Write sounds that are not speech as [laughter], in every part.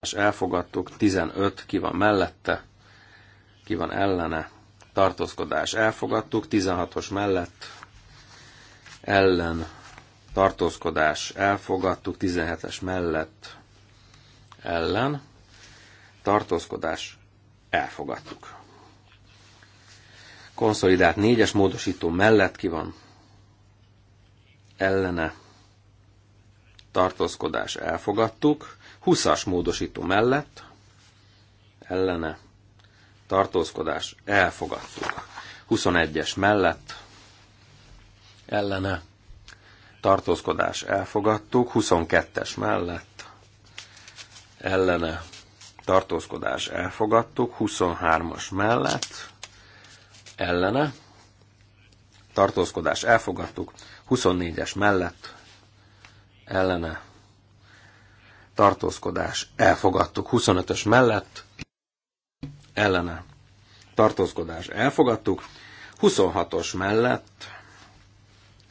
és elfogadtuk, 15 ki van mellette, ki van ellene, tartózkodás elfogadtuk, 16-os mellett ellen tartózkodás elfogadtuk, 17-es mellett ellen tartózkodás elfogadtuk. Konszolidált négyes módosító mellett ki van ellene tartózkodás elfogadtuk, 20-as módosító mellett ellene tartózkodás elfogadtuk. 21-es mellett ellene tartózkodás elfogadtuk, 22-es mellett ellene tartózkodás elfogadtuk, 23-as mellett ellene tartózkodás elfogadtuk, 24-es mellett ellene tartózkodás, elfogadtuk. 25-ös mellett, ellene, tartózkodás, elfogadtuk. 26-os mellett,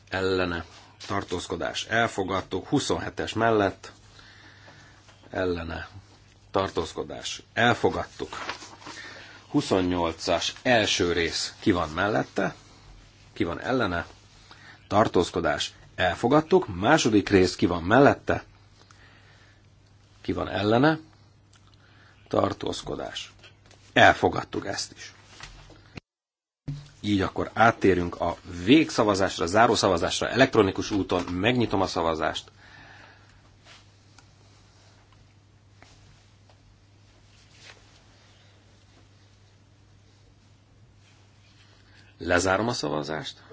ellene, tartózkodás, elfogadtuk. 27-es mellett, ellene, tartózkodás, elfogadtuk. 28-as első rész ki van mellette, ki van ellene, tartózkodás, elfogadtuk. Második rész ki van mellette, ki van ellene? Tartózkodás. Elfogadtuk ezt is. Így akkor áttérünk a végszavazásra, zárószavazásra, elektronikus úton megnyitom a szavazást. Lezárom a szavazást.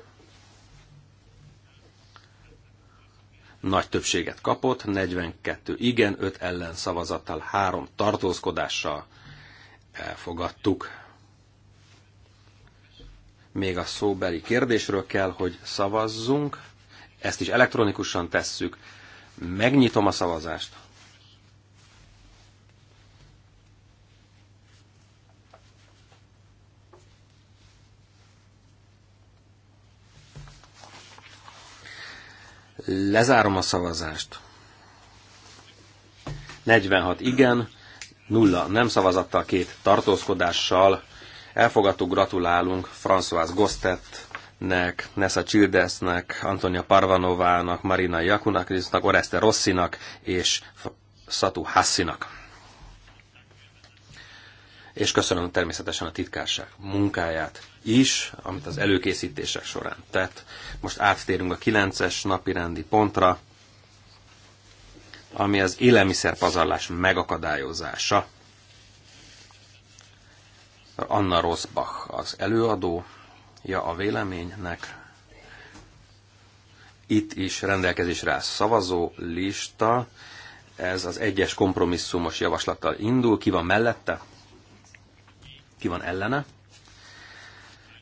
nagy többséget kapott, 42 igen, 5 ellen szavazattal, 3 tartózkodással elfogadtuk. Még a szóbeli kérdésről kell, hogy szavazzunk. Ezt is elektronikusan tesszük. Megnyitom a szavazást. Lezárom a szavazást. 46 igen, nulla nem szavazattal, két tartózkodással. Elfogadtuk, gratulálunk François Gostetnek, Nessa Csildesnek, Antonia Parvanovának, Marina Jakunakrisnak, Oreste Rossinak és Szatu Hassinak és köszönöm természetesen a titkárság munkáját is, amit az előkészítések során tett. Most áttérünk a 9-es napirendi pontra, ami az élelmiszerpazarlás megakadályozása. Anna Rosbach az előadója a véleménynek. Itt is rendelkezésre áll szavazó lista. Ez az egyes kompromisszumos javaslattal indul. Ki van mellette? ki van ellene.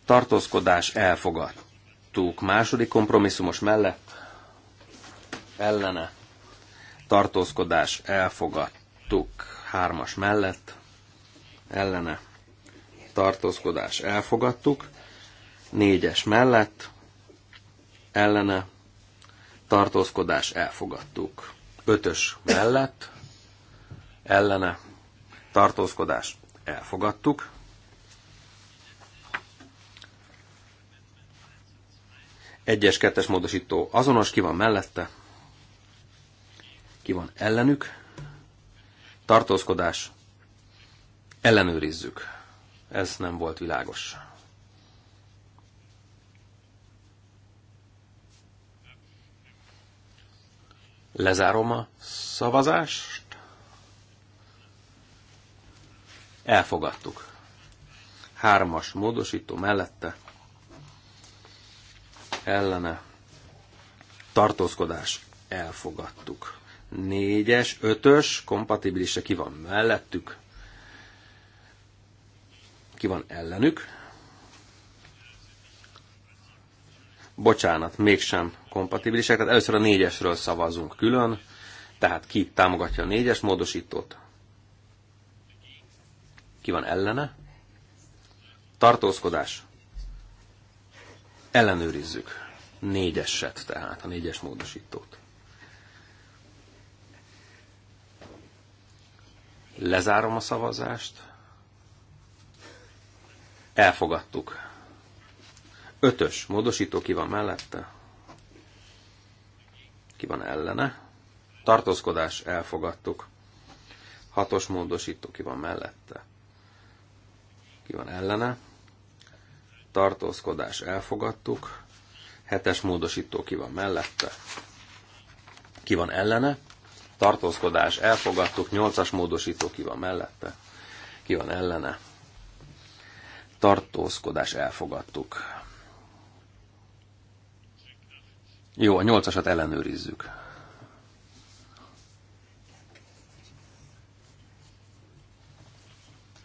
Tartózkodás elfogadtuk. Második kompromisszumos mellett ellene. Tartózkodás elfogadtuk. Hármas mellett ellene. Tartózkodás elfogadtuk. Négyes mellett ellene. Tartózkodás elfogadtuk. Ötös mellett ellene tartózkodás elfogadtuk. Egyes, kettes módosító azonos, ki van mellette, ki van ellenük, tartózkodás, ellenőrizzük. Ez nem volt világos. Lezárom a szavazást. Elfogadtuk. Hármas módosító mellette ellene tartózkodás elfogadtuk. Négyes, ötös, kompatibilise ki van mellettük, ki van ellenük. Bocsánat, mégsem kompatibilisek, tehát először a négyesről szavazunk külön, tehát ki támogatja a négyes módosítót, ki van ellene. Tartózkodás. Ellenőrizzük. Négyeset tehát, a négyes módosítót. Lezárom a szavazást. Elfogadtuk. Ötös módosító ki van mellette? Ki van ellene? Tartózkodás elfogadtuk. Hatos módosító ki van mellette? Ki van ellene? tartózkodás elfogadtuk, hetes módosító ki van mellette, ki van ellene, tartózkodás elfogadtuk, nyolcas módosító ki van mellette, ki van ellene, tartózkodás elfogadtuk. Jó, a nyolcasat ellenőrizzük.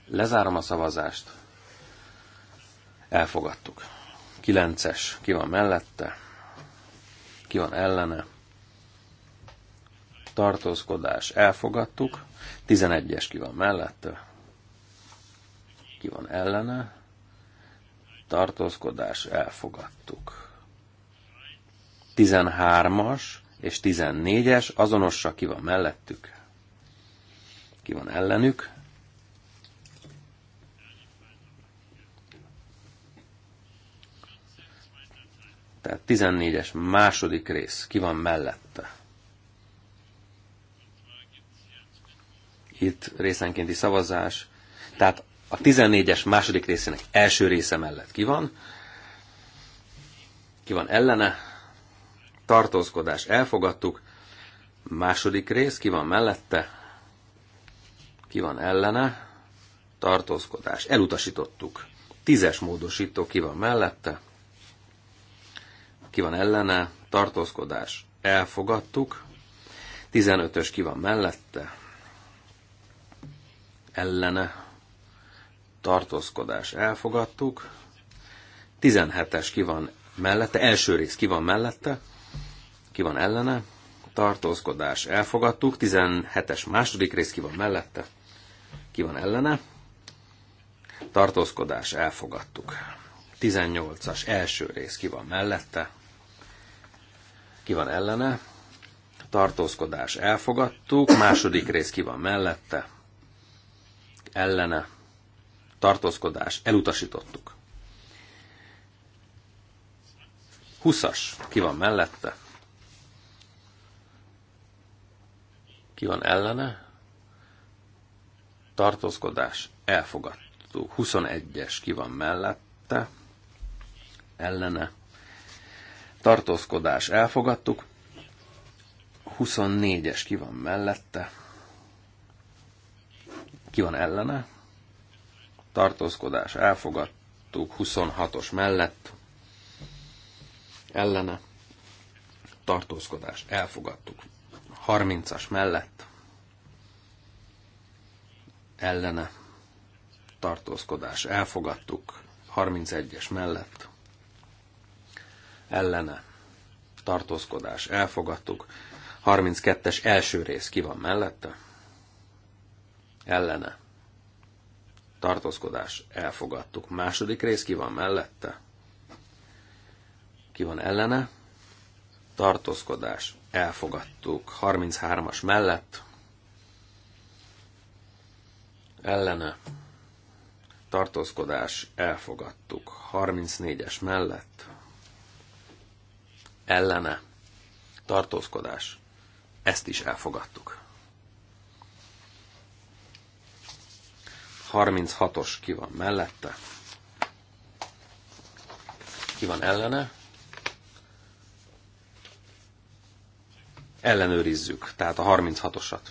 Lezárom a szavazást. Elfogadtuk. Kilences, ki van mellette, ki van ellene. Tartózkodás, elfogadtuk. Tizenegyes ki van mellette, ki van ellene. Tartózkodás, elfogadtuk. Tizenhármas és tizennégyes es azonossa ki van mellettük, ki van ellenük, Tehát 14-es második rész. Ki van mellette? Itt részenkénti szavazás. Tehát a 14-es második részének első része mellett ki van? Ki van ellene? Tartózkodás elfogadtuk. Második rész ki van mellette? Ki van ellene? Tartózkodás elutasítottuk. Tízes módosító ki van mellette? ki van ellene, tartózkodás, elfogadtuk. 15-ös ki van mellette, ellene, tartózkodás, elfogadtuk. 17-es ki van mellette, első rész ki van mellette, ki van ellene, tartózkodás, elfogadtuk. 17-es második rész ki van mellette, ki van ellene, tartózkodás, elfogadtuk. 18-as első rész ki van mellette, ki van ellene? Tartózkodás elfogadtuk. Második rész ki van mellette? Ellene. Tartózkodás elutasítottuk. 20-as. Ki van mellette? Ki van ellene? Tartózkodás. Elfogadtuk. 21-es. Ki van mellette? Ellene tartózkodás elfogadtuk, 24-es ki van mellette, ki van ellene, tartózkodás elfogadtuk, 26-os mellett, ellene, tartózkodás elfogadtuk, 30-as mellett, ellene, tartózkodás elfogadtuk, 31-es mellett, ellene tartózkodás elfogadtuk. 32-es első rész ki van mellette? Ellene tartózkodás elfogadtuk. Második rész ki van mellette? Ki van ellene? Tartózkodás elfogadtuk. 33-as mellett ellene tartózkodás elfogadtuk. 34-es mellett ellene, tartózkodás, ezt is elfogadtuk. 36-os ki van mellette, ki van ellene, ellenőrizzük, tehát a 36-osat.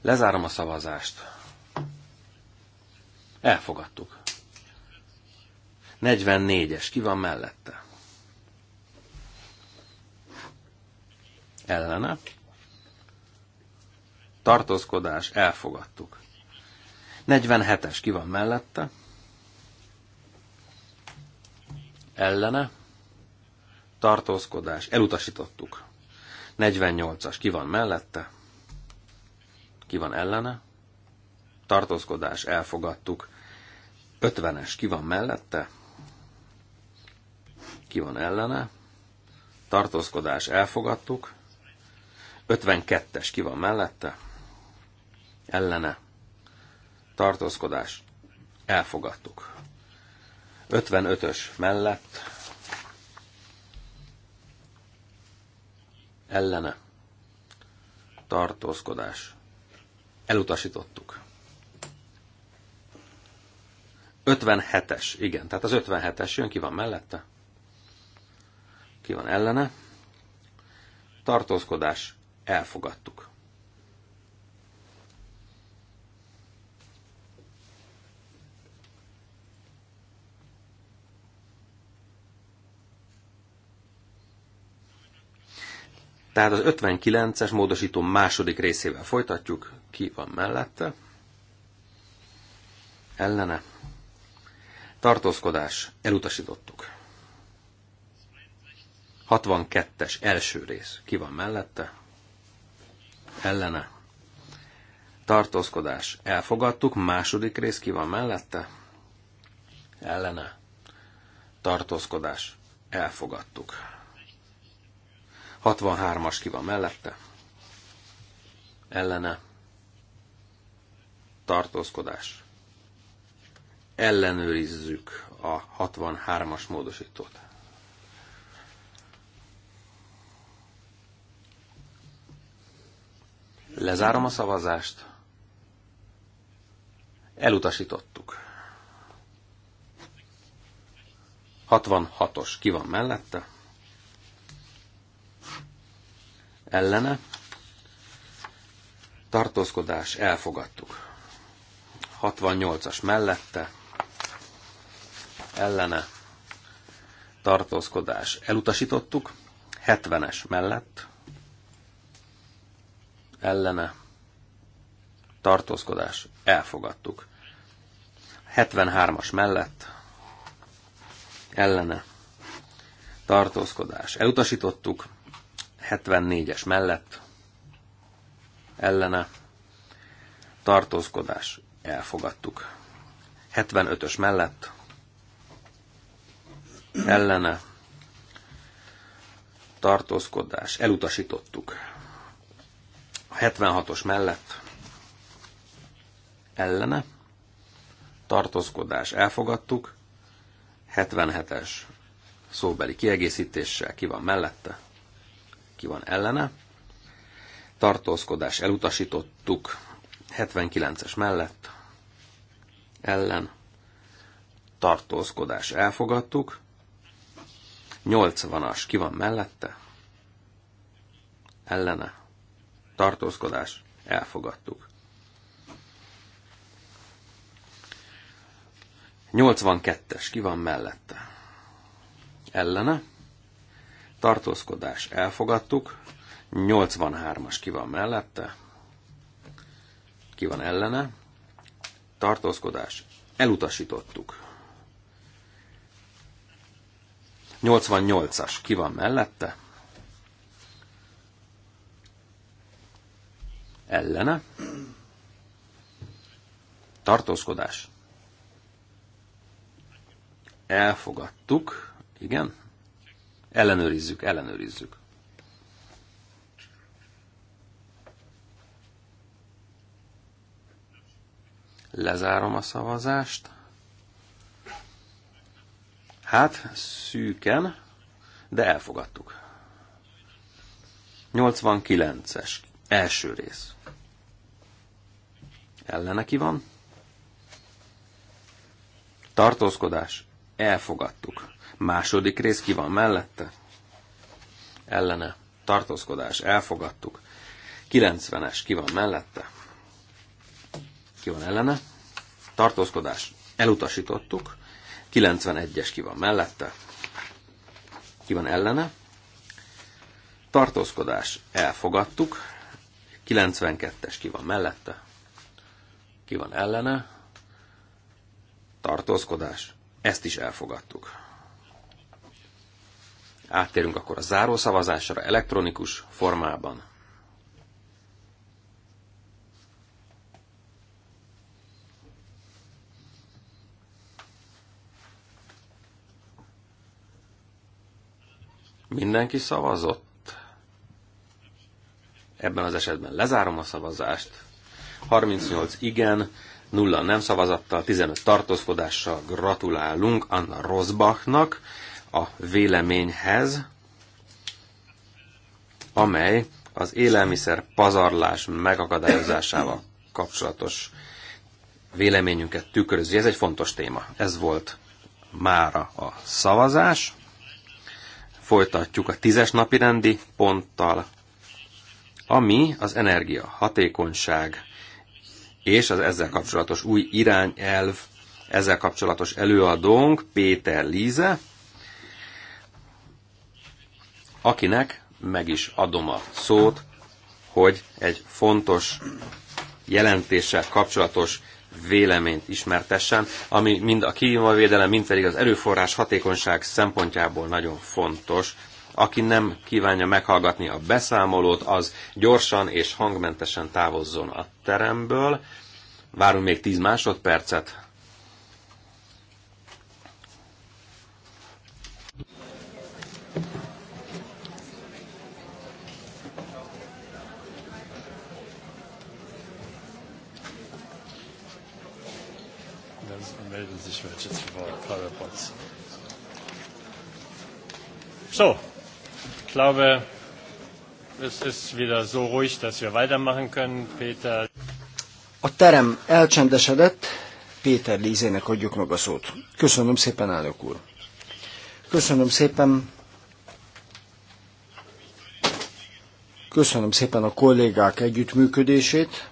Lezárom a szavazást. Elfogadtuk. 44-es, ki van mellette? Ellene. Tartózkodás, elfogadtuk. 47-es, ki van mellette? Ellene. Tartózkodás, elutasítottuk. 48-as, ki van mellette? Ki van ellene? Tartózkodás, elfogadtuk. 50-es, ki van mellette? ki van ellene, tartózkodás elfogadtuk, 52-es ki van mellette, ellene, tartózkodás elfogadtuk. 55-ös mellett, ellene, tartózkodás elutasítottuk. 57-es, igen, tehát az 57-es jön, ki van mellette? Ki van ellene? Tartózkodás. Elfogadtuk. Tehát az 59-es módosító második részével folytatjuk. Ki van mellette? Ellene. Tartózkodás. Elutasítottuk. 62-es első rész. Ki van mellette? Ellene. Tartózkodás. Elfogadtuk. Második rész ki van mellette? Ellene. Tartózkodás. Elfogadtuk. 63-as ki van mellette? Ellene. Tartózkodás. Ellenőrizzük a 63-as módosítót. Lezárom a szavazást. Elutasítottuk. 66-os. Ki van mellette? Ellene. Tartózkodás. Elfogadtuk. 68-as mellette. Ellene. Tartózkodás. Elutasítottuk. 70-es mellett ellene tartózkodás elfogadtuk. 73-as mellett ellene tartózkodás elutasítottuk, 74-es mellett ellene tartózkodás elfogadtuk. 75-ös mellett ellene tartózkodás elutasítottuk. A 76-os mellett ellene tartózkodás elfogadtuk, 77-es szóbeli kiegészítéssel ki van mellette, ki van ellene, tartózkodás elutasítottuk, 79-es mellett ellen tartózkodás elfogadtuk, 80-as ki van mellette, ellene tartózkodás, elfogadtuk. 82-es, ki van mellette? Ellene, tartózkodás, elfogadtuk. 83-as, ki van mellette? Ki van ellene? Tartózkodás, elutasítottuk. 88-as, ki van mellette? ellene, tartózkodás. Elfogadtuk, igen, ellenőrizzük, ellenőrizzük. Lezárom a szavazást. Hát, szűken, de elfogadtuk. 89-es, első rész. Ellene ki van. Tartózkodás. Elfogadtuk. Második rész ki van mellette? Ellene. Tartózkodás. Elfogadtuk. 90-es ki van mellette? Ki van ellene? Tartózkodás. Elutasítottuk. 91-es ki van mellette? Ki van ellene? Tartózkodás. Elfogadtuk. 92-es ki van mellette? ki van ellene, tartózkodás, ezt is elfogadtuk. Áttérünk akkor a záró szavazásra elektronikus formában. Mindenki szavazott? Ebben az esetben lezárom a szavazást. 38 igen, nulla nem szavazattal, 15 tartózkodással gratulálunk Anna Rosbachnak a véleményhez, amely az élelmiszer pazarlás megakadályozásával kapcsolatos véleményünket tükrözi. Ez egy fontos téma. Ez volt mára a szavazás. Folytatjuk a tízes napi rendi ponttal, ami az energia hatékonyság és az ezzel kapcsolatos új irányelv, ezzel kapcsolatos előadónk Péter Líze, akinek meg is adom a szót, hogy egy fontos jelentéssel kapcsolatos véleményt ismertessen, ami mind a klímavédelem, mind pedig az erőforrás hatékonyság szempontjából nagyon fontos. Aki nem kívánja meghallgatni a beszámolót, az gyorsan és hangmentesen távozzon a teremből. Várunk még 10 másodpercet, melden So, glaube, es ist wieder so ruhig, dass wir weitermachen können. Peter. A terem elcsendesedett, Péter Lízének adjuk meg a szót. Köszönöm szépen, elnök úr. Köszönöm szépen. Köszönöm szépen a kollégák együttműködését.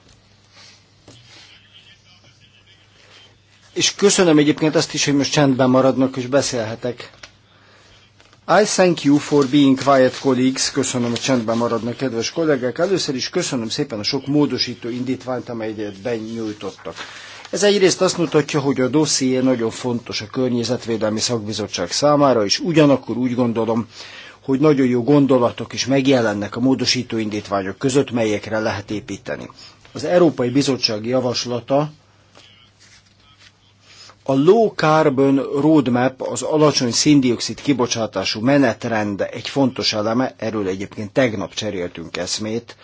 És köszönöm egyébként azt is, hogy most csendben maradnak és beszélhetek. I thank you for being quiet colleagues. Köszönöm, hogy csendben maradnak, kedves kollégák. Először is köszönöm szépen a sok módosító indítványt, amelyet benyújtottak. Ez egyrészt azt mutatja, hogy a dosszié nagyon fontos a Környezetvédelmi Szakbizottság számára, és ugyanakkor úgy gondolom, hogy nagyon jó gondolatok is megjelennek a módosító indítványok között, melyekre lehet építeni. Az Európai Bizottság javaslata a Low Carbon Roadmap, az alacsony szén-dioxid kibocsátású menetrend egy fontos eleme, erről egyébként tegnap cseréltünk eszmét,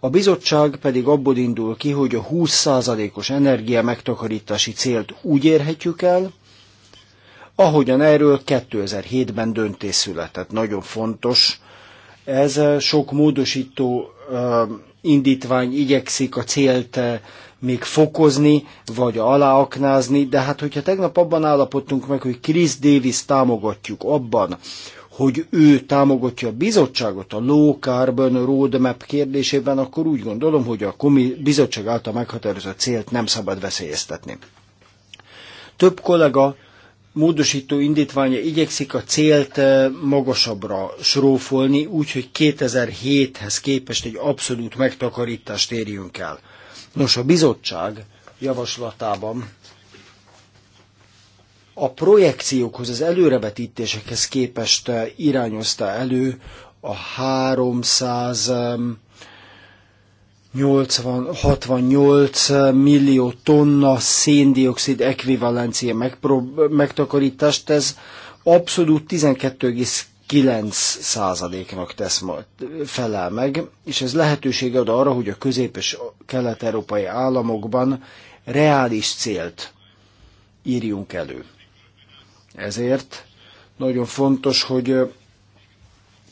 a bizottság pedig abból indul ki, hogy a 20%-os energia megtakarítási célt úgy érhetjük el, ahogyan erről 2007-ben döntés született. Nagyon fontos. Ez sok módosító indítvány igyekszik a célt eh, még fokozni, vagy aláaknázni, de hát hogyha tegnap abban állapodtunk meg, hogy Chris Davis támogatjuk abban, hogy ő támogatja a bizottságot a Low Carbon Roadmap kérdésében, akkor úgy gondolom, hogy a komi bizottság által meghatározott célt nem szabad veszélyeztetni. Több kollega módosító indítványa igyekszik a célt eh, magasabbra srófolni, úgyhogy 2007-hez képest egy abszolút megtakarítást érjünk el. Nos, a bizottság javaslatában a projekciókhoz, az előrevetítésekhez képest eh, irányozta elő a 300 80, 68 millió tonna széndiokszid ekvivalencia megprób- megtakarítást, ez abszolút 12,9 százaléknak tesz majd, felel meg, és ez lehetőség ad arra, hogy a közép- és kelet-európai államokban reális célt írjunk elő. Ezért nagyon fontos, hogy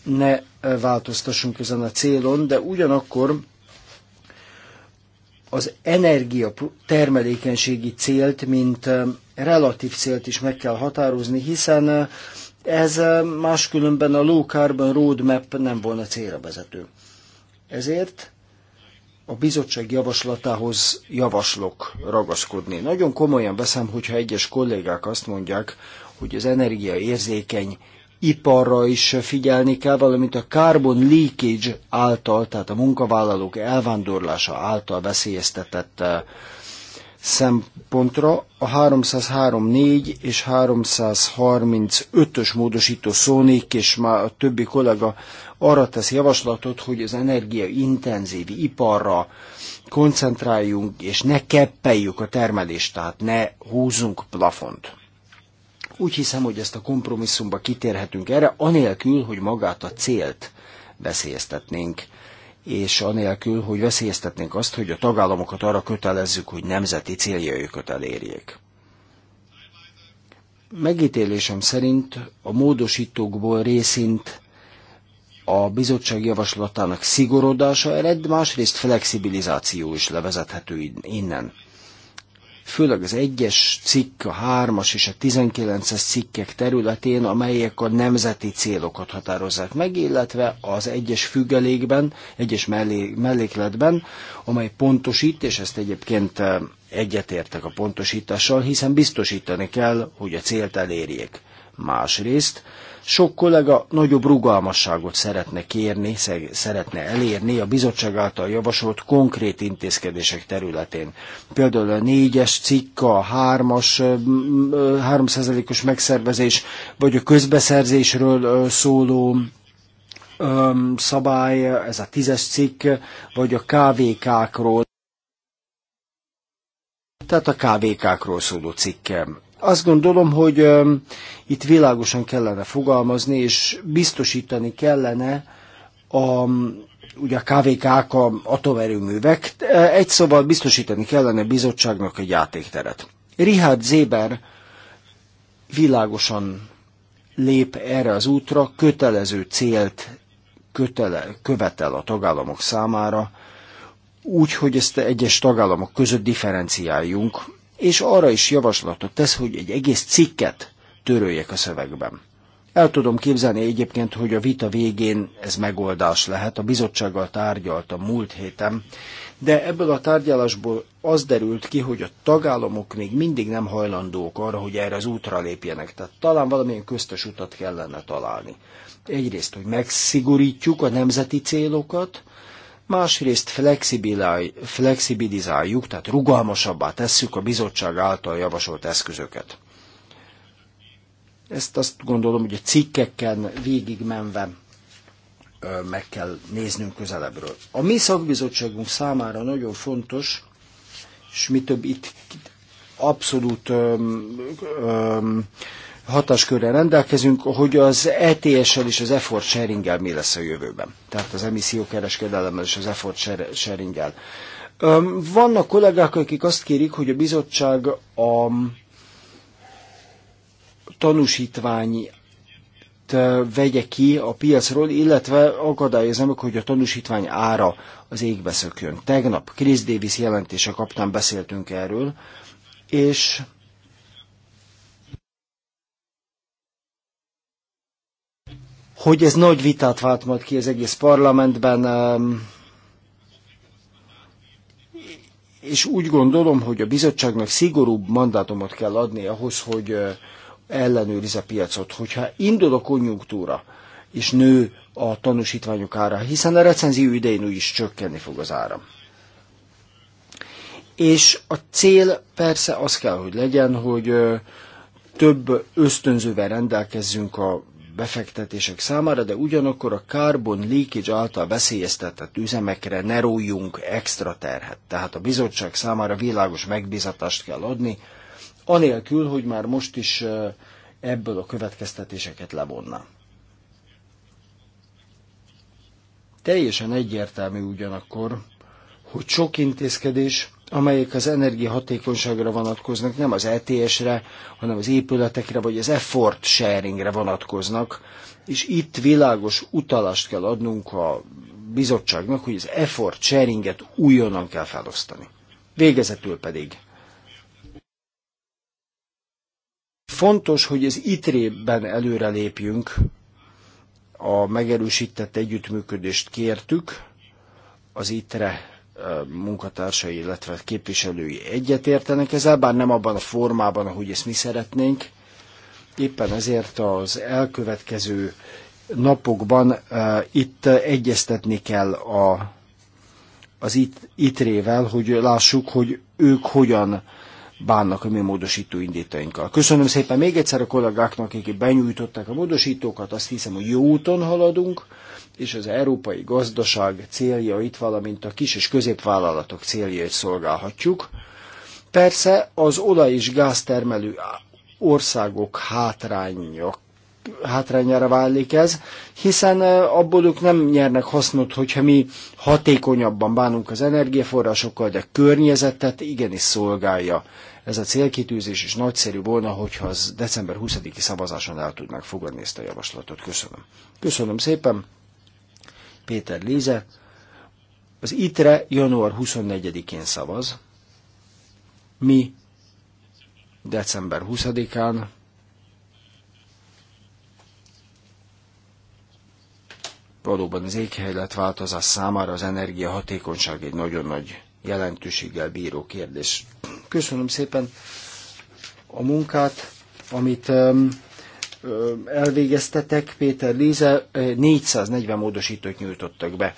ne változtassunk ezen a célon, de ugyanakkor az energia termelékenységi célt, mint relatív célt is meg kell határozni, hiszen ez máskülönben a low carbon roadmap nem volna célra vezető. Ezért a bizottság javaslatához javaslok ragaszkodni. Nagyon komolyan veszem, hogyha egyes kollégák azt mondják, hogy az energiaérzékeny iparra is figyelni kell, valamint a carbon leakage által, tehát a munkavállalók elvándorlása által veszélyeztetett eh, szempontra a 303.4 és 335-ös módosító szónék, és már a többi kollega arra tesz javaslatot, hogy az energiaintenzív iparra koncentráljunk, és ne keppeljük a termelést, tehát ne húzzunk plafont. Úgy hiszem, hogy ezt a kompromisszumba kitérhetünk erre, anélkül, hogy magát a célt veszélyeztetnénk, és anélkül, hogy veszélyeztetnénk azt, hogy a tagállamokat arra kötelezzük, hogy nemzeti céljaikat elérjék. Megítélésem szerint a módosítókból részint a bizottság javaslatának szigorodása ered, másrészt flexibilizáció is levezethető innen főleg az egyes cikk, a hármas és a 19-es cikkek területén, amelyek a nemzeti célokat határozzák meg, illetve az egyes függelékben, egyes mellé, mellékletben, amely pontosít, és ezt egyébként eh, egyetértek a pontosítással, hiszen biztosítani kell, hogy a célt elérjék. Másrészt sok kollega nagyobb rugalmasságot szeretne kérni, szeretne elérni a bizottság által javasolt konkrét intézkedések területén. Például a négyes cikka, a hármas, háromszázalékos megszervezés, vagy a közbeszerzésről szóló szabály, ez a tízes cikk, vagy a KVK-król, tehát a KVK-król szóló cikkem azt gondolom, hogy itt világosan kellene fogalmazni, és biztosítani kellene a, ugye a KVK-k, a atomerőművek, egy szóval biztosítani kellene a bizottságnak egy játékteret. Richard Zéber világosan lép erre az útra, kötelező célt kötele, követel a tagállamok számára, úgy, hogy ezt egyes tagállamok között differenciáljunk, és arra is javaslatot tesz, hogy egy egész cikket töröljek a szövegben. El tudom képzelni egyébként, hogy a vita végén ez megoldás lehet. A bizottsággal a múlt héten, de ebből a tárgyalásból az derült ki, hogy a tagállamok még mindig nem hajlandók arra, hogy erre az útra lépjenek. Tehát talán valamilyen köztes utat kellene találni. Egyrészt, hogy megszigorítjuk a nemzeti célokat, másrészt flexibilizáljuk, tehát rugalmasabbá tesszük a bizottság által javasolt eszközöket. Ezt azt gondolom, hogy a cikkekkel végigmenve meg kell néznünk közelebbről. A mi szakbizottságunk számára nagyon fontos, és mi több itt abszolút öm, öm, hatáskörrel rendelkezünk, hogy az ETS-sel és az effort sharing mi lesz a jövőben. Tehát az emissziókereskedelemmel és az effort sharing-el. Vannak kollégák, akik azt kérik, hogy a bizottság a tanúsítvány vegye ki a piacról, illetve akadályozza meg, hogy a tanúsítvány ára az égbe szökjön. Tegnap Chris Davis jelentése kapcsán beszéltünk erről, és hogy ez nagy vitát vált majd ki az egész parlamentben, és úgy gondolom, hogy a bizottságnak szigorúbb mandátumot kell adni ahhoz, hogy ellenőrizze a piacot. Hogyha indul a konjunktúra, és nő a tanúsítványok ára, hiszen a recenzió idején úgyis csökkenni fog az áram. És a cél persze az kell, hogy legyen, hogy több ösztönzővel rendelkezzünk a befektetések számára, de ugyanakkor a carbon leakage által veszélyeztetett üzemekre ne rójunk extra terhet. Tehát a bizottság számára világos megbizatást kell adni, anélkül, hogy már most is ebből a következtetéseket levonna. Teljesen egyértelmű ugyanakkor, hogy sok intézkedés amelyek az energiahatékonyságra vonatkoznak, nem az ETS-re, hanem az épületekre vagy az effort sharingre vonatkoznak, és itt világos utalást kell adnunk a bizottságnak, hogy az effort sharinget újonnan kell felosztani. Végezetül pedig fontos, hogy az ITRE-ben előrelépjünk, a megerősített együttműködést kértük az ITRE munkatársai, illetve képviselői egyetértenek ezzel, bár nem abban a formában, ahogy ezt mi szeretnénk. Éppen ezért az elkövetkező napokban uh, itt egyeztetni kell a, az it, itrével, hogy lássuk, hogy ők hogyan bánnak a mi módosító indítainkkal. Köszönöm szépen még egyszer a kollégáknak, akik benyújtották a módosítókat, azt hiszem, hogy jó úton haladunk, és az európai gazdaság céljait, valamint a kis és középvállalatok céljait szolgálhatjuk. Persze az olaj és gáztermelő országok hátrányok hátrányára válik ez, hiszen abból ők nem nyernek hasznot, hogyha mi hatékonyabban bánunk az energiaforrásokkal, de környezetet igenis szolgálja. Ez a célkitűzés is nagyszerű volna, hogyha az december 20-i szavazáson el tudnák fogadni ezt a javaslatot. Köszönöm. Köszönöm szépen. Péter Líze. Az ITRE január 24-én szavaz. Mi december 20-án Valóban az változás számára az energiahatékonyság egy nagyon nagy jelentőséggel bíró kérdés. Köszönöm szépen a munkát, amit elvégeztetek. Péter Líze 440 módosítót nyújtottak be.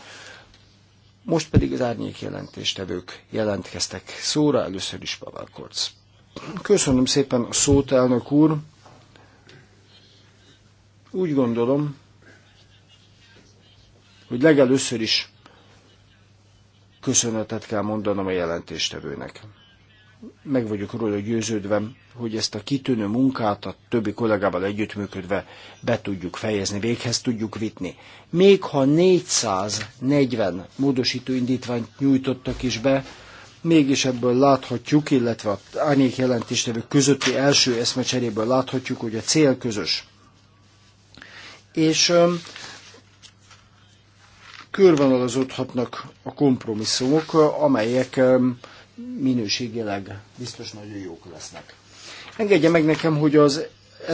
Most pedig az árnyék jelentéstevők jelentkeztek szóra, először is Pavel Korc. Köszönöm szépen a szót, elnök úr. Úgy gondolom, hogy legelőször is köszönetet kell mondanom a jelentéstevőnek. Meg vagyok róla győződve, hogy ezt a kitűnő munkát a többi kollégával együttműködve be tudjuk fejezni, véghez tudjuk vitni. Még ha 440 módosító indítványt nyújtottak is be, mégis ebből láthatjuk, illetve a árnyék jelentéstevők közötti első eszmecseréből láthatjuk, hogy a cél közös. És körvonalazódhatnak a kompromisszumok, amelyek minőségileg biztos nagyon jók lesznek. Engedje meg nekem, hogy az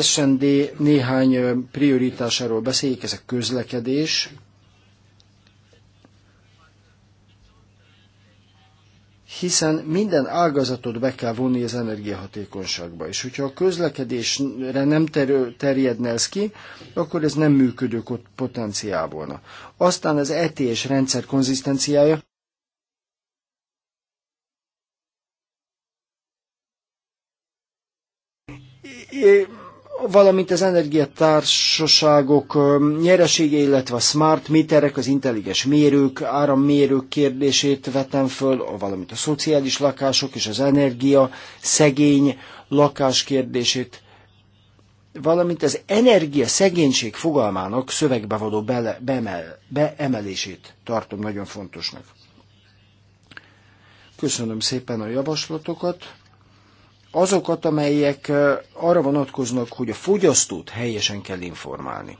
SND néhány prioritásáról beszéljék, ezek közlekedés, hiszen minden ágazatot be kell vonni az energiahatékonyságba. És hogyha a közlekedésre nem ter- terjedne ez ki, akkor ez nem működő potenciál volna. Aztán az ETS rendszer konzisztenciája, É, valamint az energiatársaságok nyeresége, illetve a smart méterek, az intelligens mérők, árammérők kérdését vetem föl, valamint a szociális lakások és az energia szegény lakás kérdését, valamint az energia szegénység fogalmának szövegbe való bele, beemel, beemelését tartom nagyon fontosnak. Köszönöm szépen a javaslatokat azokat, amelyek arra vonatkoznak, hogy a fogyasztót helyesen kell informálni.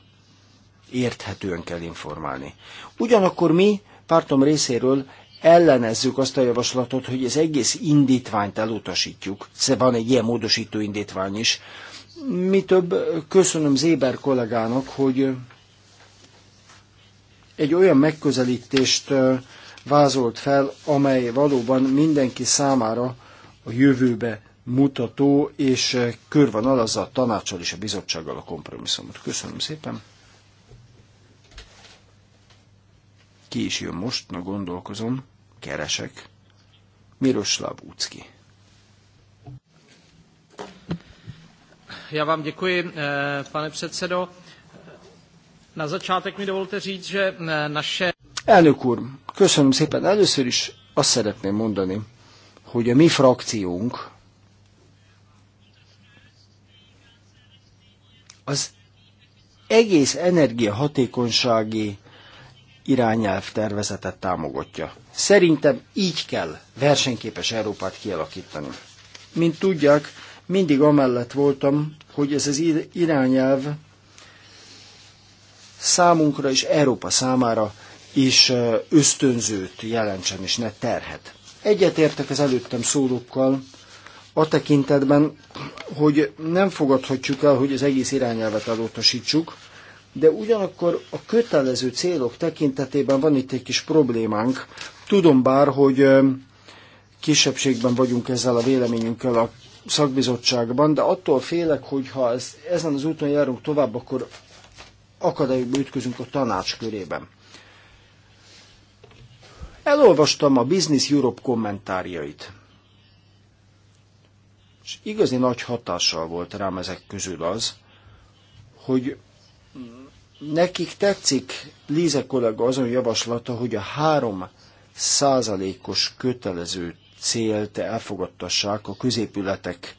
Érthetően kell informálni. Ugyanakkor mi pártom részéről ellenezzük azt a javaslatot, hogy az egész indítványt elutasítjuk. Van egy ilyen módosító indítvány is. Mi több, köszönöm Zéber kollégának, hogy egy olyan megközelítést vázolt fel, amely valóban mindenki számára a jövőbe mutató, és eh, körvonal az a tanácsal és a bizottsággal a kompromisszumot. Köszönöm szépen. Ki is jön most, na gondolkozom, keresek. Miroslav Ucki. Já vám děkuji, eh, pane předsedo. Na začátek mi dovolte říct, že eh, naše... Elnök úr, köszönöm szépen. Először is azt szeretném mondani, hogy a mi frakciónk, Az egész energiahatékonysági irányelv tervezetet támogatja. Szerintem így kell versenyképes Európát kialakítani. Mint tudják, mindig amellett voltam, hogy ez az irányelv számunkra és Európa számára is ösztönzőt jelentsen, és ne terhet. Egyetértek az előttem szólókkal, a tekintetben, hogy nem fogadhatjuk el, hogy az egész irányelvet elutasítsuk, de ugyanakkor a kötelező célok tekintetében van itt egy kis problémánk. Tudom bár, hogy kisebbségben vagyunk ezzel a véleményünkkel a szakbizottságban, de attól félek, hogy ha ez, ezen az úton járunk tovább, akkor akadályokba ütközünk a tanács körében. Elolvastam a Business Europe kommentárjait. És igazi nagy hatással volt rám ezek közül az, hogy nekik tetszik Líze kollega azon javaslata, hogy a három százalékos kötelező célt elfogadtassák a középületek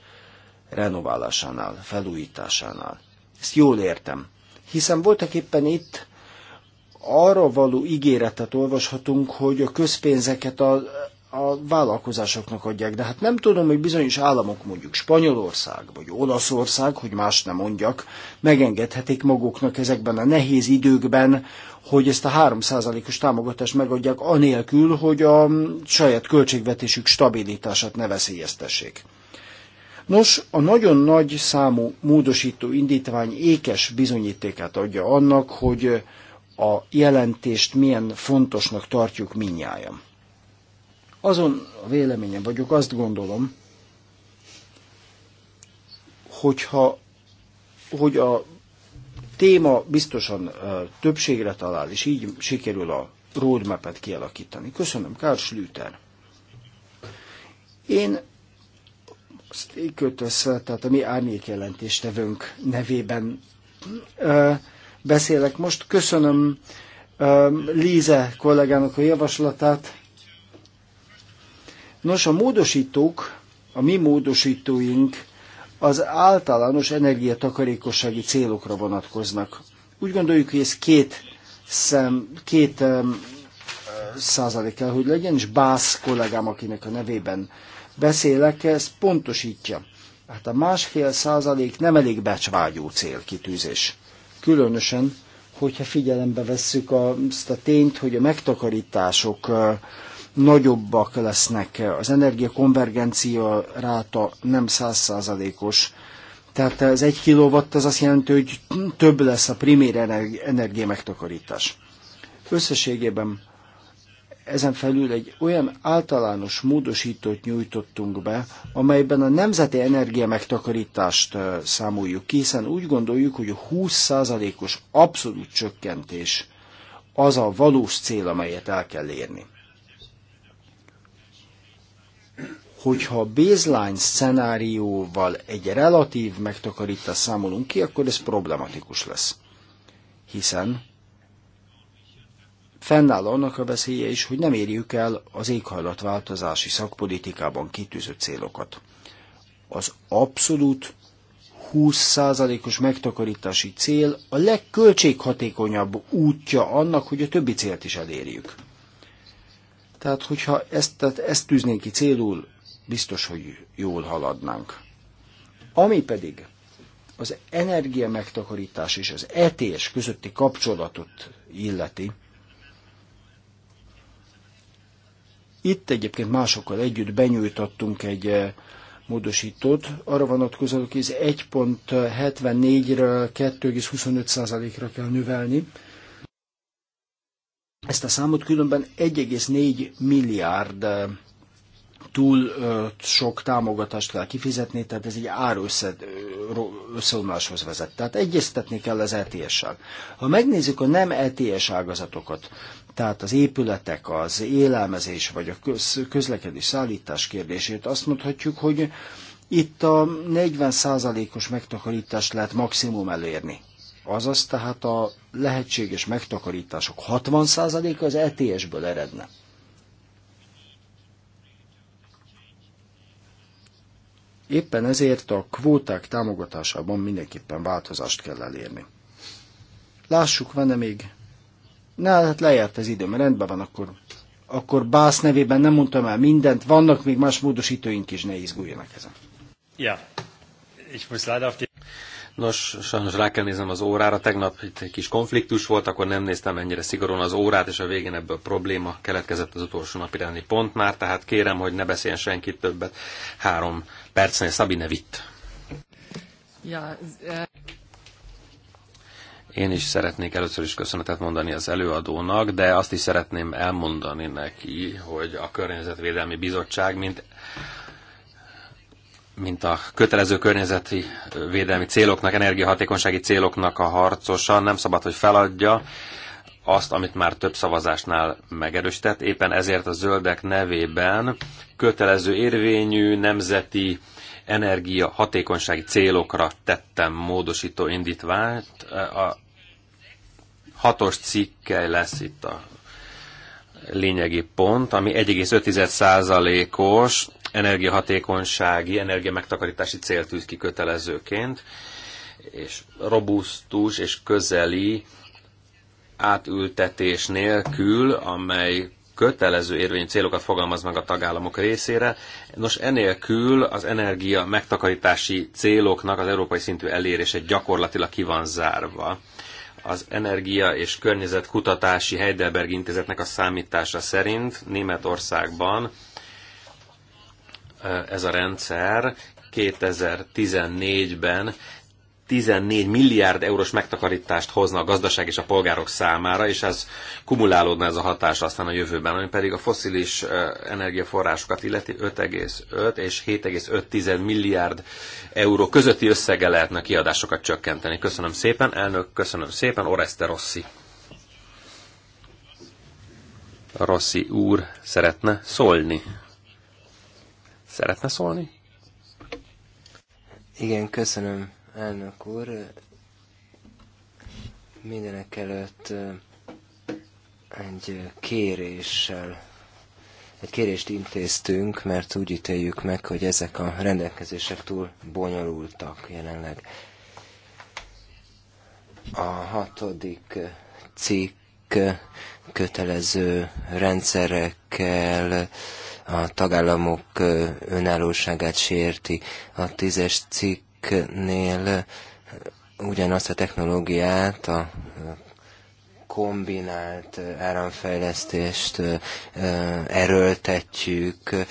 renoválásánál, felújításánál. Ezt jól értem. Hiszen voltak éppen itt arra való ígéretet olvashatunk, hogy a közpénzeket a a vállalkozásoknak adják, de hát nem tudom, hogy bizonyos államok, mondjuk Spanyolország vagy Olaszország, hogy más nem mondjak, megengedhetik maguknak ezekben a nehéz időkben, hogy ezt a 3%-os támogatást megadják anélkül, hogy a saját költségvetésük stabilitását ne veszélyeztessék. Nos, a nagyon nagy számú módosító indítvány ékes bizonyítékát adja annak, hogy a jelentést milyen fontosnak tartjuk minnyáján. Azon a véleményen vagyok, azt gondolom, hogyha, hogy a téma biztosan többségre talál, és így sikerül a roadmap-et kialakítani. Köszönöm, Karl Schlüter. Én Stékötös, tehát a mi árnyékjelentéstevőnk nevében beszélek most. Köszönöm Líze kollégának a javaslatát. Nos, a módosítók, a mi módosítóink az általános energiatakarékossági célokra vonatkoznak. Úgy gondoljuk, hogy ez két, szem, két um, százalék kell, hogy legyen, és Bász kollégám, akinek a nevében beszélek, ezt pontosítja. Hát a másfél százalék nem elég becsvágyó célkitűzés. Különösen, hogyha figyelembe vesszük azt a tényt, hogy a megtakarítások nagyobbak lesznek. Az energia konvergencia ráta nem százszázalékos. Tehát az egy kilowatt az azt jelenti, hogy több lesz a primér energia megtakarítás. Összességében ezen felül egy olyan általános módosítót nyújtottunk be, amelyben a nemzeti energia megtakarítást számoljuk ki, hiszen úgy gondoljuk, hogy a 20%-os abszolút csökkentés az a valós cél, amelyet el kell érni. hogyha a baseline szenárióval egy relatív megtakarítást számolunk ki, akkor ez problematikus lesz. Hiszen fennáll annak a veszélye is, hogy nem érjük el az éghajlatváltozási szakpolitikában kitűzött célokat. Az abszolút 20%-os megtakarítási cél a legköltséghatékonyabb útja annak, hogy a többi célt is elérjük. Tehát, hogyha ezt, tehát ezt tűznénk ki célul, biztos, hogy jól haladnánk. Ami pedig az energia megtakarítás és az etés közötti kapcsolatot illeti, itt egyébként másokkal együtt benyújtottunk egy eh, módosítót, arra vonatkozóan, hogy ez 1.74-ről 2,25%-ra kell növelni. Ezt a számot különben 1,4 milliárd eh, túl sok támogatást kell kifizetni, tehát ez egy árösszeomláshoz vezet. Tehát egyeztetni kell az ETS-sel. Ha megnézzük a nem ETS ágazatokat, tehát az épületek, az élelmezés vagy a közlekedés szállítás kérdését, azt mondhatjuk, hogy itt a 40%-os megtakarítást lehet maximum elérni. Azaz tehát a lehetséges megtakarítások 60%-a az ETS-ből eredne. Éppen ezért a kvóták támogatásában mindenképpen változást kell elérni. Lássuk, van-e még? Na, hát lejárt az időm, rendben van, akkor, akkor Bász nevében nem mondtam el mindent, vannak még más módosítóink is, ne izguljanak ezen. Ja, ich muss leider auf die... Nos, sajnos rá kell néznem az órára. Tegnap itt egy kis konfliktus volt, akkor nem néztem ennyire szigorúan az órát, és a végén ebből probléma keletkezett az utolsó napirányi rendi pontnál, tehát kérem, hogy ne beszéljen senki többet három percnél Szabine Vitt. Ja, én is szeretnék először is köszönetet mondani az előadónak, de azt is szeretném elmondani neki, hogy a Környezetvédelmi Bizottság, mint mint a kötelező környezeti védelmi céloknak, energiahatékonysági céloknak a harcosa, nem szabad, hogy feladja azt, amit már több szavazásnál megerősített. Éppen ezért a zöldek nevében kötelező érvényű nemzeti energia hatékonysági célokra tettem módosító indítványt. A hatos cikke lesz itt a lényegi pont, ami 1,5%-os energiahatékonysági, energiamegtakarítási céltűz tűz ki kötelezőként, és robusztus és közeli átültetés nélkül, amely kötelező érvényű célokat fogalmaz meg a tagállamok részére. Nos, enélkül az energia megtakarítási céloknak az európai szintű elérése gyakorlatilag ki van zárva. Az Energia és környezet kutatási Heidelberg Intézetnek a számítása szerint Németországban ez a rendszer 2014-ben 14 milliárd eurós megtakarítást hozna a gazdaság és a polgárok számára, és ez kumulálódna ez a hatás aztán a jövőben, ami pedig a foszilis energiaforrásokat illeti 5,5 és 7,5 milliárd euró közötti összege lehetne kiadásokat csökkenteni. Köszönöm szépen, elnök, köszönöm szépen, Oreste Rossi. Rossi úr szeretne szólni. Szeretne szólni? Igen, köszönöm elnök úr. Mindenek előtt egy kéréssel, egy kérést intéztünk, mert úgy ítéljük meg, hogy ezek a rendelkezések túl bonyolultak jelenleg. A hatodik cikk kötelező rendszerekkel a tagállamok önállóságát sérti. A tízes cikk cégeknél eh, ugyanazt a technológiát, a eh, kombinált eh, áramfejlesztést erőltetjük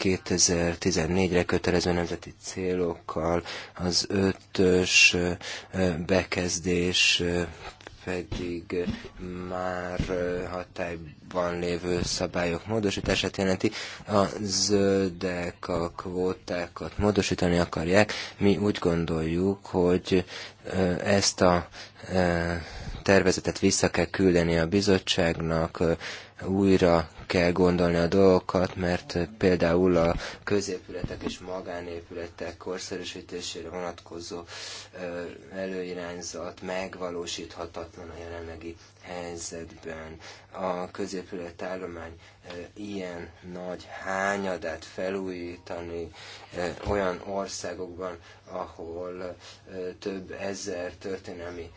2014-re kötelező nemzeti célokkal. Az ötös bekezdés pedig már hatályban lévő szabályok módosítását jelenti. A zöldek a kvótákat módosítani akarják. Mi úgy gondoljuk, hogy ezt a tervezetet vissza kell küldeni a bizottságnak, újra kell gondolni a dolgokat, mert például a középületek és magánépületek korszerűsítésére vonatkozó előirányzat megvalósíthatatlan a jelenlegi helyzetben. A középület állomány ilyen nagy hányadát felújítani olyan országokban, ahol több ezer történelmi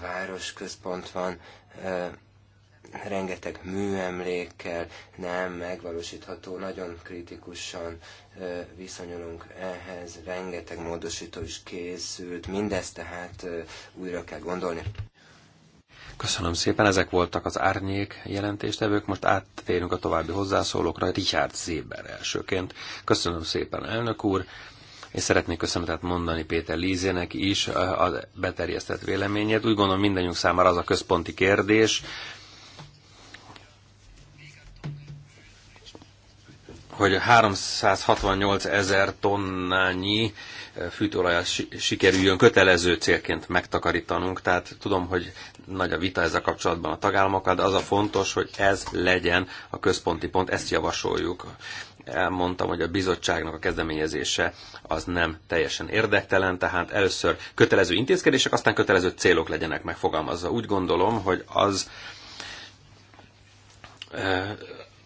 városközpont van, rengeteg műemlékkel nem megvalósítható, nagyon kritikusan viszonyulunk ehhez, rengeteg módosító is készült, mindezt tehát újra kell gondolni. Köszönöm szépen, ezek voltak az árnyék jelentéstevők, most áttérünk a további hozzászólókra, Richard Zéber elsőként. Köszönöm szépen, elnök úr! és szeretnék köszönetet mondani Péter Lízének is a beterjesztett véleményét. Úgy gondolom mindenünk számára az a központi kérdés, hogy 368 ezer tonnányi fűtőolajat sikerüljön kötelező célként megtakarítanunk. Tehát tudom, hogy nagy a vita ezzel kapcsolatban a tagállamokkal, de az a fontos, hogy ez legyen a központi pont, ezt javasoljuk. Elmondtam, hogy a bizottságnak a kezdeményezése az nem teljesen érdektelen, tehát először kötelező intézkedések, aztán kötelező célok legyenek megfogalmazva. Úgy gondolom, hogy az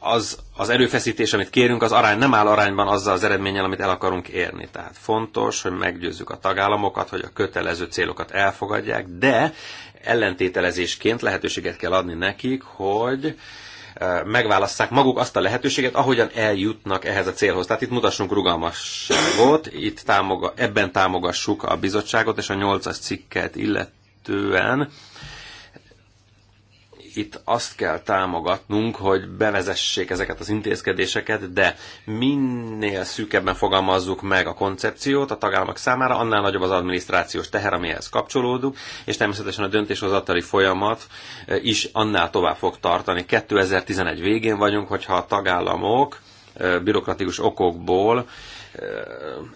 az, az erőfeszítés, amit kérünk, az arány nem áll arányban azzal az eredménnyel, amit el akarunk érni. Tehát fontos, hogy meggyőzzük a tagállamokat, hogy a kötelező célokat elfogadják, de ellentételezésként lehetőséget kell adni nekik, hogy eh, megválasszák maguk azt a lehetőséget, ahogyan eljutnak ehhez a célhoz. Tehát itt mutassunk rugalmasságot, itt támoga, ebben támogassuk a bizottságot és a nyolcas cikket illetően itt azt kell támogatnunk, hogy bevezessék ezeket az intézkedéseket, de minél szűkebben fogalmazzuk meg a koncepciót a tagállamok számára, annál nagyobb az adminisztrációs teher, amihez kapcsolódunk, és természetesen a döntéshozatali folyamat e, is annál tovább fog tartani. 2011 végén vagyunk, hogyha a tagállamok e, bürokratikus okokból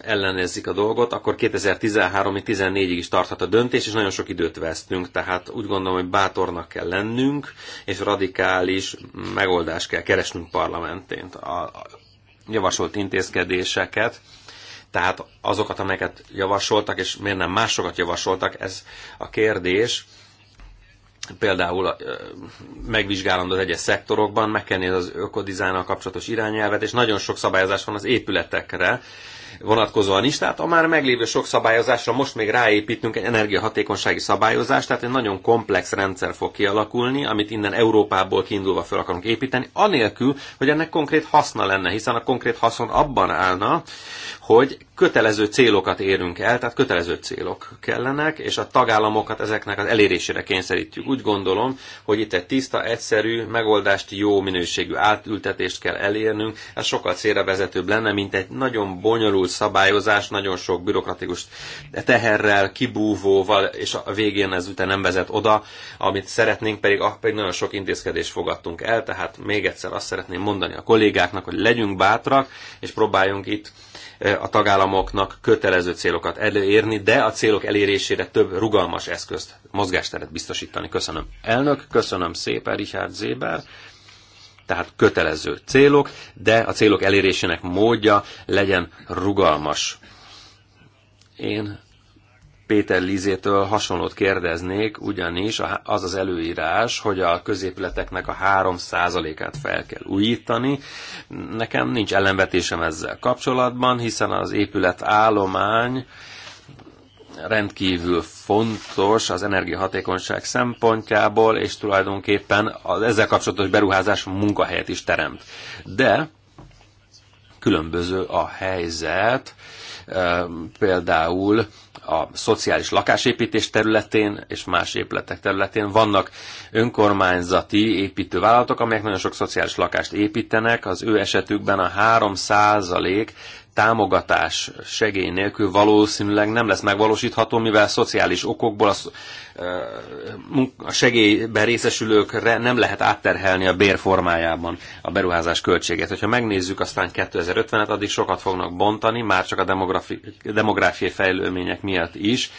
ellenezzik a dolgot, akkor 2013 14-ig is tarthat a döntés, és nagyon sok időt vesztünk, tehát úgy gondolom, hogy bátornak kell lennünk, és radikális megoldást kell keresnünk parlamentént, a javasolt intézkedéseket, tehát azokat, amelyeket javasoltak, és miért nem másokat javasoltak, ez a kérdés, például megvizsgálom az egyes szektorokban, meg kell nézni az ökodizájnnal kapcsolatos irányelvet, és nagyon sok szabályozás van az épületekre vonatkozóan is, tehát a már meglévő sok szabályozásra most még ráépítünk egy energiahatékonysági szabályozást, tehát egy nagyon komplex rendszer fog kialakulni, amit innen Európából kiindulva fel akarunk építeni, anélkül, hogy ennek konkrét haszna lenne, hiszen a konkrét haszon abban állna, hogy kötelező célokat érünk el, tehát kötelező célok kellenek, és a tagállamokat ezeknek az elérésére kényszerítjük. Úgy gondolom, hogy itt egy tiszta, egyszerű megoldást, jó minőségű átültetést kell elérnünk, ez sokkal célra vezetőbb lenne, mint egy nagyon bonyolult szabályozás, nagyon sok bürokratikus teherrel, kibúvóval, és a végén ez után nem vezet oda, amit szeretnénk, pedig, ah, pedig nagyon sok intézkedést fogadtunk el, tehát még egyszer azt szeretném mondani a kollégáknak, hogy legyünk bátrak, és próbáljunk itt a tagállamoknak kötelező célokat előérni, de a célok elérésére több rugalmas eszközt, mozgásteret biztosítani. Köszönöm. Elnök, köszönöm szépen, Richard Zéber tehát kötelező célok, de a célok elérésének módja legyen rugalmas. Én Péter Lizétől hasonlót kérdeznék, ugyanis az az előírás, hogy a középületeknek a 3%-át fel kell újítani. Nekem nincs ellenvetésem ezzel kapcsolatban, hiszen az épület állomány rendkívül fontos az energiahatékonyság szempontjából, és tulajdonképpen az ezzel kapcsolatos beruházás munkahelyet is teremt. De különböző a helyzet, például a szociális lakásépítés területén és más épületek területén. Vannak önkormányzati építővállalatok, amelyek nagyon sok szociális lakást építenek. Az ő esetükben a 3 százalék támogatás segély nélkül valószínűleg nem lesz megvalósítható, mivel szociális okokból a, a segélyben részesülőkre nem lehet átterhelni a bérformájában a beruházás költséget. Hogyha megnézzük aztán 2050-et, addig sokat fognak bontani, már csak a demográfiai fejlőmények miatt is,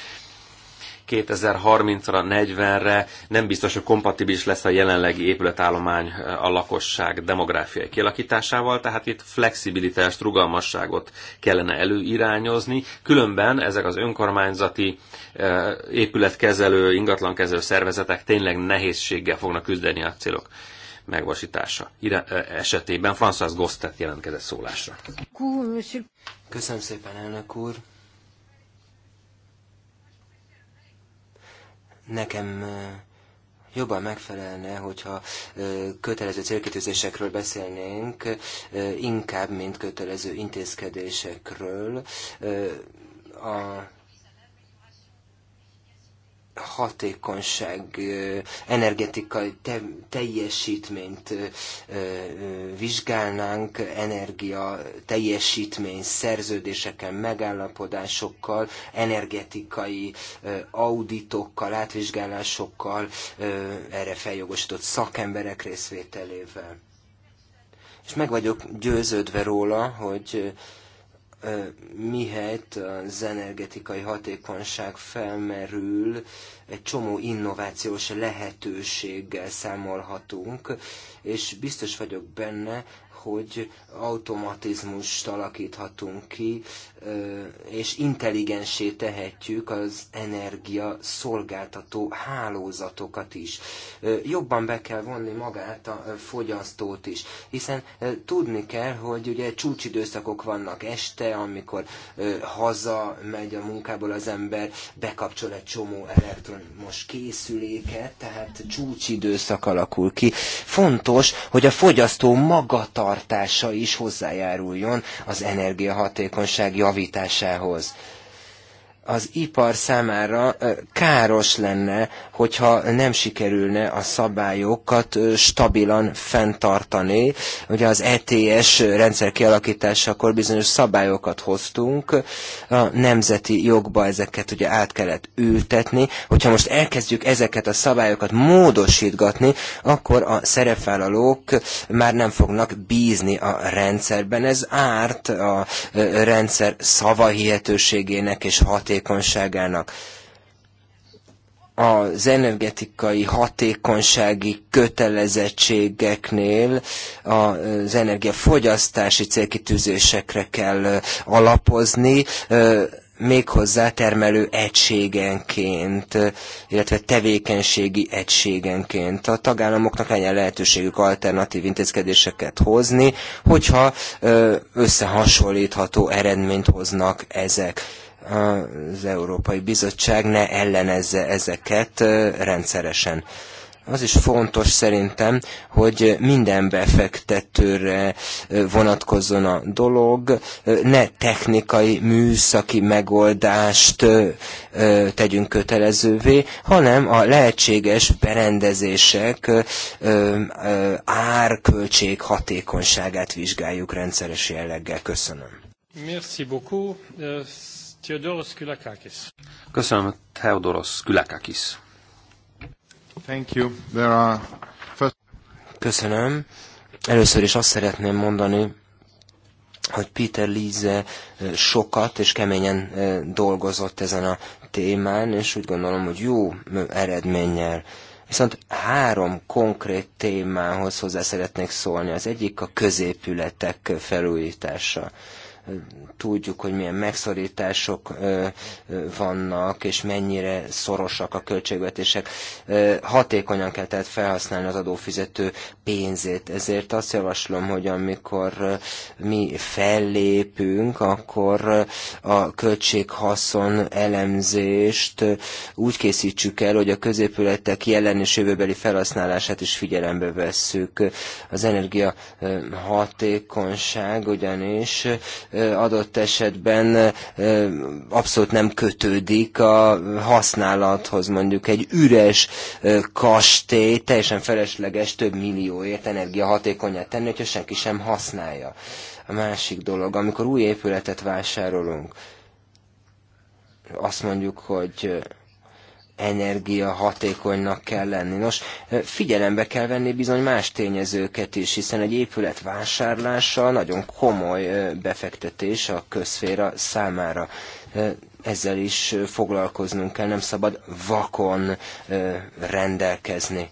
2030-ra, 40-re nem biztos, hogy kompatibilis lesz a jelenlegi épületállomány a lakosság demográfiai kialakításával, tehát itt flexibilitást, rugalmasságot kellene előirányozni, különben ezek az önkormányzati épületkezelő, ingatlankezelő szervezetek tényleg nehézséggel fognak küzdeni a célok megvasítása esetében. François Gostet jelentkezett szólásra. Köszönöm szépen, elnök úr! Nekem jobban megfelelne, hogyha kötelező célkitűzésekről beszélnénk, inkább, mint kötelező intézkedésekről. A hatékonyság, energetikai te, teljesítményt vizsgálnánk, energia teljesítmény szerződéseken, megállapodásokkal, energetikai auditokkal, átvizsgálásokkal, erre feljogosított szakemberek részvételével. És meg vagyok győződve róla, hogy mihelyt az energetikai hatékonyság felmerül, egy csomó innovációs lehetőséggel számolhatunk, és biztos vagyok benne, hogy automatizmust alakíthatunk ki, és intelligensé tehetjük az energia szolgáltató hálózatokat is. Jobban be kell vonni magát a fogyasztót is, hiszen tudni kell, hogy ugye csúcsidőszakok vannak este, amikor haza megy a munkából az ember, bekapcsol egy csomó elektromos készüléket, tehát csúcsidőszak alakul ki. Fontos, hogy a fogyasztó magatartás tartása is hozzájáruljon az energiahatékonyság javításához az ipar számára káros lenne, hogyha nem sikerülne a szabályokat stabilan fenntartani. Ugye az ETS rendszer kialakításakor bizonyos szabályokat hoztunk, a nemzeti jogba ezeket ugye át kellett ültetni. Hogyha most elkezdjük ezeket a szabályokat módosítgatni, akkor a szerepvállalók már nem fognak bízni a rendszerben. Ez árt a rendszer szavahihetőségének és hatékonyságának hatékonyságának az energetikai hatékonysági kötelezettségeknél az energiafogyasztási célkitűzésekre kell alapozni, méghozzá termelő egységenként, illetve tevékenységi egységenként. A tagállamoknak legyen lehetőségük alternatív intézkedéseket hozni, hogyha összehasonlítható eredményt hoznak ezek az Európai Bizottság ne ellenezze ezeket rendszeresen az is fontos szerintem, hogy minden befektetőre vonatkozzon a dolog, ne technikai, műszaki megoldást tegyünk kötelezővé, hanem a lehetséges berendezések árköltség hatékonyságát vizsgáljuk rendszeres jelleggel. Köszönöm. Merci beaucoup. Euh, Theodoros Kulakakis. Köszönöm, Theodoros Kulakakis. Thank you. There are... First... Köszönöm. Először is azt szeretném mondani, hogy Peter Lize eh, sokat és keményen eh, dolgozott ezen a témán, és úgy gondolom, hogy jó eh, eredménnyel. Viszont három konkrét témához hozzá szeretnék szólni. Az egyik a középületek felújítása. Tudjuk, hogy milyen megszorítások vannak, és mennyire szorosak a költségvetések. Hatékonyan kell tehát felhasználni az adófizető pénzét. Ezért azt javaslom, hogy amikor mi fellépünk, akkor a költséghaszon elemzést úgy készítsük el, hogy a középületek jelen és jövőbeli felhasználását is figyelembe vesszük. Az energia hatékonyság ugyanis adott esetben abszolút nem kötődik a használathoz, mondjuk egy üres kastély, teljesen felesleges több millióért energiahatékonyá tenni, hogyha senki sem használja. A másik dolog, amikor új épületet vásárolunk, azt mondjuk, hogy energia hatékonynak kell lenni. Nos, figyelembe kell venni bizony más tényezőket is, hiszen egy épület vásárlása nagyon komoly befektetés a közféra számára. Ezzel is foglalkoznunk kell, nem szabad vakon rendelkezni.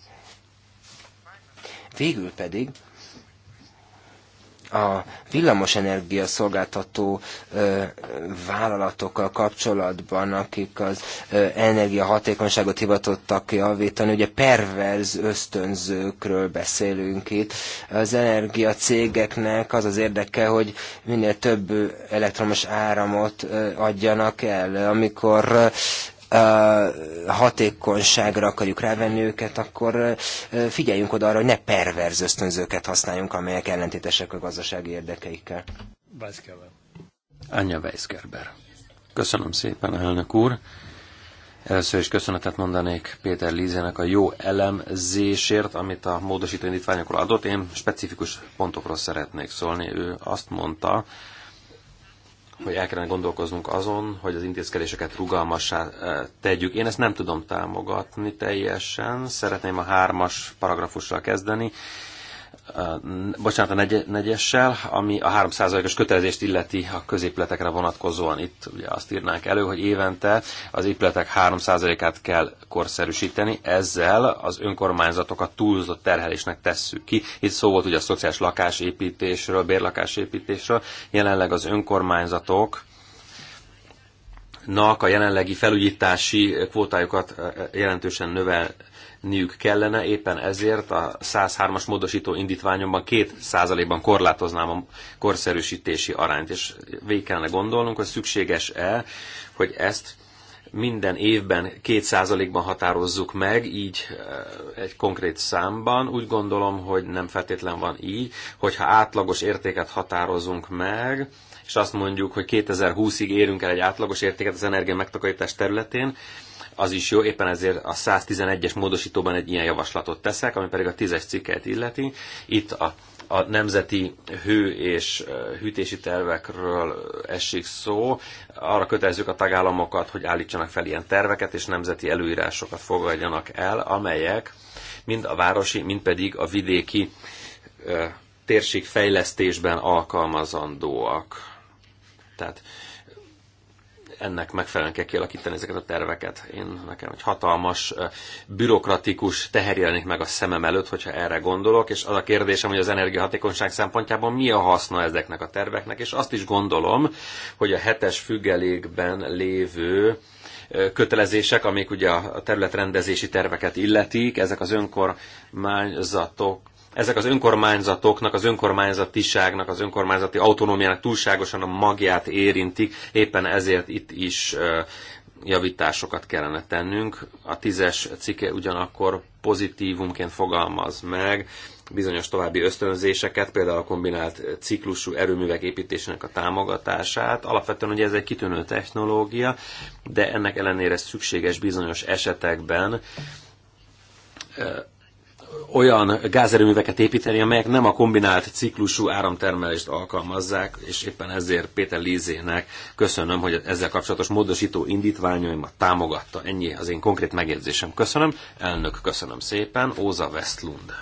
Végül pedig a villamosenergia szolgáltató vállalatokkal kapcsolatban, akik az energiahatékonyságot hivatottak javítani, ugye perverz ösztönzőkről beszélünk itt. Az energiacégeknek az az érdeke, hogy minél több elektromos áramot adjanak el. Amikor hatékonyságra akarjuk rávenni őket, akkor figyeljünk oda arra, hogy ne perverz ösztönzőket használjunk, amelyek ellentétesek a gazdasági érdekeikkel. Weisgerber. Anya Weisgerber. Köszönöm szépen, elnök úr. Először is köszönetet mondanék Péter Lízenek a jó elemzésért, amit a módosító indítványokról adott. Én specifikus pontokról szeretnék szólni. Ő azt mondta, hogy el kellene gondolkoznunk azon, hogy az intézkedéseket rugalmassá eh, tegyük. Én ezt nem tudom támogatni teljesen. Szeretném a hármas paragrafussal kezdeni bocsánat, a negy, negyessel, ami a 3%-os kötelezést illeti a középületekre vonatkozóan. Itt ugye azt írnánk elő, hogy évente az épületek 3%-át kell korszerűsíteni, ezzel az önkormányzatokat túlzott terhelésnek tesszük ki. Itt szó volt ugye a szociális lakásépítésről, bérlakásépítésről. Jelenleg az önkormányzatok a jelenlegi felügyítási kvótájukat jelentősen növel, niük kellene, éppen ezért a 103-as módosító indítványomban 2%-ban korlátoznám a korszerűsítési arányt, és végig kellene gondolnunk, hogy szükséges-e, hogy ezt minden évben 2%-ban határozzuk meg, így e, egy konkrét számban. Úgy gondolom, hogy nem feltétlen van így, hogyha átlagos értéket határozunk meg, és azt mondjuk, hogy 2020-ig érünk el egy átlagos értéket az energia megtakarítás területén, az is jó, éppen ezért a 111-es módosítóban egy ilyen javaslatot teszek, ami pedig a 10-es cikket illeti. Itt a a nemzeti hő és hűtési tervekről esik szó. Arra kötelezzük a tagállamokat, hogy állítsanak fel ilyen terveket, és nemzeti előírásokat fogadjanak el, amelyek mind a városi, mind pedig a vidéki térség fejlesztésben alkalmazandóak. Tehát ennek megfelelően kell kialakítani ezeket a terveket. Én nekem egy hatalmas, bürokratikus teher jelenik meg a szemem előtt, hogyha erre gondolok, és az a kérdésem, hogy az energiahatékonyság szempontjában mi a haszna ezeknek a terveknek, és azt is gondolom, hogy a hetes függelékben lévő kötelezések, amik ugye a területrendezési terveket illetik, ezek az önkormányzatok ezek az önkormányzatoknak, az önkormányzatiságnak, az önkormányzati autonómiának túlságosan a magját érintik, éppen ezért itt is javításokat kellene tennünk. A tízes cikke ugyanakkor pozitívumként fogalmaz meg bizonyos további ösztönzéseket, például a kombinált ciklusú erőművek építésének a támogatását. Alapvetően ugye ez egy kitűnő technológia, de ennek ellenére szükséges bizonyos esetekben olyan gázerőműveket építeni, amelyek nem a kombinált ciklusú áramtermelést alkalmazzák, és éppen ezért Péter Lízének köszönöm, hogy ezzel kapcsolatos módosító indítványaimat támogatta. Ennyi az én konkrét megjegyzésem. Köszönöm. Elnök, köszönöm szépen. Óza Westlund.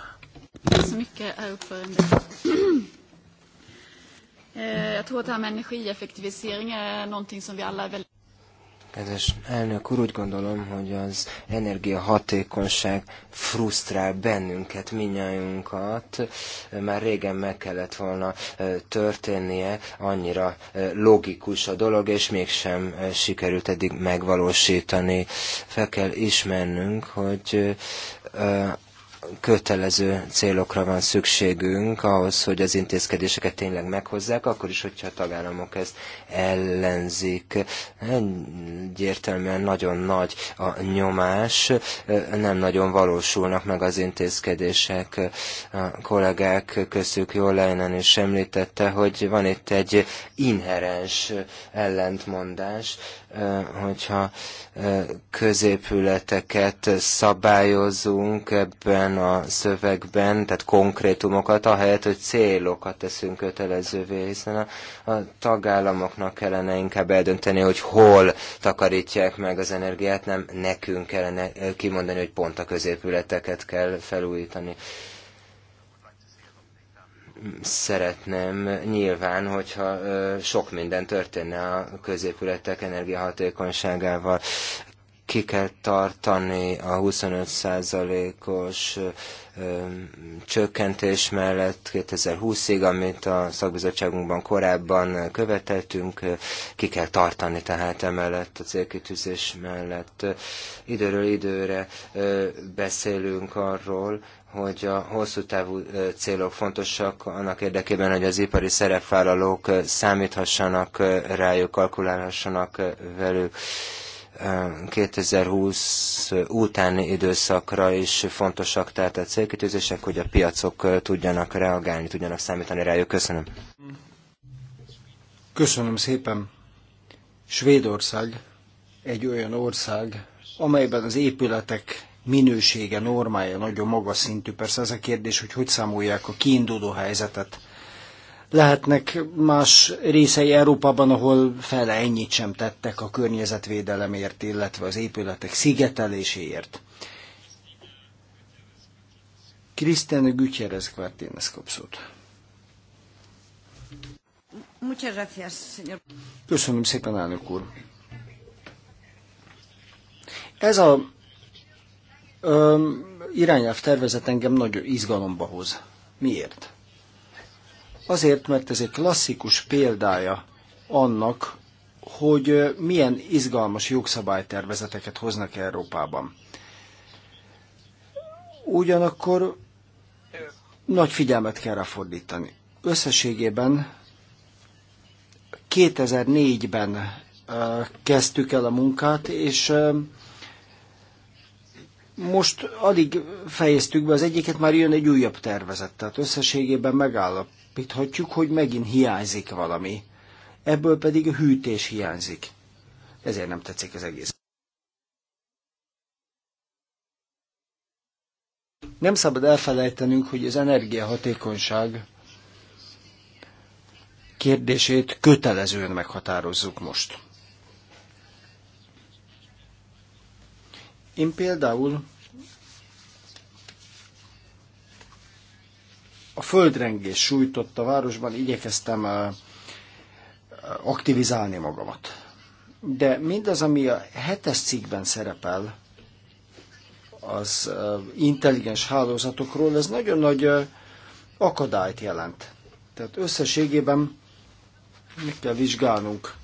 Köszönöm, eh, Jag tror att det här med energieffektivisering är någonting som vi alla är väldigt Kedves elnök úr, úgy gondolom, hogy az energiahatékonyság frusztrál bennünket, minnyájunkat. Már régen meg kellett volna történnie, annyira logikus a dolog, és mégsem sikerült eddig megvalósítani. Fel kell ismernünk, hogy kötelező célokra van szükségünk ahhoz, hogy az intézkedéseket tényleg meghozzák, akkor is, hogyha a tagállamok ezt ellenzik. Egyértelműen nagyon nagy a nyomás, nem nagyon valósulnak meg az intézkedések. A kollégák köztük jól lejnen is említette, hogy van itt egy inherens ellentmondás, hogyha középületeket szabályozunk ebben a szövegben, tehát konkrétumokat, ahelyett, hogy célokat teszünk kötelezővé, hiszen a, a tagállamoknak kellene inkább eldönteni, hogy hol takarítják meg az energiát, nem nekünk kellene kimondani, hogy pont a középületeket kell felújítani szeretném nyilván, hogyha sok minden történne a középületek energiahatékonyságával. Ki kell tartani a 25%-os csökkentés mellett 2020-ig, amit a szakbizottságunkban korábban követeltünk, ki kell tartani tehát emellett a célkitűzés mellett. Időről időre beszélünk arról, hogy a hosszú távú célok fontosak annak érdekében, hogy az ipari szerepvállalók számíthassanak rájuk, kalkulálhassanak velük. 2020 utáni időszakra is fontosak, tehát a célkitűzések, hogy a piacok tudjanak reagálni, tudjanak számítani rájuk. Köszönöm. Köszönöm szépen. Svédország egy olyan ország, amelyben az épületek minősége, normája nagyon magas szintű. Persze ez a kérdés, hogy hogy számolják a kiinduló helyzetet. Lehetnek más részei Európában, ahol fele ennyit sem tettek a környezetvédelemért, illetve az épületek szigeteléséért. Krisztián Gütyerez Kvárténez kapszót. Köszönöm szépen, elnök úr. Ez a irányelv tervezet engem nagy izgalomba hoz. Miért? Azért, mert ez egy klasszikus példája annak, hogy milyen izgalmas jogszabálytervezeteket hoznak Európában. Ugyanakkor nagy figyelmet kell ráfordítani. Összességében 2004-ben kezdtük el a munkát, és most addig fejeztük be az egyiket, már jön egy újabb tervezet, tehát összességében megállapíthatjuk, hogy megint hiányzik valami. Ebből pedig a hűtés hiányzik. Ezért nem tetszik az egész. Nem szabad elfelejtenünk, hogy az energiahatékonyság kérdését kötelezően meghatározzuk most. Én például a földrengés sújtott a városban, igyekeztem eh, aktivizálni magamat. De mindaz, ami a hetes cikkben szerepel, az eh, intelligens hálózatokról, ez nagyon nagy eh, akadályt jelent. Tehát összességében meg kell vizsgálnunk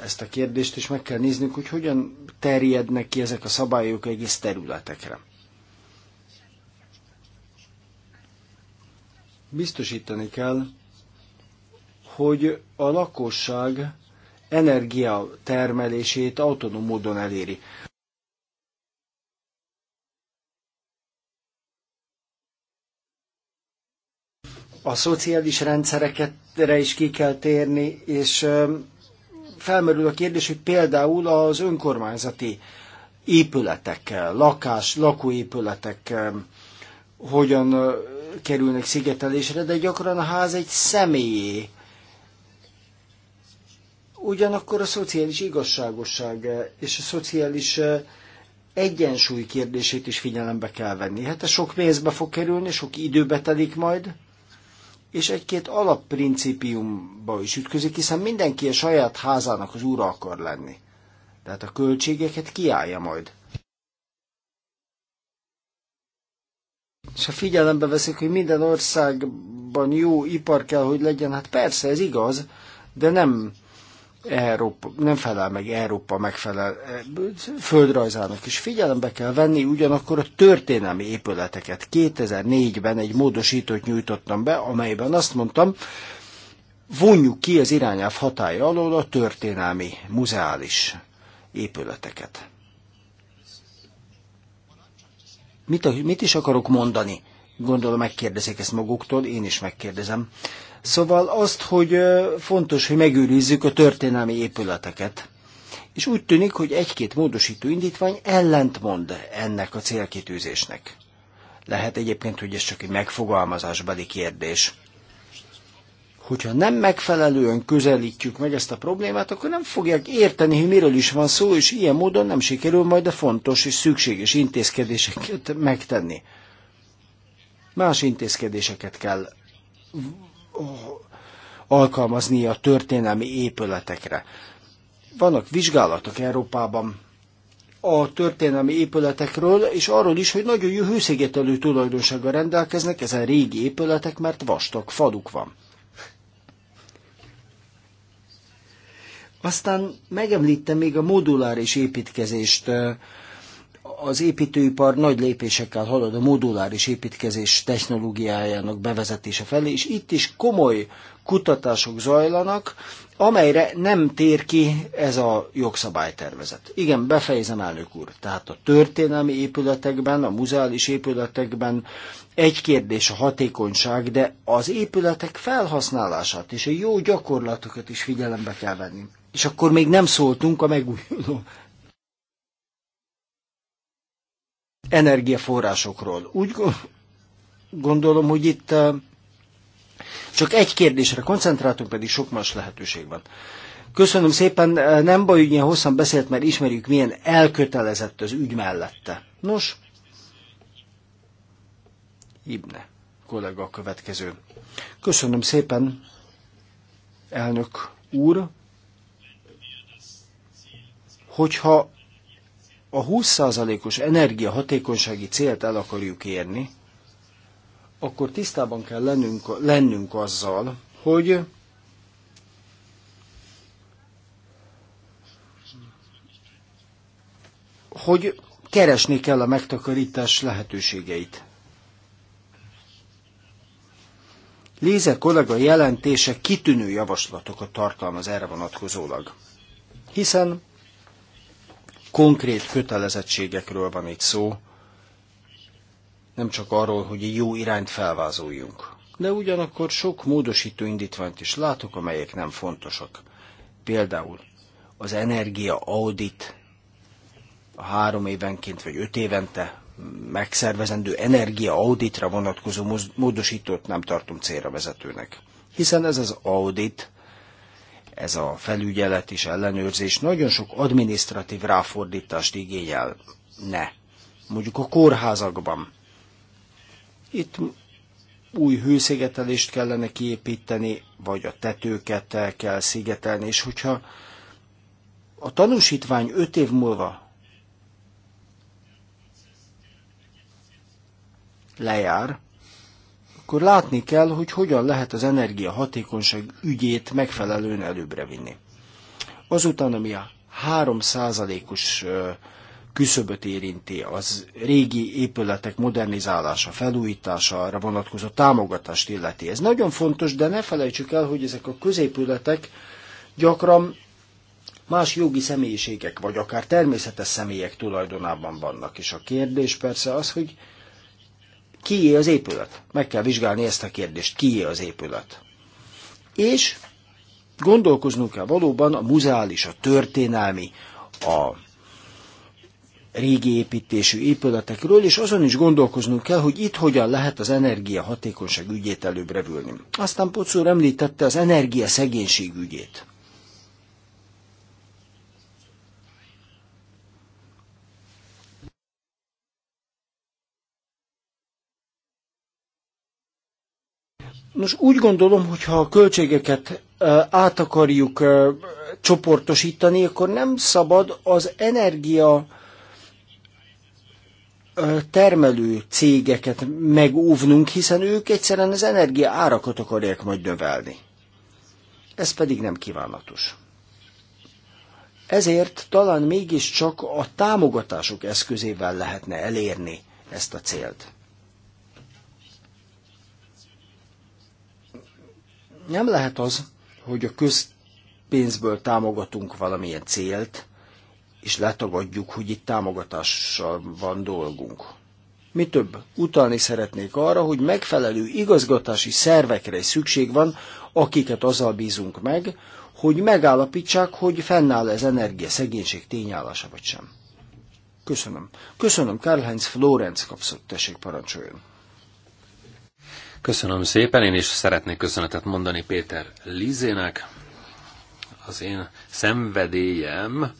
ezt a kérdést, és meg kell néznünk, hogy hogyan terjednek ki ezek a szabályok egész területekre. Biztosítani kell, hogy a lakosság energiatermelését autonóm módon eléri. A szociális rendszerekre is ki kell térni, és felmerül a kérdés, hogy például az önkormányzati épületek, lakás, lakóépületek hogyan kerülnek szigetelésre, de gyakran a ház egy személyé. Ugyanakkor a szociális igazságosság és a szociális egyensúly kérdését is figyelembe kell venni. Hát ez sok pénzbe fog kerülni, sok időbe telik majd, és egy-két alapprincipiumba is ütközik, hiszen mindenki a saját házának az úra akar lenni. Tehát a költségeket kiállja majd. És ha figyelembe veszik, hogy minden országban jó ipar kell, hogy legyen, hát persze, ez igaz, de nem Európa, nem felel meg Európa megfelel földrajzának is. Figyelembe kell venni ugyanakkor a történelmi épületeket. 2004-ben egy módosítót nyújtottam be, amelyben azt mondtam, vonjuk ki az irányelv hatája alól a történelmi muzeális épületeket. Mit, mit is akarok mondani? Gondolom megkérdezik ezt maguktól, én is megkérdezem. Szóval azt, hogy fontos, hogy megőrizzük a történelmi épületeket. És úgy tűnik, hogy egy-két módosító indítvány ellentmond ennek a célkitűzésnek. Lehet egyébként, hogy ez csak egy megfogalmazásbeli kérdés. Hogyha nem megfelelően közelítjük meg ezt a problémát, akkor nem fogják érteni, hogy miről is van szó, és ilyen módon nem sikerül majd a fontos és szükséges intézkedéseket megtenni. Más intézkedéseket kell alkalmazni a történelmi épületekre. Vannak vizsgálatok Európában a történelmi épületekről, és arról is, hogy nagyon jó hőszigetelő tulajdonsággal rendelkeznek ezen régi épületek, mert vastag faluk van. Aztán megemlítem még a moduláris építkezést, az építőipar nagy lépésekkel halad a moduláris építkezés technológiájának bevezetése felé, és itt is komoly kutatások zajlanak, amelyre nem tér ki ez a jogszabálytervezet. Igen, befejezem, elnök úr. Tehát a történelmi épületekben, a muzeális épületekben egy kérdés a hatékonyság, de az épületek felhasználását és a jó gyakorlatokat is figyelembe kell venni. És akkor még nem szóltunk a megújuló energiaforrásokról. Úgy gondolom, hogy itt csak egy kérdésre koncentráltunk, pedig sok más lehetőség van. Köszönöm szépen, nem baj, hogy ilyen hosszan beszélt, mert ismerjük, milyen elkötelezett az ügy mellette. Nos, Ibne kollega a következő. Köszönöm szépen, elnök úr, hogyha a 20%-os energiahatékonysági célt el akarjuk érni, akkor tisztában kell lennünk, lennünk azzal, hogy hogy keresni kell a megtakarítás lehetőségeit. Léze kollega jelentése kitűnő javaslatokat tartalmaz erre vonatkozólag, hiszen konkrét kötelezettségekről van itt szó, nem csak arról, hogy egy jó irányt felvázoljunk. De ugyanakkor sok módosító indítványt is látok, amelyek nem fontosak. Például az energia audit, a három évenként vagy öt évente megszervezendő energia auditra vonatkozó módosítót nem tartom célra vezetőnek. Hiszen ez az audit ez a felügyelet és ellenőrzés nagyon sok administratív ráfordítást igényel. Ne. Mondjuk a kórházakban. Itt új hőszigetelést kellene kiépíteni, vagy a tetőket kell szigetelni, és hogyha a tanúsítvány öt év múlva lejár, akkor látni kell, hogy hogyan lehet az energia hatékonyság ügyét megfelelően előbbre vinni. Azután, ami a 3%-os küszöböt érinti az régi épületek modernizálása, felújítása, arra vonatkozó támogatást illeti. Ez nagyon fontos, de ne felejtsük el, hogy ezek a középületek gyakran más jogi személyiségek, vagy akár természetes személyek tulajdonában vannak. És a kérdés persze az, hogy kié az épület. Meg kell vizsgálni ezt a kérdést, kié az épület. És gondolkoznunk kell valóban a muzeális, a történelmi, a régi építésű épületekről, és azon is gondolkoznunk kell, hogy itt hogyan lehet az energia hatékonyság ügyét előbbre vülni. Aztán Pocsúr említette az energia szegénység ügyét. Nos, úgy gondolom, hogy ha a költségeket át akarjuk csoportosítani, akkor nem szabad az energia termelő cégeket megóvnunk, hiszen ők egyszerűen az energia árakat akarják majd növelni. Ez pedig nem kívánatos. Ezért talán mégiscsak a támogatások eszközével lehetne elérni ezt a célt. Nem lehet az, hogy a közpénzből támogatunk valamilyen célt, és letagadjuk, hogy itt támogatással van dolgunk. Mi több, utalni szeretnék arra, hogy megfelelő igazgatási szervekre is szükség van, akiket azzal bízunk meg, hogy megállapítsák, hogy fennáll ez energia szegénység tényállása vagy sem. Köszönöm. Köszönöm, Karl-Heinz Florenz kapszott, tessék parancsoljon. Köszönöm szépen, én is szeretnék köszönetet mondani Péter Lizének. Az én szenvedélyem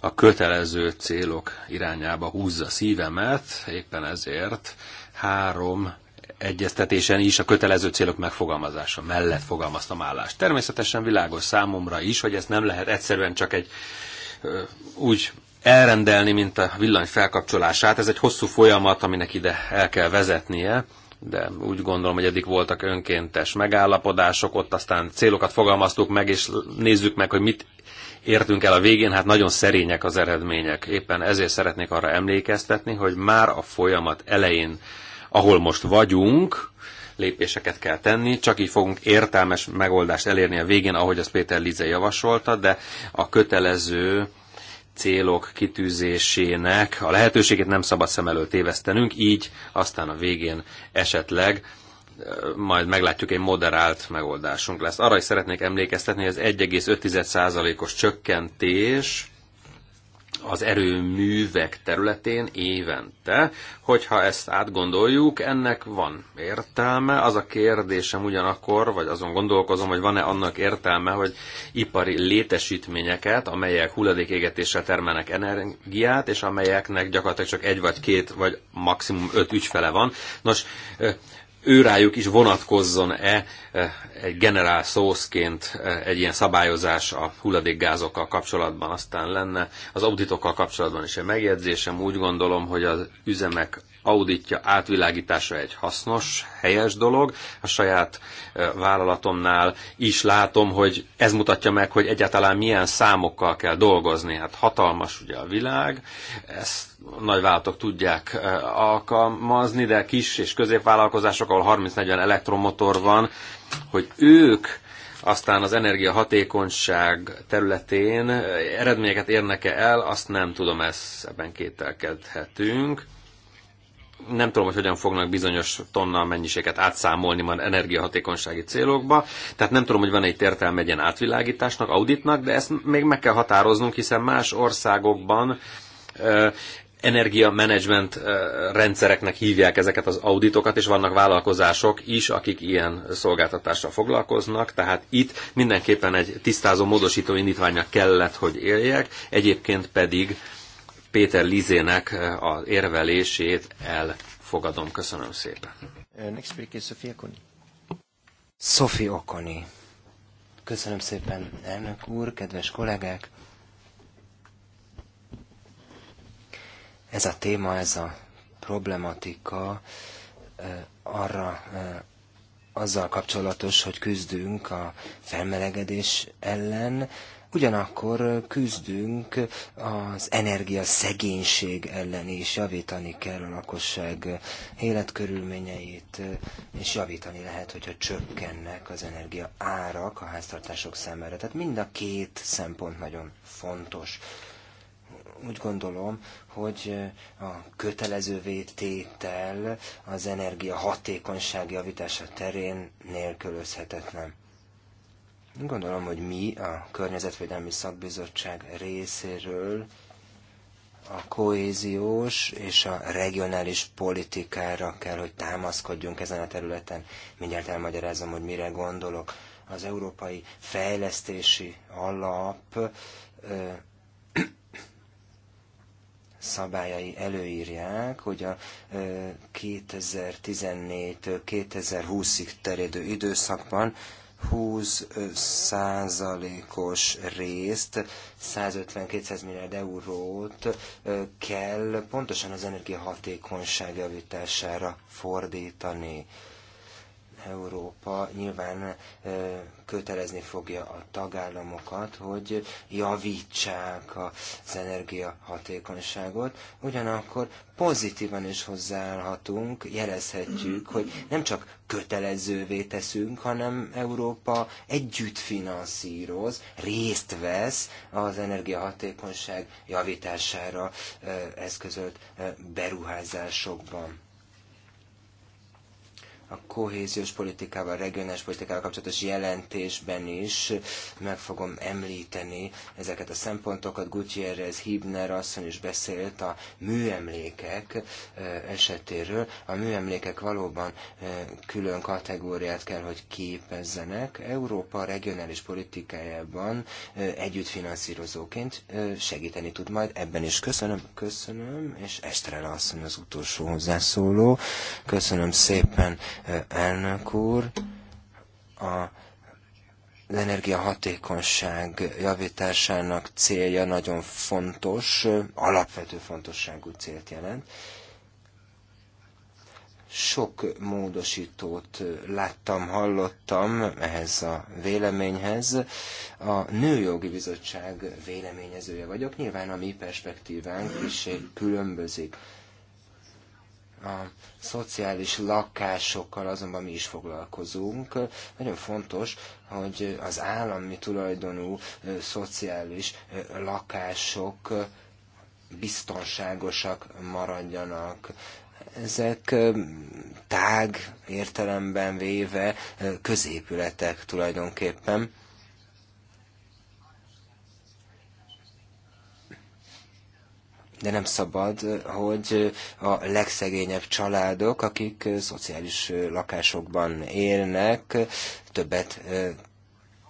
a kötelező célok irányába húzza szívemet, éppen ezért három egyeztetésen is a kötelező célok megfogalmazása mellett fogalmaztam állást. Természetesen világos számomra is, hogy ezt nem lehet egyszerűen csak egy úgy elrendelni, mint a villany felkapcsolását. Ez egy hosszú folyamat, aminek ide el kell vezetnie de úgy gondolom, hogy eddig voltak önkéntes megállapodások, ott aztán célokat fogalmaztuk meg, és nézzük meg, hogy mit értünk el a végén, hát nagyon szerények az eredmények. Éppen ezért szeretnék arra emlékeztetni, hogy már a folyamat elején, ahol most vagyunk, lépéseket kell tenni, csak így fogunk értelmes megoldást elérni a végén, ahogy azt Péter Lize javasolta, de a kötelező célok kitűzésének a lehetőségét nem szabad szem előtt tévesztenünk, így aztán a végén esetleg majd meglátjuk, egy moderált megoldásunk lesz. Arra is szeretnék emlékeztetni, hogy az 1,5%-os csökkentés az erőművek területén évente. Hogyha ezt átgondoljuk, ennek van értelme. Az a kérdésem ugyanakkor, vagy azon gondolkozom, hogy van-e annak értelme, hogy ipari létesítményeket, amelyek hulladékégetéssel termelnek energiát, és amelyeknek gyakorlatilag csak egy vagy két, vagy maximum öt ügyfele van. Nos, őrájuk is vonatkozzon-e eh, egy generál szószként eh, egy ilyen szabályozás a hulladékgázokkal kapcsolatban. Aztán lenne az auditokkal kapcsolatban is egy megjegyzésem. Úgy gondolom, hogy az üzemek auditja, átvilágítása egy hasznos, helyes dolog. A saját vállalatomnál is látom, hogy ez mutatja meg, hogy egyáltalán milyen számokkal kell dolgozni. Hát hatalmas ugye a világ, ezt nagyvállalatok tudják alkalmazni, de kis és középvállalkozások, ahol 30-40 elektromotor van, hogy ők aztán az energiahatékonyság területén eredményeket érnek-e el, azt nem tudom, ezt ebben kételkedhetünk nem tudom, hogy hogyan fognak bizonyos tonna mennyiséget átszámolni már energiahatékonysági célokba, tehát nem tudom, hogy van egy értelme egy ilyen átvilágításnak, auditnak, de ezt még meg kell határoznunk, hiszen más országokban energiamenedzsment rendszereknek hívják ezeket az auditokat, és vannak vállalkozások is, akik ilyen szolgáltatással foglalkoznak, tehát itt mindenképpen egy tisztázó módosító indítványa kellett, hogy éljek, egyébként pedig Péter Lizének eh, az érvelését elfogadom. Köszönöm szépen. Eh, next speaker is Sofia Sophie Okoni. Köszönöm szépen, elnök úr, kedves kollégák. Ez a téma, ez a problematika eh, arra azzal kapcsolatos, hogy küzdünk a felmelegedés ellen, Ugyanakkor küzdünk az energiaszegénység ellen is, javítani kell a lakosság életkörülményeit, és javítani lehet, hogyha csökkennek az energia árak a háztartások számára. Tehát mind a két szempont nagyon fontos úgy gondolom, hogy a kötelezővé tétel az energia hatékonyság javítása terén nélkülözhetetlen. Gondolom, hogy mi a Környezetvédelmi Szakbizottság részéről a kohéziós és a regionális politikára kell, hogy támaszkodjunk ezen a területen. Mindjárt elmagyarázom, hogy mire gondolok. Az Európai Fejlesztési Alap ö, [coughs] szabályai előírják, hogy a 2014-től 2020-ig terjedő időszakban 20 százalékos részt, 150-200 milliárd eurót kell pontosan az energiahatékonyság javítására fordítani. Európa nyilván e, kötelezni fogja a tagállamokat, hogy javítsák az energiahatékonyságot. Ugyanakkor pozitívan is hozzáállhatunk, jelezhetjük, hogy nem csak kötelezővé teszünk, hanem Európa együtt finanszíroz, részt vesz az energiahatékonyság javítására e, eszközölt e, beruházásokban a kohéziós politikával, a regionális politikával kapcsolatos jelentésben is meg fogom említeni ezeket a szempontokat. Gutierrez Hibner asszony is beszélt a műemlékek eh, esetéről. A műemlékek valóban eh, külön kategóriát kell, hogy képezzenek. Európa regionális politikájában eh, együttfinanszírozóként segíteni tud majd. Ebben is köszönöm, köszönöm, és Estrela asszony az utolsó hozzászóló. Köszönöm szépen elnök úr. A az energiahatékonyság javításának célja nagyon fontos, alapvető fontosságú célt jelent. Sok módosítót láttam, hallottam ehhez a véleményhez. A Nőjogi Bizottság véleményezője vagyok, nyilván a mi perspektívánk is különbözik. A szociális lakásokkal azonban mi is foglalkozunk. Nagyon fontos, hogy az állami tulajdonú szociális lakások biztonságosak maradjanak. Ezek tág értelemben véve középületek tulajdonképpen de nem szabad, hogy a legszegényebb családok, akik szociális lakásokban élnek, többet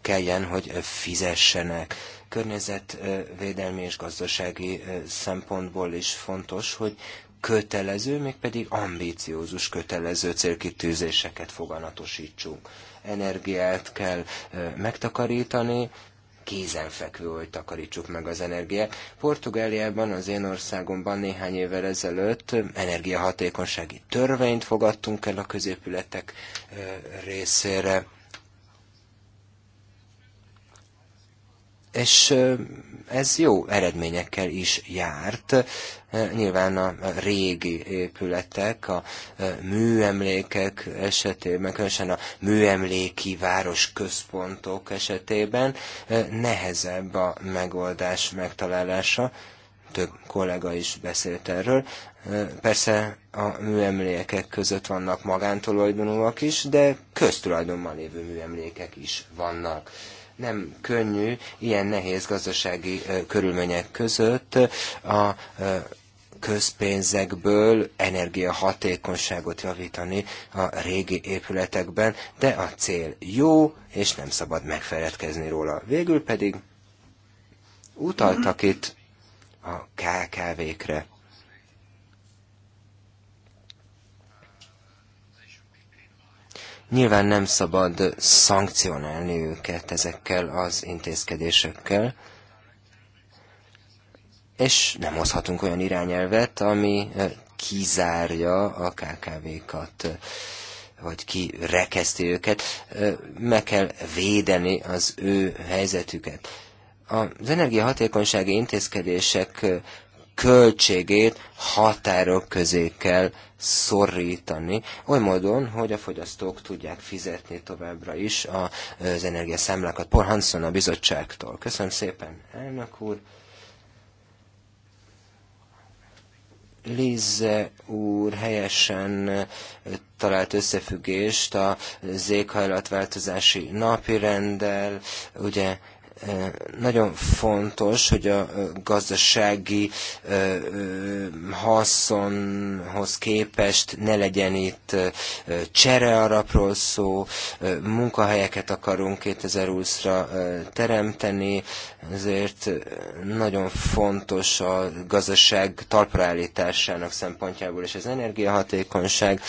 kelljen, hogy fizessenek. Környezetvédelmi és gazdasági szempontból is fontos, hogy kötelező, mégpedig ambíciózus kötelező célkitűzéseket foganatosítsunk. Energiát kell megtakarítani, kézenfekvő, hogy takarítsuk meg az energiát. Portugáliában, az én országomban néhány évvel ezelőtt energiahatékonysági törvényt fogadtunk el a középületek részére. És ez jó eredményekkel is járt. E, nyilván a régi épületek, a e, műemlékek esetében, különösen a műemléki városközpontok esetében e, nehezebb a megoldás megtalálása. Több kollega is beszélt erről. Persze a műemlékek között vannak magántulajdonúak is, de köztulajdonban lévő műemlékek is vannak nem könnyű ilyen nehéz gazdasági körülmények között a közpénzekből energiahatékonyságot javítani a régi épületekben, de a cél jó, és nem szabad megfeledkezni róla. Végül pedig utaltak itt a KKV-kre. Nyilván nem szabad szankcionálni őket ezekkel az intézkedésekkel, és nem hozhatunk olyan irányelvet, ami eh, kizárja a KKV-kat, eh, vagy kirekeszti őket. Eh, meg kell védeni az ő helyzetüket. Az energiahatékonysági intézkedések költségét határok közé kell szorítani, oly módon, hogy a fogyasztók tudják fizetni továbbra is az energiaszámlákat. Paul Hanson a bizottságtól. Köszönöm szépen, elnök úr. Lize úr helyesen talált összefüggést a éghajlatváltozási napirenddel, ugye nagyon fontos, hogy a gazdasági haszonhoz képest ne legyen itt cserearapról szó, munkahelyeket akarunk 2020-ra teremteni, ezért nagyon fontos a gazdaság talpraállításának szempontjából és az energiahatékonyság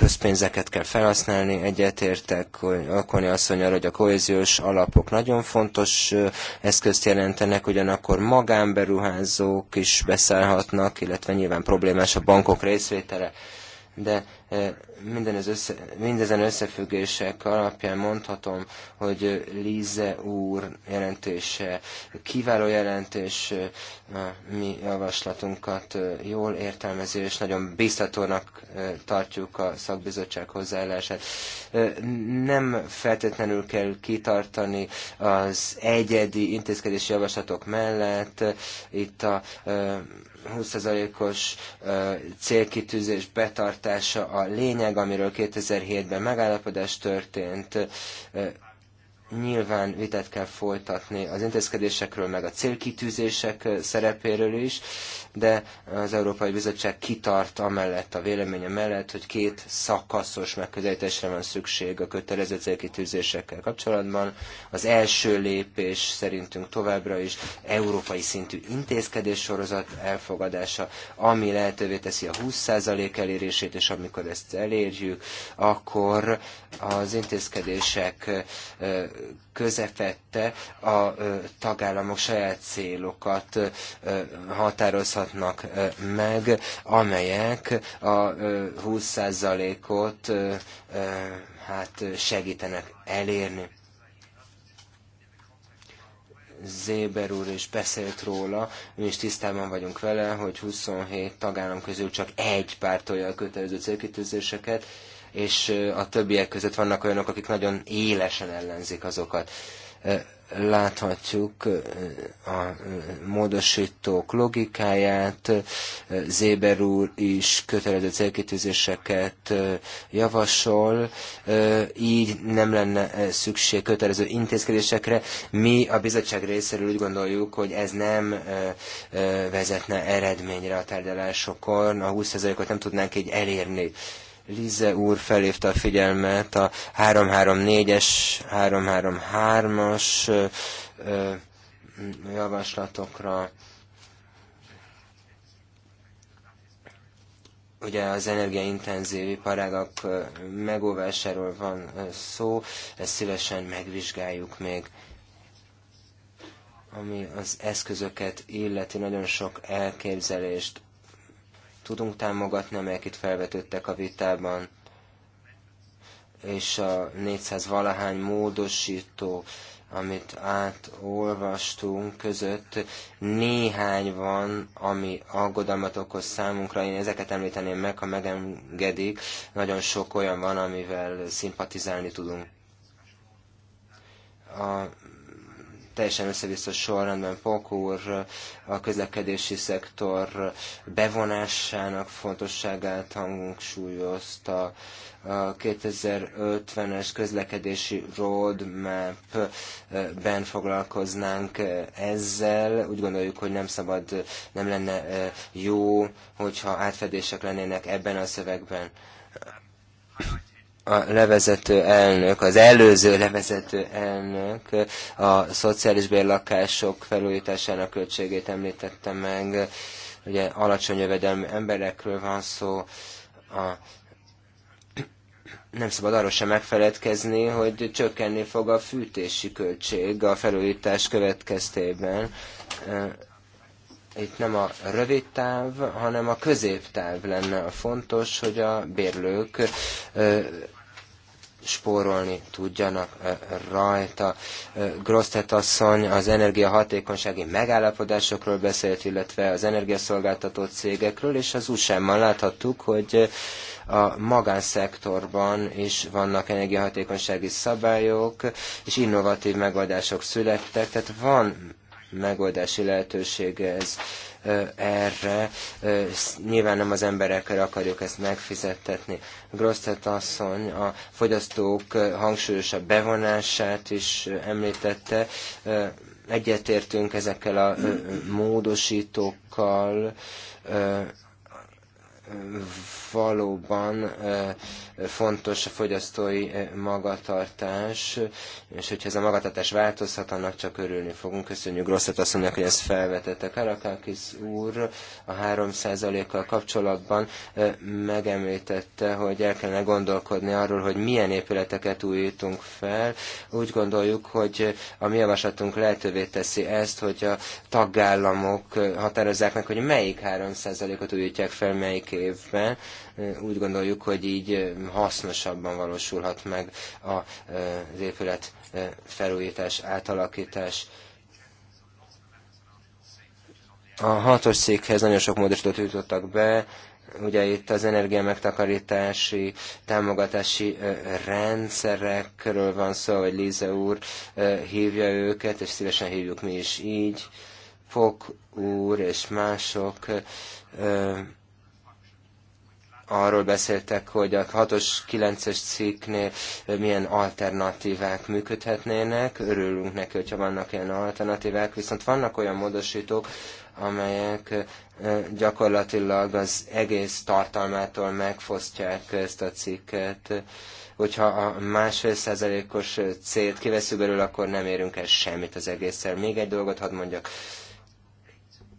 közpénzeket kell felhasználni, egyetértek Alkoni arra, hogy a kohéziós alapok nagyon fontos eszközt jelentenek, ugyanakkor magánberuházók is beszállhatnak, illetve nyilván problémás a bankok részvétele, de E, minden mindezen összefüggések alapján mondhatom, hogy Líze úr jelentése kiváló jelentés, e, a mi javaslatunkat e, jól értelmezi, és nagyon biztatónak tartjuk a szakbizottság hozzáállását. Nem feltétlenül kell kitartani az egyedi intézkedési javaslatok mellett, itt a 20%-os célkitűzés betartása a a lényeg, amiről 2007-ben megállapodás történt, nyilván vitát kell folytatni az intézkedésekről, meg a célkitűzések szerepéről is, de az Európai Bizottság kitart amellett, a véleménye mellett, hogy két szakaszos megközelítésre van szükség a kötelező célkitűzésekkel kapcsolatban. Az első lépés szerintünk továbbra is európai szintű intézkedés sorozat elfogadása, ami lehetővé teszi a 20% elérését, és amikor ezt elérjük, akkor az intézkedések közepette a tagállamok saját célokat határozhatnak meg, amelyek a 20%-ot hát segítenek elérni. Zéber úr is beszélt róla, mi is tisztában vagyunk vele, hogy 27 tagállam közül csak egy pártolja a kötelező célkitűzéseket, és a többiek között vannak olyanok, akik nagyon élesen ellenzik azokat. Láthatjuk a módosítók logikáját, Zéber úr is kötelező célkitűzéseket javasol, így nem lenne szükség kötelező intézkedésekre. Mi a bizottság részéről úgy gondoljuk, hogy ez nem vezetne eredményre a tárgyalásokon, a 20%-ot nem tudnánk így elérni Lize úr felhívta a figyelmet a 334-es, 333-as javaslatokra. Ugye az energiaintenzív iparágak megóvásáról van szó, ezt szívesen megvizsgáljuk még ami az eszközöket illeti nagyon sok elképzelést tudunk támogatni, amelyek itt felvetődtek a vitában, és a 400 valahány módosító, amit átolvastunk között, néhány van, ami aggodalmat okoz számunkra. Én ezeket említeném meg, ha megengedik. Nagyon sok olyan van, amivel szimpatizálni tudunk. A teljesen össze-vissza sorrendben Pókó úr a közlekedési szektor bevonásának fontosságát hangsúlyozta, a 2050-es közlekedési roadmap-ben foglalkoznánk ezzel. Úgy gondoljuk, hogy nem szabad, nem lenne jó, hogyha átfedések lennének ebben a szövegben a levezető elnök, az előző levezető elnök a szociális bérlakások felújításának költségét említette meg. Ugye alacsony jövedelmű emberekről van szó, a nem szabad arról sem megfeledkezni, hogy csökkenni fog a fűtési költség a felújítás következtében. Itt nem a rövid táv, hanem a középtáv lenne a fontos, hogy a bérlők spórolni tudjanak e, rajta. E, Grosztet asszony az energiahatékonysági megállapodásokról beszélt, illetve az energiaszolgáltató cégekről, és az USA-ban láthattuk, hogy a magánszektorban is vannak energiahatékonysági szabályok, és innovatív megoldások születtek, tehát van megoldási lehetőség ez erre. Nyilván nem az emberekre akarjuk ezt megfizettetni. Grosztet asszony a fogyasztók hangsúlyosabb bevonását is említette. Egyetértünk ezekkel a módosítókkal, valóban fontos a fogyasztói magatartás, és hogyha ez a magatartás változhat, annak csak örülni fogunk. Köszönjük Rosszat mondják, hogy ezt felvetette. Karakakis úr a 3%-kal kapcsolatban megemlítette, hogy el kellene gondolkodni arról, hogy milyen épületeket újítunk fel. Úgy gondoljuk, hogy a mi javaslatunk lehetővé teszi ezt, hogy a tagállamok határozzák meg, hogy melyik 3%-ot újítják fel melyik évben, úgy gondoljuk, hogy így hasznosabban valósulhat meg az épület felújítás, átalakítás. A hatos székhez nagyon sok módosítót jutottak be, ugye itt az energia támogatási rendszerekről van szó, hogy Líze úr hívja őket, és szívesen hívjuk mi is így. Fok úr és mások arról beszéltek, hogy a 6-os, 9-es cikknél milyen alternatívák működhetnének. Örülünk neki, hogyha vannak ilyen alternatívák, viszont vannak olyan módosítók, amelyek eh, gyakorlatilag az egész tartalmától megfosztják ezt a cikket. Hogyha a másfél százalékos célt kiveszünk belőle, akkor nem érünk el semmit az egészszer. Még egy dolgot hadd mondjak.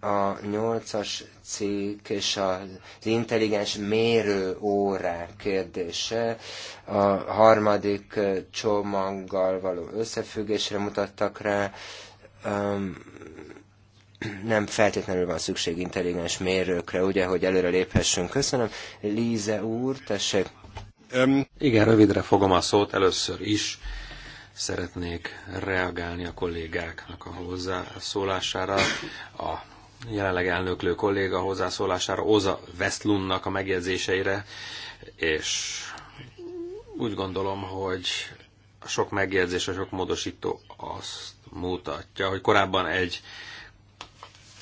A nyolcas cikk és az intelligens mérő órák kérdése a harmadik csomaggal való összefüggésre mutattak rá. Nem feltétlenül van szükség intelligens mérőkre, ugye, hogy előre léphessünk. Köszönöm. Líze úr, tessék. Um, igen, rövidre fogom a szót először is szeretnék reagálni a kollégáknak a hozzászólására, a jelenleg elnöklő kolléga hozzászólására, Oza Westlundnak a megjegyzéseire, és úgy gondolom, hogy a sok megjegyzés, a sok módosító azt mutatja, hogy korábban egy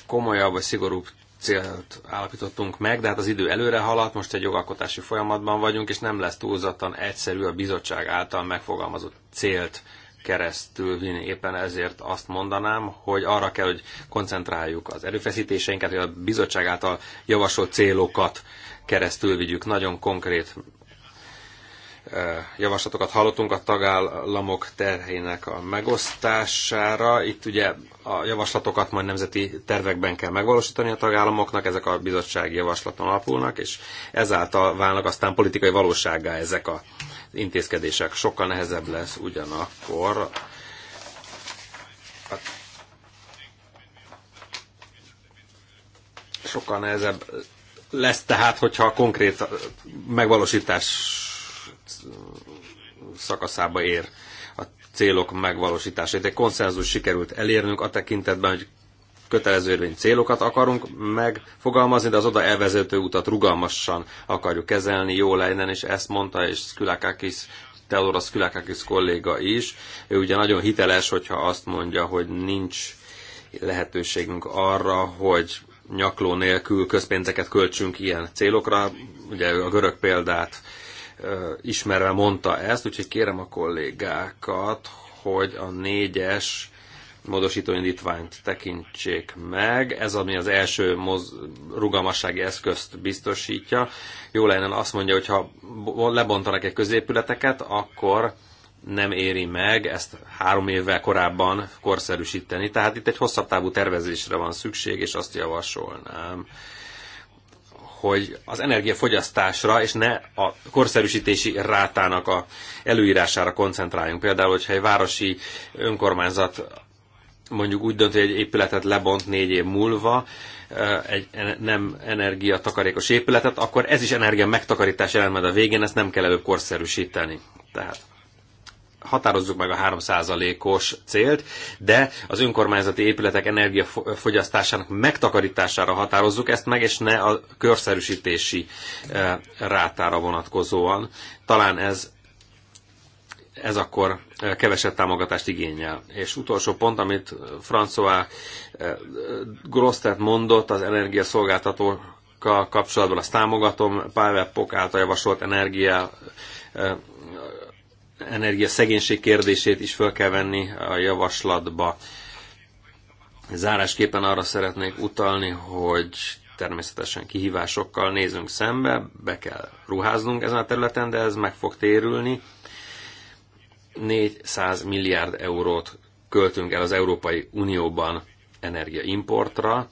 komolyabb vagy szigorúbb célt állapítottunk meg, de hát az idő előre haladt, most egy jogalkotási folyamatban vagyunk, és nem lesz túlzatlan egyszerű a bizottság által megfogalmazott célt keresztül vinni. Éppen ezért azt mondanám, hogy arra kell, hogy koncentráljuk az erőfeszítéseinket, hogy a bizottság által javasolt célokat keresztül vigyük. Nagyon konkrét Eh, javaslatokat hallottunk a tagállamok terhének a megosztására. Itt ugye a javaslatokat majd nemzeti tervekben kell megvalósítani a tagállamoknak, ezek a bizottsági javaslaton alapulnak, és ezáltal válnak aztán politikai valósággá ezek a intézkedések. Sokkal nehezebb lesz ugyanakkor sokkal nehezebb lesz tehát, hogyha a konkrét megvalósítás szakaszába ér a célok megvalósítását. Egy konszenzus sikerült elérnünk a tekintetben, hogy kötelező érvény célokat akarunk megfogalmazni, de az oda elvezető utat rugalmasan akarjuk kezelni. Jó lejnen és ezt mondta, és Skylakakis, Teodora Skylakakis kolléga is. Ő ugye nagyon hiteles, hogyha azt mondja, hogy nincs lehetőségünk arra, hogy nyakló nélkül közpénzeket költsünk ilyen célokra. Ugye a görög példát ismerve mondta ezt, úgyhogy kérem a kollégákat, hogy a négyes módosítóindítványt tekintsék meg. Ez, ami az első moz, rugalmassági eszközt biztosítja. Jó lenne azt mondja, hogy ha lebontanak egy középületeket, akkor nem éri meg ezt három évvel korábban korszerűsíteni. Tehát itt egy hosszabb távú tervezésre van szükség, és azt javasolnám, hogy az energiafogyasztásra és ne a korszerűsítési rátának a előírására koncentráljunk. Például, hogyha egy városi önkormányzat mondjuk úgy dönt, hogy egy épületet lebont négy év múlva, eh, egy nem energiatakarékos épületet, akkor ez is energia megtakarítás jelent majd a végén, ezt nem kell előbb korszerűsíteni. Tehát határozzuk meg a 3%-os célt, de az önkormányzati épületek energiafogyasztásának megtakarítására határozzuk ezt meg, és ne a körszerűsítési eh, rátára vonatkozóan. Talán ez ez akkor eh, kevesebb támogatást igényel. És utolsó pont, amit François eh, Grosztet mondott az energiaszolgáltatókkal kapcsolatban, azt támogatom, Pavel Pok által javasolt energia energiaszegénység kérdését is fel kell venni a javaslatba. Zárásképpen arra szeretnék utalni, hogy természetesen kihívásokkal nézünk szembe, be kell ruháznunk ezen a területen, de ez meg fog térülni. 400 milliárd eurót költünk el az Európai Unióban energiaimportra.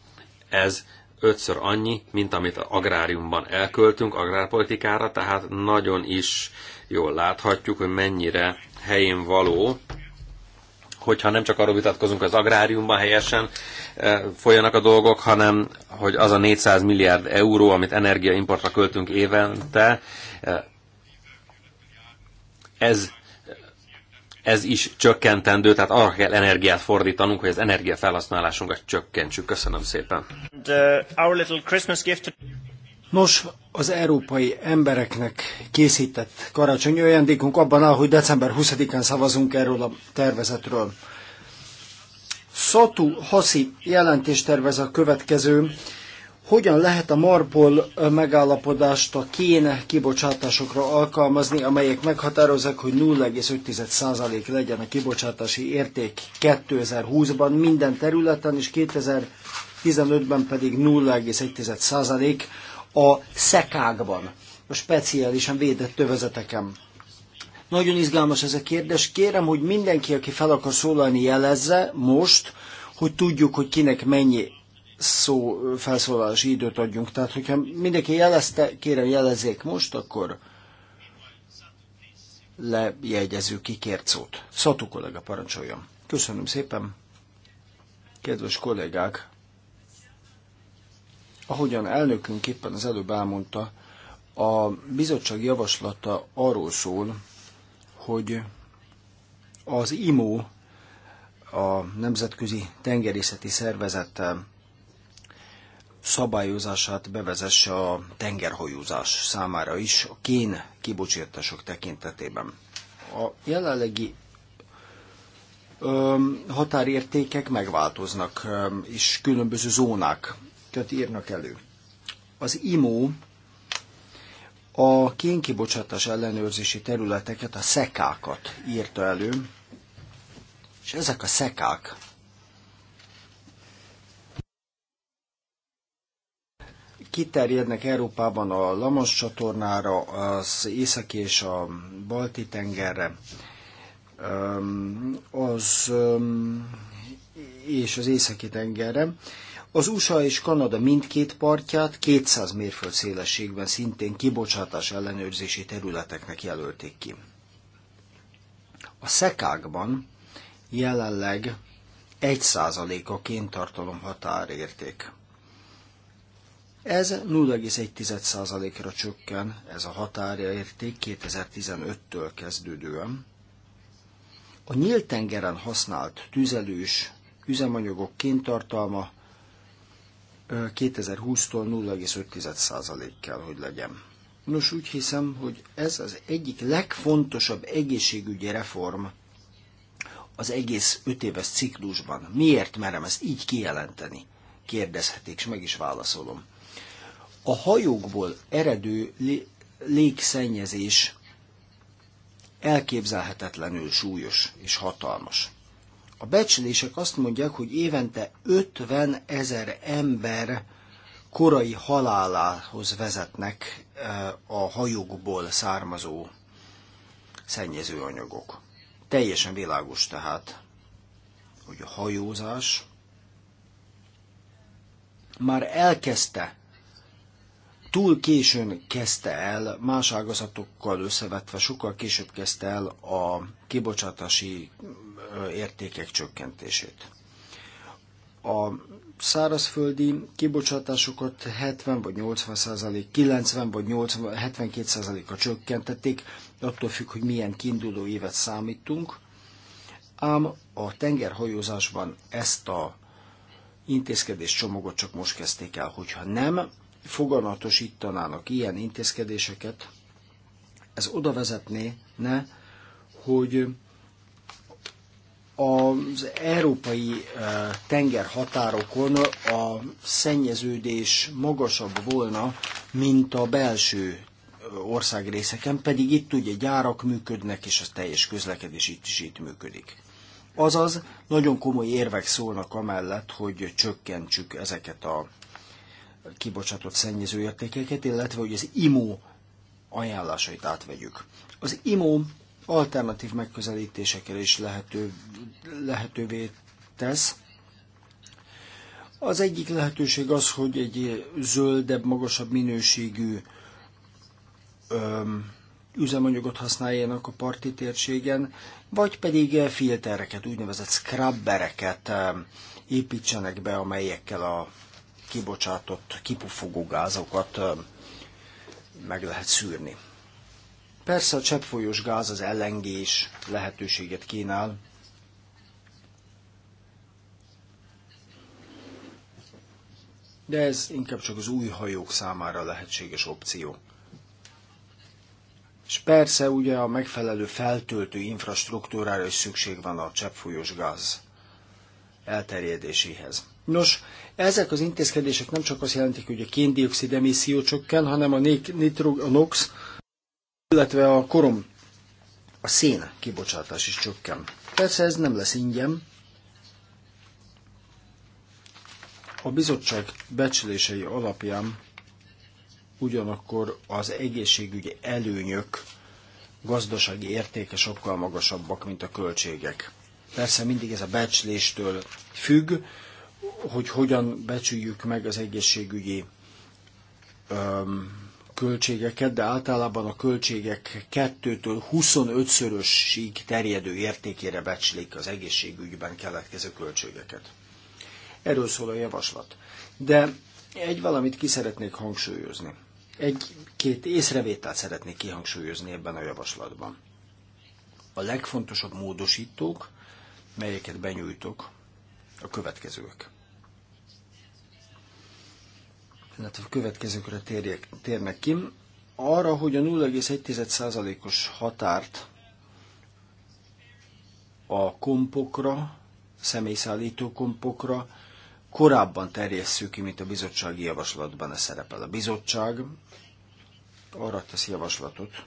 Ez ötször annyi, mint amit az agráriumban elköltünk agrárpolitikára, tehát nagyon is jól láthatjuk, hogy mennyire helyén való, hogyha nem csak arról vitatkozunk, az agráriumban helyesen eh, folyanak a dolgok, hanem hogy az a 400 milliárd euró, amit energiaimportra költünk évente, eh, ez ez is csökkentendő, tehát arra kell energiát fordítanunk, hogy az energiafelhasználásunkat csökkentsük. Köszönöm szépen. Uh, Nos, az európai embereknek készített karácsonyi ajándékunk abban áll, hogy december 20-án szavazunk erről a tervezetről. Szatú Haszi jelentéstervez a következő. Hogyan lehet a Marpol megállapodást a kéne kibocsátásokra alkalmazni, amelyek meghatározzák, hogy 0,5% legyen a kibocsátási érték 2020-ban minden területen, és 2015-ben pedig 0,1% a szekákban, a speciálisan védett tövezeteken. Nagyon izgalmas ez a kérdés. Kérem, hogy mindenki, aki fel akar szólalni, jelezze most, hogy tudjuk, hogy kinek mennyi szó, felszólalási időt adjunk. Tehát, hogyha mindenki jelezte, kérem jelezzék most, akkor lejegyezzük ki kért szót. Szatú kollega, parancsoljon. Köszönöm szépen. Kedves kollégák, Ahogyan elnökünk éppen az előbb elmondta, a bizottság javaslata arról szól, hogy az IMO, a Nemzetközi Tengerészeti Szervezet eh, szabályozását bevezesse a tengerhajózás számára is, a kén kibocsátások tekintetében. A jelenlegi eh, határértékek megváltoznak, eh, és különböző zónák tehát írnak elő. Az IMO a kénkibocsátás ellenőrzési területeket, a szekákat írta elő, és ezek a szekák kiterjednek Európában a lamos csatornára, az Északi és a Balti tengerre, az, és az Északi tengerre, az USA és Kanada mindkét partját 200 mérföld szélességben szintén kibocsátás ellenőrzési területeknek jelölték ki. A szekákban jelenleg 1% a kéntartalom határérték. Ez 0,1%-ra csökken, ez a határérték 2015-től kezdődően. A nyílt tengeren használt tüzelős üzemanyagok kéntartalma 2020-tól 0,5 kell, hogy legyen. Nos, úgy hiszem, hogy ez az egyik legfontosabb egészségügyi reform az egész öt éves ciklusban. Miért merem ezt így kijelenteni? Kérdezhetik, és meg is válaszolom. A hajókból eredő légszennyezés elképzelhetetlenül súlyos és hatalmas. A becslések azt mondják, hogy évente 50 ezer ember korai halálához vezetnek eh, a hajókból származó szennyező anyagok. Teljesen világos tehát, hogy a hajózás már elkezdte túl későn kezdte el, más ágazatokkal összevetve sokkal később kezdte el a kibocsátási értékek csökkentését. A szárazföldi kibocsátásokat 70 vagy 80 százalék, 90 vagy 80, 72 százaléka csökkentették, attól függ, hogy milyen kiinduló évet számítunk, ám a tengerhajózásban ezt a intézkedés csomagot csak most kezdték el, hogyha nem foganatosítanának ilyen intézkedéseket, ez oda vezetné, ne, hogy az európai eh, tengerhatárokon a szennyeződés magasabb volna, mint a belső eh, országrészeken, pedig itt ugye gyárak működnek, és a teljes közlekedés itt is itt működik. Azaz, nagyon komoly érvek szólnak amellett, hogy csökkentsük ezeket a kibocsátott szennyező értékeket, illetve hogy az IMO ajánlásait átvegyük. Az IMO alternatív megközelítésekkel is lehető, lehetővé tesz. Az egyik lehetőség az, hogy egy zöldebb, magasabb minőségű öm, üzemanyagot használjanak a parti térségen, vagy pedig filtereket, úgynevezett scrubbereket építsenek be, amelyekkel a kibocsátott kipufogó gázokat meg lehet szűrni. Persze a cseppfolyós gáz az ellengés lehetőséget kínál, de ez inkább csak az új hajók számára lehetséges opció. És persze ugye a megfelelő feltöltő infrastruktúrára is szükség van a cseppfolyós gáz elterjedéséhez. Nos, ezek az intézkedések nem csak azt jelentik, hogy a kéndiokszid emisszió csökken, hanem a, nitrog, a NOx, illetve a korom, a szén kibocsátás is csökken. Persze ez nem lesz ingyen. A bizottság becslései alapján ugyanakkor az egészségügyi előnyök gazdasági értéke sokkal magasabbak, mint a költségek. Persze mindig ez a becsléstől függ, hogy hogyan becsüljük meg az egészségügyi öm, költségeket, de általában a költségek 2-től 25-szörösig terjedő értékére becslik az egészségügyben keletkező költségeket. Erről szól a javaslat. De egy valamit ki szeretnék hangsúlyozni. Egy-két észrevételt szeretnék kihangsúlyozni ebben a javaslatban. A legfontosabb módosítók, melyeket benyújtok, a következők. tehát a következőkre térjek, térnek ki. Arra, hogy a 0,1%-os határt a kompokra, személyszállító kompokra korábban terjesszük ki, mint a bizottsági javaslatban ez szerepel. A bizottság arra tesz javaslatot,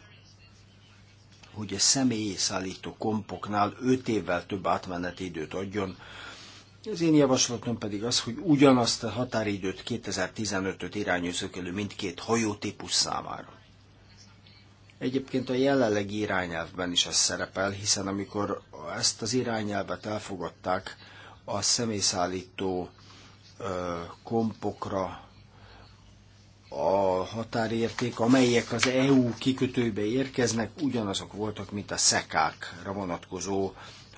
hogy a személyszállító kompoknál 5 évvel több átmeneti időt adjon az én javaslatom pedig az, hogy ugyanazt a határidőt 2015-öt irányozok elő mindkét hajótípus számára. Egyébként a jelenlegi irányelvben is ez szerepel, hiszen amikor ezt az irányelvet elfogadták, a személyszállító kompokra a határérték, amelyek az EU kikötőbe érkeznek, ugyanazok voltak, mint a szekákra vonatkozó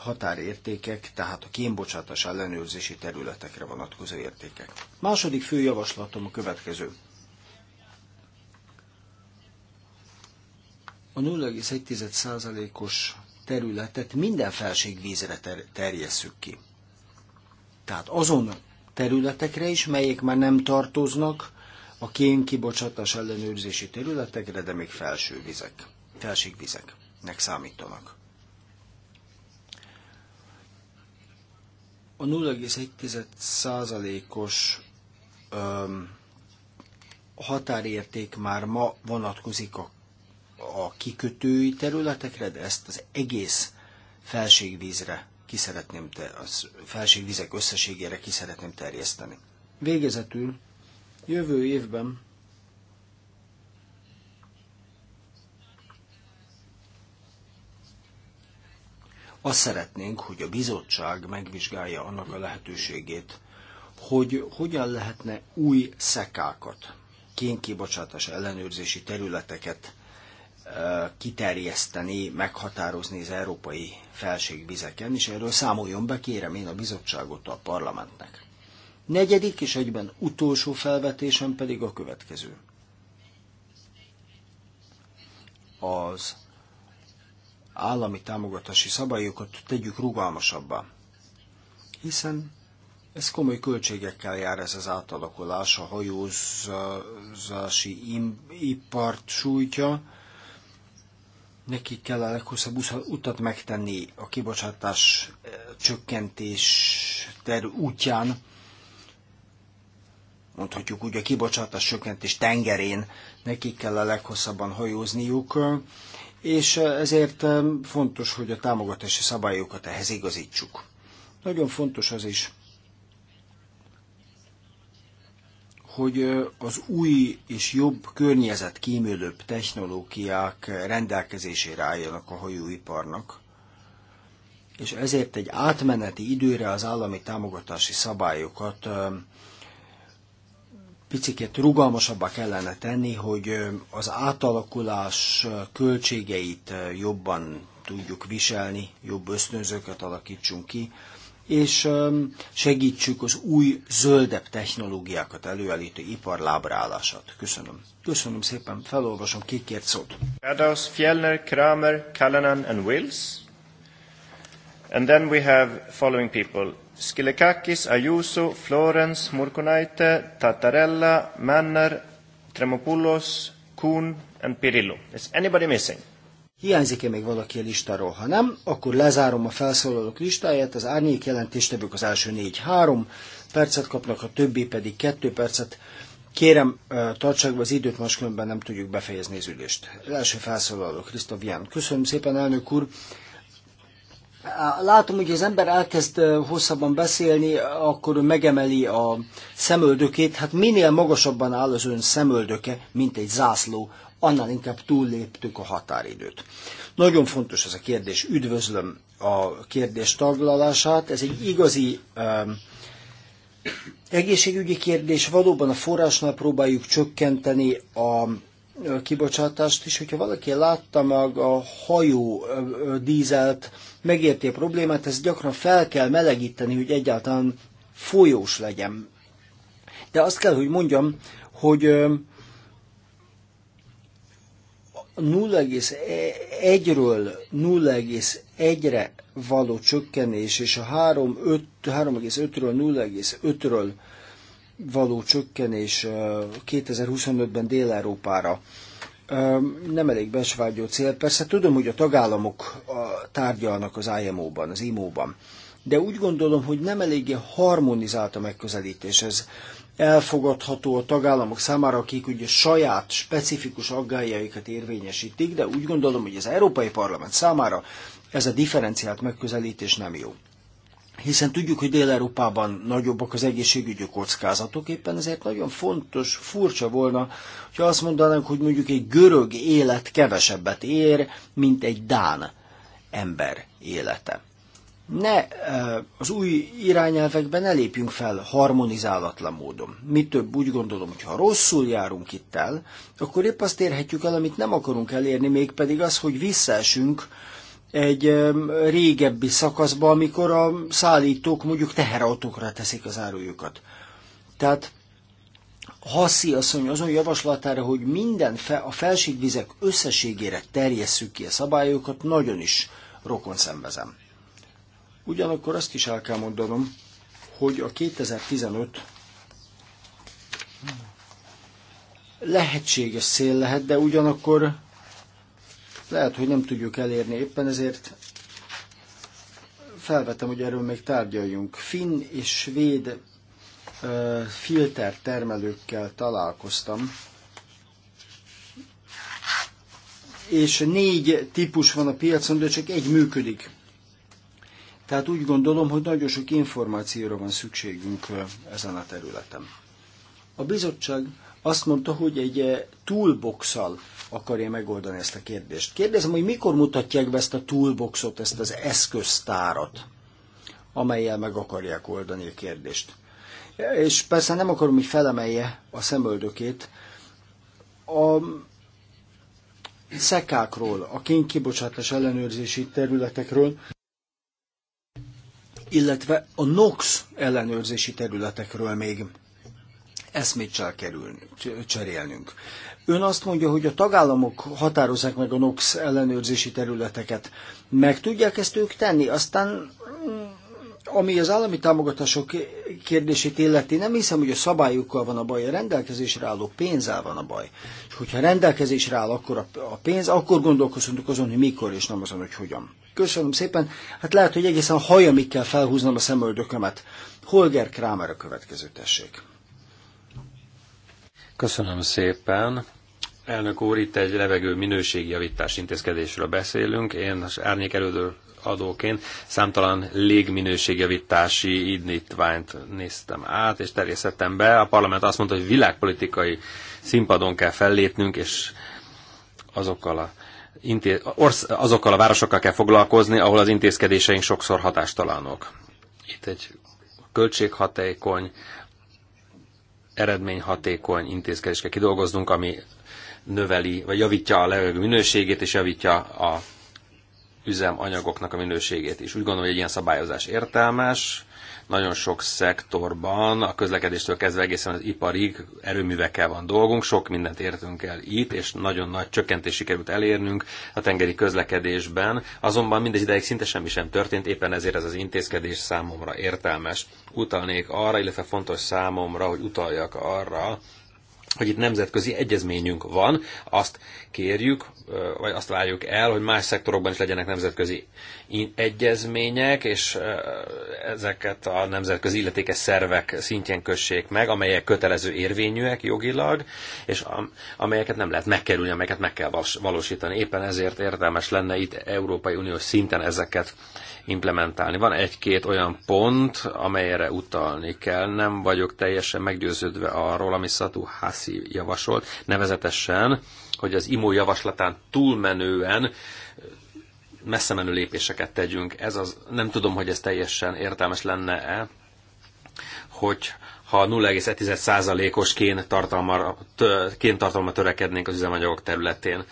határértékek, tehát a kémbocsátás ellenőrzési területekre vonatkozó értékek. Második fő javaslatom a következő. A 0,1%-os területet minden felségvízre ter- terjesszük ki. Tehát azon területekre is, melyek már nem tartoznak a kémkibocsátás ellenőrzési területekre, de még felső vizek, felségvizeknek számítanak. a 0,1%-os határérték már ma vonatkozik a, a kikötői területekre, de ezt az egész felségvízre ki szeretném, te, az felségvizek összességére ki szeretném terjeszteni. Végezetül jövő évben Azt szeretnénk, hogy a bizottság megvizsgálja annak a lehetőségét, hogy hogyan lehetne új szekákat, kénkibocsátás ellenőrzési területeket eh, kiterjeszteni, meghatározni az európai felségvizeken, és erről számoljon be, kérem én a bizottságot a parlamentnek. Negyedik és egyben utolsó felvetésem pedig a következő. Az állami támogatási szabályokat tegyük rugalmasabbá. Hiszen ez komoly költségekkel jár ez az átalakulás, a hajózási ipart sújtja, nekik kell a leghosszabb utat megtenni a kibocsátás eh, csökkentés ter útján, mondhatjuk úgy a kibocsátás csökkentés tengerén, nekik kell a leghosszabban hajózniuk, és ezért fontos, hogy a támogatási szabályokat ehhez igazítsuk. Nagyon fontos az is, hogy az új és jobb környezet kímélőbb technológiák rendelkezésére álljanak a hajóiparnak, és ezért egy átmeneti időre az állami támogatási szabályokat picit rugalmasabbá kellene tenni, hogy az átalakulás költségeit jobban tudjuk viselni, jobb ösztönzőket alakítsunk ki, és segítsük az új zöldebb technológiákat előállító ipar lábrálását. Köszönöm. Köszönöm szépen, felolvasom kikért szót. Adaus, Fjellner, Kramer, Callanan and Wills. And then we have following people. Skilekakis, Ayuso, Florence, Murkunaite, Tatarella, Manner, Tremopoulos, Kuhn and Pirillo. Is anybody missing? Hiányzik-e még valaki a listáról? Ha nem, akkor lezárom a felszólalók listáját, az árnyék többük az első négy-három percet kapnak, a többi pedig kettő percet. Kérem, tartsák be az időt, máskülönben nem tudjuk befejezni az ülést. Az első felszólaló Krisztof Ján. Köszönöm szépen, elnök úr! látom, hogy az ember elkezd hosszabban beszélni, akkor megemeli a szemöldökét. Hát minél magasabban áll az ön szemöldöke, mint egy zászló, annál inkább túlléptük a határidőt. Nagyon fontos ez a kérdés. Üdvözlöm a kérdés taglalását. Ez egy igazi um, egészségügyi kérdés. Valóban a forrásnál próbáljuk csökkenteni a kibocsátást is, hogyha valaki látta meg a hajó dízelt, megérti a problémát, ezt gyakran fel kell melegíteni, hogy egyáltalán folyós legyen. De azt kell, hogy mondjam, hogy 0,1-ről 0,1-re való csökkenés, és a 3,5-ről 0,5-ről való csökkenés 2025-ben Dél-Európára nem elég besvágyó cél. Persze tudom, hogy a tagállamok tárgyalnak az IMO-ban, az IMO-ban, de úgy gondolom, hogy nem eléggé harmonizált a megközelítés. Ez elfogadható a tagállamok számára, akik ugye saját specifikus aggájaikat érvényesítik, de úgy gondolom, hogy az Európai Parlament számára ez a differenciált megközelítés nem jó hiszen tudjuk, hogy Dél-Európában nagyobbak az egészségügyi kockázatok, éppen ezért nagyon fontos, furcsa volna, hogy azt mondanánk, hogy mondjuk egy görög élet kevesebbet ér, mint egy dán ember élete. Ne az új irányelvekben ne lépjünk fel harmonizálatlan módon. Mi több úgy gondolom, hogy ha rosszul járunk itt el, akkor épp azt érhetjük el, amit nem akarunk elérni, mégpedig az, hogy visszaesünk egy régebbi szakaszba, amikor a szállítók mondjuk teherautókra teszik az árujukat. Tehát Hassi asszony azon javaslatára, hogy minden fe, a felségvizek összességére terjesszük ki a szabályokat, nagyon is rokon szembezem. Ugyanakkor azt is el kell mondanom, hogy a 2015 lehetséges szél lehet, de ugyanakkor lehet, hogy nem tudjuk elérni, éppen ezért felvetem, hogy erről még tárgyaljunk. Finn és svéd filter termelőkkel találkoztam, és négy típus van a piacon, de csak egy működik. Tehát úgy gondolom, hogy nagyon sok információra van szükségünk ezen a területen. A bizottság azt mondta, hogy egy toolbox akarja megoldani ezt a kérdést. Kérdezem, hogy mikor mutatják be ezt a toolboxot, ezt az eszköztárat, amelyel meg akarják oldani a kérdést. És persze nem akarom, hogy felemelje a szemöldökét. A szekákról, a kénykibocsátás ellenőrzési területekről, illetve a NOx ellenőrzési területekről még eszmét kell kerülni, cserélnünk. Ön azt mondja, hogy a tagállamok határozzák meg a NOx ellenőrzési területeket. Meg tudják ezt ők tenni? Aztán mm, ami az állami támogatások kérdését illeti, nem hiszem, hogy a szabályokkal van a baj, a rendelkezésre álló pénzzel van a baj. És hogyha rendelkezésre áll akkor a pénz, akkor gondolkozunk azon, hogy mikor, és nem azon, hogy hogyan. Köszönöm szépen. Hát lehet, hogy egészen hajamig kell felhúznom a szemöldökömet. Holger Kramer a következő tessék. Köszönöm szépen. Elnök úr, itt egy levegő minőségjavítás intézkedésről beszélünk. Én az árnyék elődől adóként számtalan légminőségjavítási indítványt néztem át, és terjesztettem be. A parlament azt mondta, hogy világpolitikai színpadon kell fellépnünk, és azokkal a azokkal a városokkal kell foglalkozni, ahol az intézkedéseink sokszor hatástalanok. Itt egy költséghatékony, eredményhatékony intézkedés kell kidolgoznunk, ami növeli, vagy javítja a levegő minőségét, és javítja a üzemanyagoknak a minőségét is. Úgy gondolom, hogy egy ilyen szabályozás értelmes, nagyon sok szektorban, a közlekedéstől kezdve egészen az iparig erőművekkel van dolgunk, sok mindent értünk el itt, és nagyon nagy csökkentés sikerült elérnünk a tengeri közlekedésben, azonban mindez ideig szinte semmi sem történt, éppen ezért ez az intézkedés számomra értelmes. Utalnék arra, illetve fontos számomra, hogy utaljak arra, hogy itt nemzetközi egyezményünk van, azt kérjük, vagy azt várjuk el, hogy más szektorokban is legyenek nemzetközi egyezmények, és ezeket a nemzetközi illetékes szervek szintjén kössék meg, amelyek kötelező érvényűek jogilag, és amelyeket nem lehet megkerülni, amelyeket meg kell valósítani. Éppen ezért értelmes lenne itt Európai Uniós szinten ezeket implementálni. Van egy-két olyan pont, amelyre utalni kell. Nem vagyok teljesen meggyőződve arról, ami Szatú Hászi javasolt, nevezetesen, hogy az IMO javaslatán túlmenően messze menő lépéseket tegyünk. Ez az, nem tudom, hogy ez teljesen értelmes lenne-e, hogy ha 0,1%-os kéntartalma, tartalma törekednénk az üzemanyagok területén.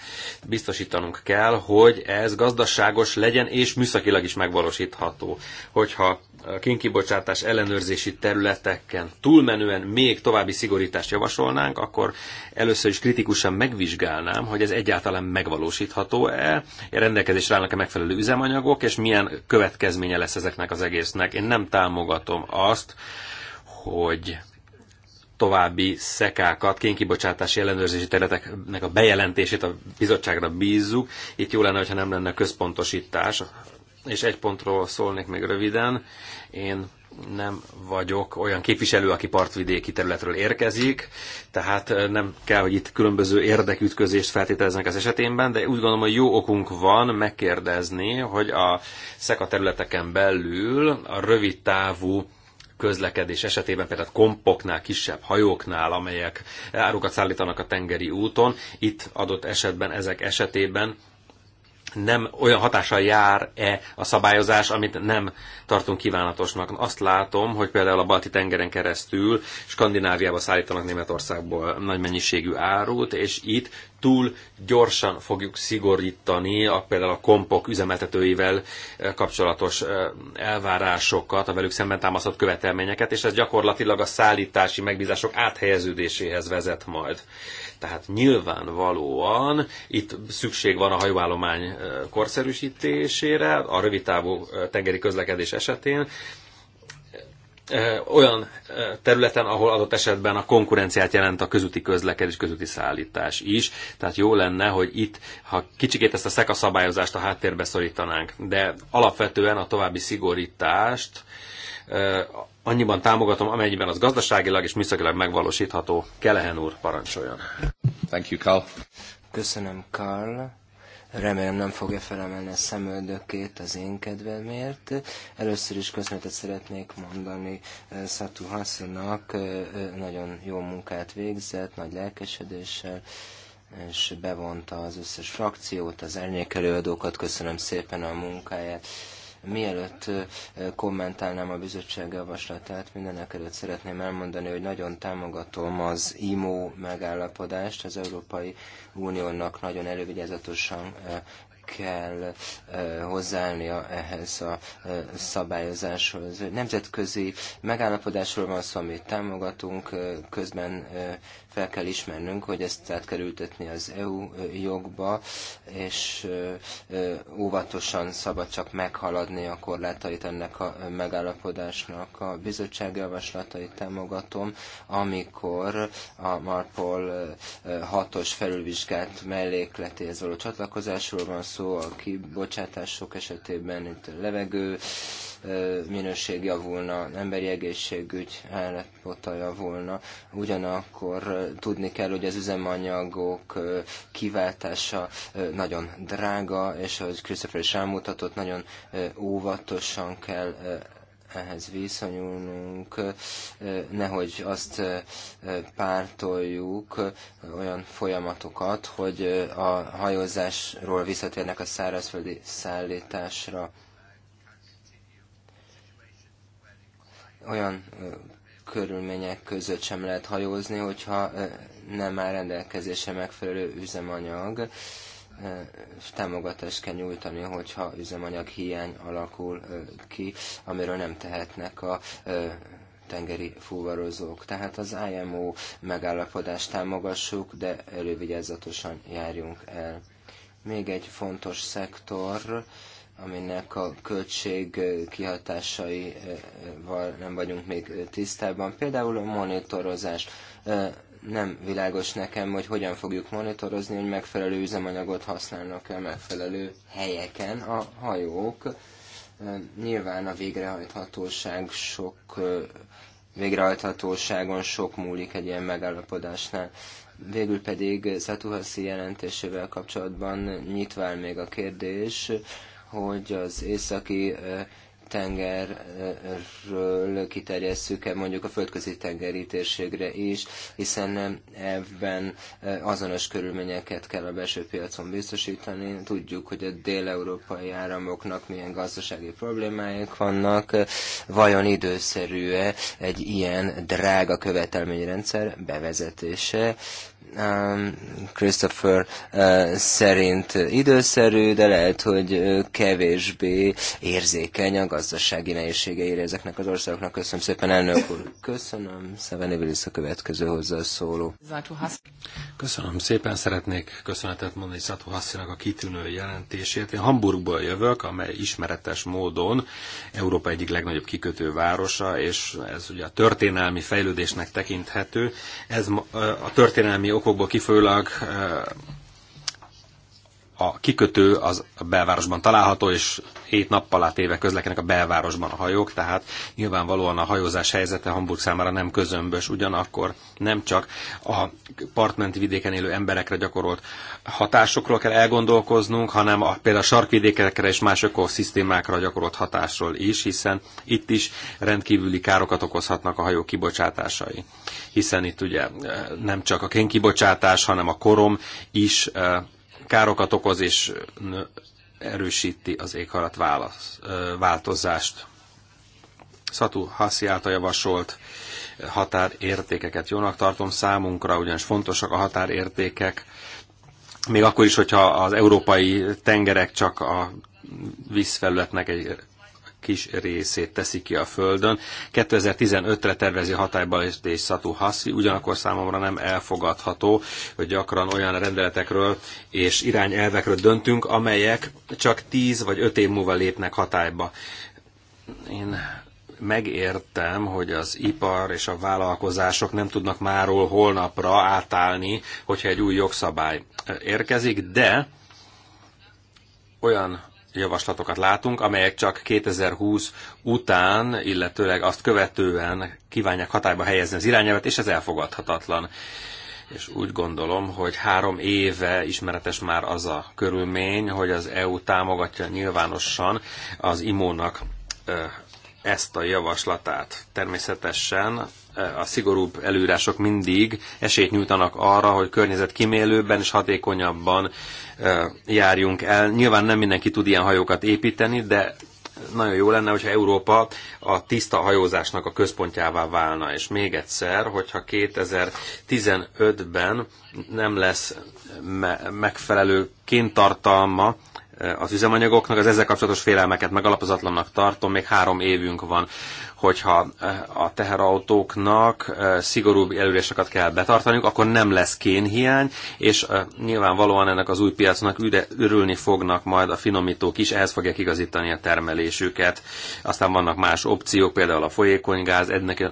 Biztosítanunk kell, hogy ez gazdaságos legyen és műszakilag is megvalósítható. Hogyha a kénkibocsátás ellenőrzési területeken túlmenően még további szigorítást javasolnánk, akkor először is kritikusan megvizsgálnám, hogy ez egyáltalán megvalósítható-e, rendelkezésre állnak-e megfelelő üzemanyagok, és milyen következménye lesz ezeknek az egésznek. Én nem támogatom azt, hogy további szekákat, kénkibocsátási ellenőrzési területeknek a bejelentését a bizottságra bízzuk. Itt jó lenne, hogyha nem lenne központosítás. És egy pontról szólnék még röviden. Én nem vagyok olyan képviselő, aki partvidéki területről érkezik, tehát nem kell, hogy itt különböző érdekütközést feltételeznek az eseténben, de úgy gondolom, hogy jó okunk van megkérdezni, hogy a szeka területeken belül a rövid távú közlekedés esetében, például kompoknál, kisebb hajóknál, amelyek árukat szállítanak a tengeri úton, itt adott esetben, ezek esetében nem olyan hatással jár-e a szabályozás, amit nem tartunk kívánatosnak. Azt látom, hogy például a Balti tengeren keresztül Skandináviába szállítanak Németországból nagy mennyiségű árut, és itt túl gyorsan fogjuk szigorítani a, például a kompok üzemeltetőivel eh, kapcsolatos eh, elvárásokat, a velük szemben támasztott követelményeket, és ez gyakorlatilag a szállítási megbízások áthelyeződéséhez vezet majd. Tehát nyilvánvalóan itt szükség van a hajóállomány korszerűsítésére, a rövidtávú tengeri közlekedés esetén, olyan területen, ahol adott esetben a konkurenciát jelent a közúti közlekedés, közúti szállítás is. Tehát jó lenne, hogy itt, ha kicsikét ezt a szekaszabályozást a háttérbe szorítanánk, de alapvetően a további szigorítást annyiban támogatom, amennyiben az gazdaságilag és műszakilag megvalósítható. Kelehen úr, parancsoljon. Thank you, Carl. Köszönöm, Carl. Remélem nem fogja felemelni a szemöldökét az én kedvemért. Először is köszönetet szeretnék mondani Szatú Hasszinak. Nagyon jó munkát végzett, nagy lelkesedéssel és bevonta az összes frakciót, az elnyékelőadókat, Köszönöm szépen a munkáját. Mielőtt kommentálnám a bizottság javaslatát, mindenek előtt szeretném elmondani, hogy nagyon támogatom az IMO megállapodást. Az Európai Uniónak nagyon elővigyázatosan kell hozzáállnia ehhez a szabályozáshoz. Nemzetközi megállapodásról van szó, amit támogatunk, közben fel kell ismernünk, hogy ezt át kell ültetni az EU jogba, és óvatosan szabad csak meghaladni a korlátait ennek a megállapodásnak. A bizottság javaslatait támogatom, amikor a Marpol hatos felülvizsgált mellékletéhez való csatlakozásról van szó, a kibocsátások esetében itt a levegő, minőség javulna, emberi egészségügy állapota javulna. Ugyanakkor tudni kell, hogy az üzemanyagok kiváltása nagyon drága, és ahogy Christopher is rámutatott, nagyon óvatosan kell ehhez viszonyulnunk, nehogy azt pártoljuk olyan folyamatokat, hogy a hajózásról visszatérnek a szárazföldi szállításra. olyan körülmények között sem lehet hajózni, hogyha nem áll rendelkezésre megfelelő üzemanyag. Támogatást kell nyújtani, hogyha üzemanyag hiány alakul ki, amiről nem tehetnek a tengeri fuvarozók. Tehát az IMO megállapodást támogassuk, de elővigyázatosan járjunk el. Még egy fontos szektor, aminek a költség kihatásaival nem vagyunk még tisztában. Például a monitorozás. Nem világos nekem, hogy hogyan fogjuk monitorozni, hogy megfelelő üzemanyagot használnak-e megfelelő helyeken a hajók. Nyilván a végrehajthatóság sok végrehajthatóságon sok múlik egy ilyen megállapodásnál. Végül pedig Szatuhaszi jelentésével kapcsolatban nyitva még a kérdés, hogy az északi eh, tengerről kiterjesszük-e mondjuk a földközi tengeri térségre is, hiszen ebben eh, azonos körülményeket kell a belső piacon biztosítani. Tudjuk, hogy a dél-európai áramoknak milyen gazdasági problémáik vannak. Vajon időszerű-e egy ilyen drága követelményrendszer bevezetése? Christopher eh, szerint időszerű, de lehet, hogy eh, kevésbé érzékeny a gazdasági nehézségeire ezeknek az országoknak. Köszönöm szépen, elnök úr. Köszönöm. Szeveni Willis a következő szóló. Köszönöm szépen. Szeretnék köszönetet mondani Szató Hasszinak a kitűnő jelentését. Én Hamburgból jövök, amely ismeretes módon Európa egyik legnagyobb kikötővárosa, és ez ugye a történelmi fejlődésnek tekinthető. Ez a történelmi okokból kifolyólag a kikötő az a belvárosban található, és hét nappal át éve közlekednek a belvárosban a hajók, tehát nyilvánvalóan a hajózás helyzete Hamburg számára nem közömbös, ugyanakkor nem csak a partmenti vidéken élő emberekre gyakorolt hatásokról kell elgondolkoznunk, hanem a, például a sarkvidékekre és más ökoszisztémákra gyakorolt hatásról is, hiszen itt is rendkívüli károkat okozhatnak a hajók kibocsátásai. Hiszen itt ugye eh, nem csak a kénkibocsátás, hanem a korom is eh, károkat okoz és erősíti az éghajlat válasz, változást. Szatú Haszi által javasolt határértékeket jónak tartom számunkra, ugyanis fontosak a határértékek, még akkor is, hogyha az európai tengerek csak a vízfelületnek egy kis részét teszi ki a Földön. 2015-re tervezi hatályba és Szatú Haszi, ugyanakkor számomra nem elfogadható, hogy gyakran olyan rendeletekről és irányelvekről döntünk, amelyek csak 10 vagy 5 év múlva lépnek hatályba. Én megértem, hogy az ipar és a vállalkozások nem tudnak máról holnapra átállni, hogyha egy új jogszabály érkezik, de olyan javaslatokat látunk, amelyek csak 2020 után, illetőleg azt követően kívánják hatályba helyezni az irányelvet, és ez elfogadhatatlan. És úgy gondolom, hogy három éve ismeretes már az a körülmény, hogy az EU támogatja nyilvánosan az imónak ezt a javaslatát. Természetesen a szigorúbb előírások mindig esélyt nyújtanak arra, hogy környezetkímélőbben és hatékonyabban járjunk el. Nyilván nem mindenki tud ilyen hajókat építeni, de nagyon jó lenne, hogyha Európa a tiszta hajózásnak a központjává válna. És még egyszer, hogyha 2015-ben nem lesz me- megfelelő kéntartalma Eh, az üzemanyagoknak, az ezzel kapcsolatos félelmeket megalapozatlannak tartom, még három évünk van, hogyha eh, a teherautóknak eh, szigorúbb előrésokat kell betartaniuk, akkor nem lesz kénhiány, és nyilvánvalóan ennek az új piacnak üde, örülni fognak majd a finomítók is, ehhez fogják igazítani a termelésüket. Aztán vannak más opciók, például a folyékony gáz, ennek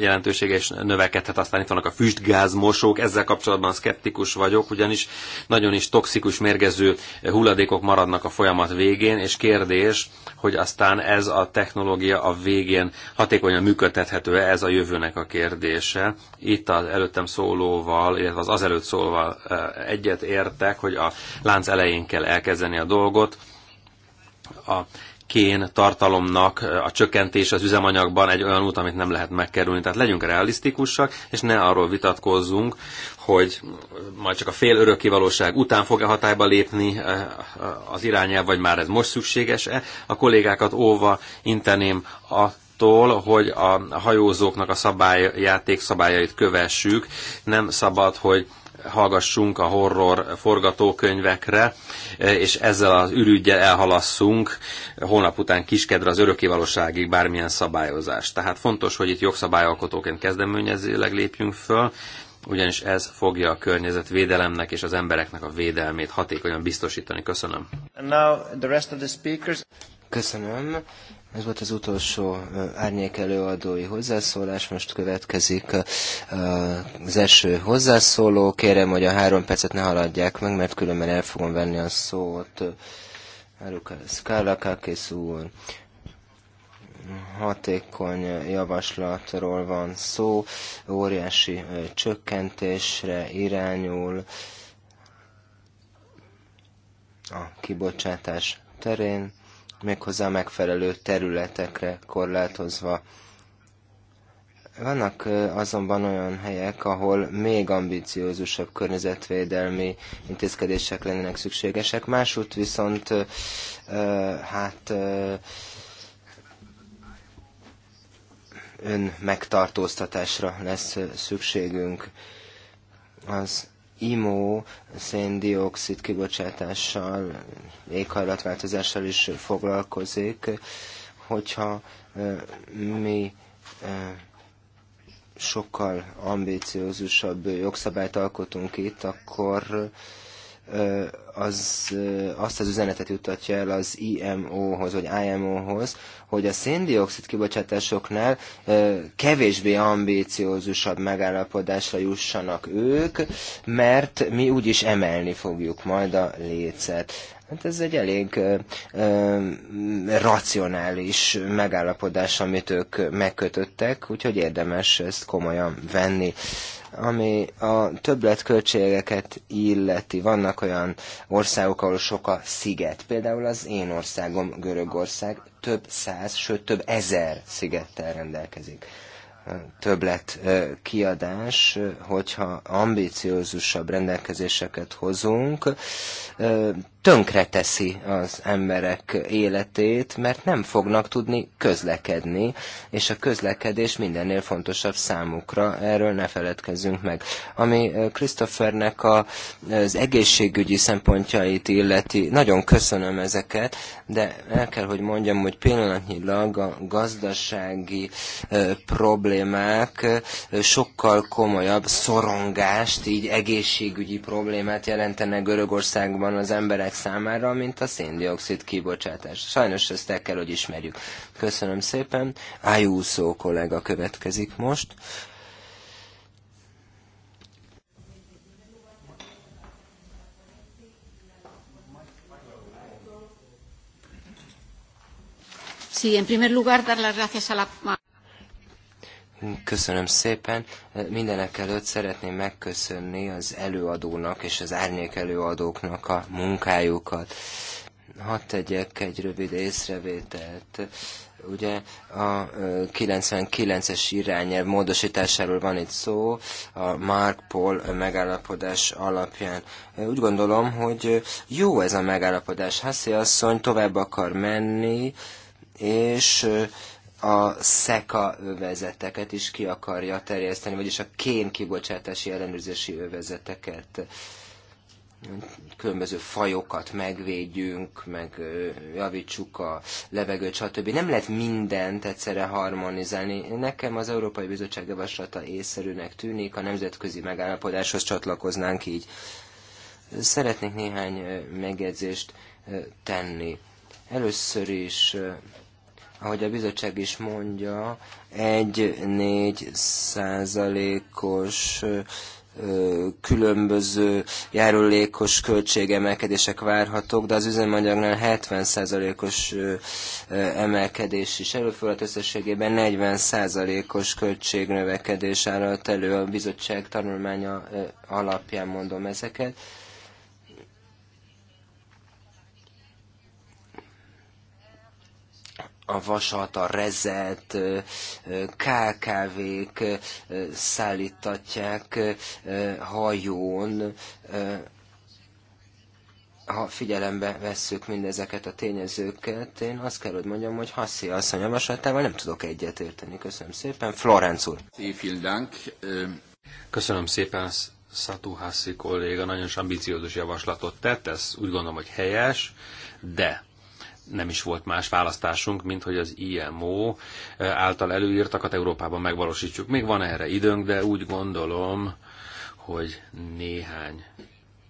jelentősége is növekedhet. Aztán itt vannak a füstgázmosók, ezzel kapcsolatban szkeptikus vagyok, ugyanis nagyon is toxikus, mérgező hulladékok maradnak a folyamat végén, és kérdés, hogy aztán ez a technológia a végén hatékonyan működtethető-e, ez a jövőnek a kérdése. Itt az előttem szólóval, illetve az azelőtt szólóval egyet értek, hogy a lánc elején kell elkezdeni a dolgot. A kén tartalomnak a csökkentés az üzemanyagban egy olyan út, amit nem lehet megkerülni. Tehát legyünk realisztikusak, és ne arról vitatkozzunk, hogy majd csak a fél örökké valóság után fog-e hatályba lépni az irányelv, vagy már ez most szükséges-e. A kollégákat óva inteném a attól, hogy a hajózóknak a szabály, játék szabályait kövessük. Nem szabad, hogy hallgassunk a horror forgatókönyvekre, és ezzel az ürügyjel elhalasszunk holnap után kiskedre az örökévalóságig bármilyen szabályozás. Tehát fontos, hogy itt jogszabályalkotóként kezdeményezőleg lépjünk föl, ugyanis ez fogja a környezetvédelemnek és az embereknek a védelmét hatékonyan biztosítani. Köszönöm. Köszönöm. Ez volt az utolsó árnyék előadói hozzászólás, most következik az első hozzászóló. Kérem, hogy a három percet ne haladják meg, mert különben el fogom venni a szót. Skálakakis úr, hatékony javaslatról van szó, óriási csökkentésre irányul a kibocsátás terén méghozzá megfelelő területekre korlátozva. Vannak azonban olyan helyek, ahol még ambiciózusabb környezetvédelmi intézkedések lennének szükségesek, másút viszont hát ön megtartóztatásra lesz szükségünk. Az imó széndiokszid kibocsátással, éghajlatváltozással is foglalkozik, hogyha mi sokkal ambíciózusabb jogszabályt alkotunk itt, akkor az, azt az üzenetet juttatja el az IMO-hoz, vagy IMO-hoz, hogy a széndiokszid kibocsátásoknál kevésbé ambíciózusabb megállapodásra jussanak ők, mert mi úgyis emelni fogjuk majd a lécet. Hát ez egy elég ö, ö, racionális megállapodás, amit ők megkötöttek, úgyhogy érdemes ezt komolyan venni. Ö, ami a többletköltségeket illeti, vannak olyan országok, ahol sok a sziget. Például az én országom, Görögország, több száz, sőt több ezer szigettel rendelkezik többlet kiadás, hogyha ambiciózusabb rendelkezéseket hozunk, tönkreteszi az emberek életét, mert nem fognak tudni közlekedni, és a közlekedés mindennél fontosabb számukra, erről ne feledkezzünk meg. Ami Christophernek a, az egészségügyi szempontjait illeti, nagyon köszönöm ezeket, de el kell, hogy mondjam, hogy pillanatnyilag a gazdasági problémák sokkal komolyabb szorongást, így egészségügyi problémát jelentenek Görögországban az emberek emberek számára, mint a széndiokszid kibocsátás. Sajnos ezt el kell, hogy ismerjük. Köszönöm szépen. Ájúszó kollega következik most. Sí, en primer lugar, dar las gracias a la... Köszönöm szépen. Mindenek előtt szeretném megköszönni az előadónak és az árnyék előadóknak a munkájukat. Hadd tegyek egy rövid észrevételt. Ugye a 99-es irányelv módosításáról van itt szó, a Mark-Paul megállapodás alapján. Úgy gondolom, hogy jó ez a megállapodás. Hassi asszony tovább akar menni, és a szeka övezeteket is ki akarja terjeszteni, vagyis a kén kibocsátási ellenőrzési övezeteket különböző fajokat megvédjünk, meg javítsuk a levegőt, stb. Nem lehet mindent egyszerre harmonizálni. Nekem az Európai Bizottság javaslata észszerűnek tűnik, a nemzetközi megállapodáshoz csatlakoznánk így. Szeretnék néhány megjegyzést tenni. Először is ahogy a bizottság is mondja, egy-négy százalékos különböző járulékos költségemelkedések várhatók, de az üzemanyagnál 70%-os emelkedés is előfordult összességében 40%-os költségnövekedés állalt elő a bizottság tanulmánya alapján mondom ezeket. a vasat, a rezet, KKV-k szállítatják hajón ha figyelembe vesszük mindezeket a tényezőket, én azt kell, hogy mondjam, hogy Hassi asszony javaslatával nem tudok egyetérteni. Köszönöm szépen. Florenc úr. Köszönöm szépen, Szatú Hassi kolléga. Nagyon ambiciózus javaslatot tett, ez úgy gondolom, hogy helyes, de nem is volt más választásunk, mint hogy az IMO eh, által előírtakat Európában megvalósítsuk. Még van erre időnk, de úgy gondolom, hogy néhány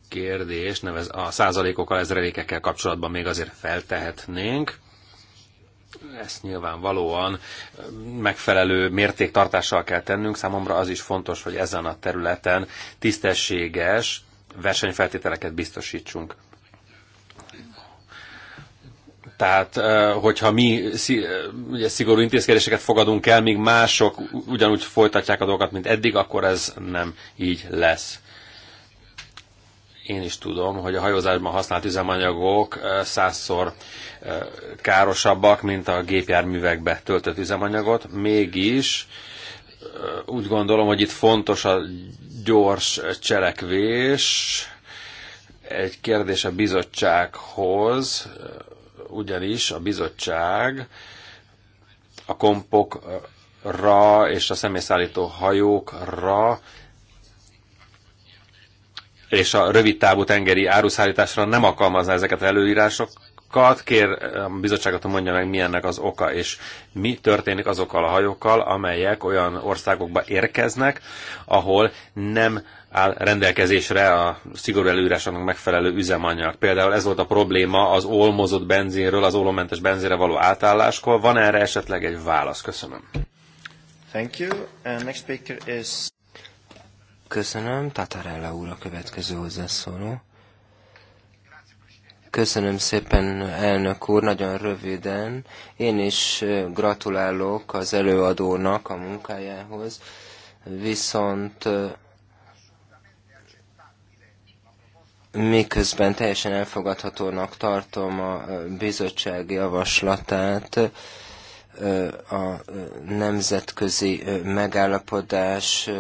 kérdés, nevez, a százalékokkal, ezrelékekkel kapcsolatban még azért feltehetnénk. Ezt nyilvánvalóan eh, megfelelő mértéktartással kell tennünk. Számomra az is fontos, hogy ezen a területen tisztességes versenyfeltételeket biztosítsunk. Tehát, hogyha mi ugye, szigorú intézkedéseket fogadunk el, míg mások ugyanúgy folytatják a dolgokat, mint eddig, akkor ez nem így lesz. Én is tudom, hogy a hajózásban használt üzemanyagok százszor károsabbak, mint a gépjárművekbe töltött üzemanyagot. Mégis úgy gondolom, hogy itt fontos a gyors cselekvés. Egy kérdés a bizottsághoz, ugyanis a bizottság a kompokra és a személyszállító hajókra és a rövid távú tengeri áruszállításra nem alkalmazná ezeket előírásokat. Kér a bizottságot, hogy mondja meg, milyennek az oka, és mi történik azokkal a hajókkal, amelyek olyan országokba érkeznek, ahol nem áll rendelkezésre a szigorú előírásoknak megfelelő üzemanyag. Például ez volt a probléma az olmozott benzinről, az olommentes benzinre való átálláskor. Van erre esetleg egy válasz? Köszönöm. Thank you. And next speaker is... Köszönöm. Tatarella úr a következő hozzászóló. Köszönöm szépen, elnök úr, nagyon röviden. Én is gratulálok az előadónak a munkájához, viszont miközben teljesen elfogadhatónak tartom a bizottság javaslatát, a nemzetközi megállapodás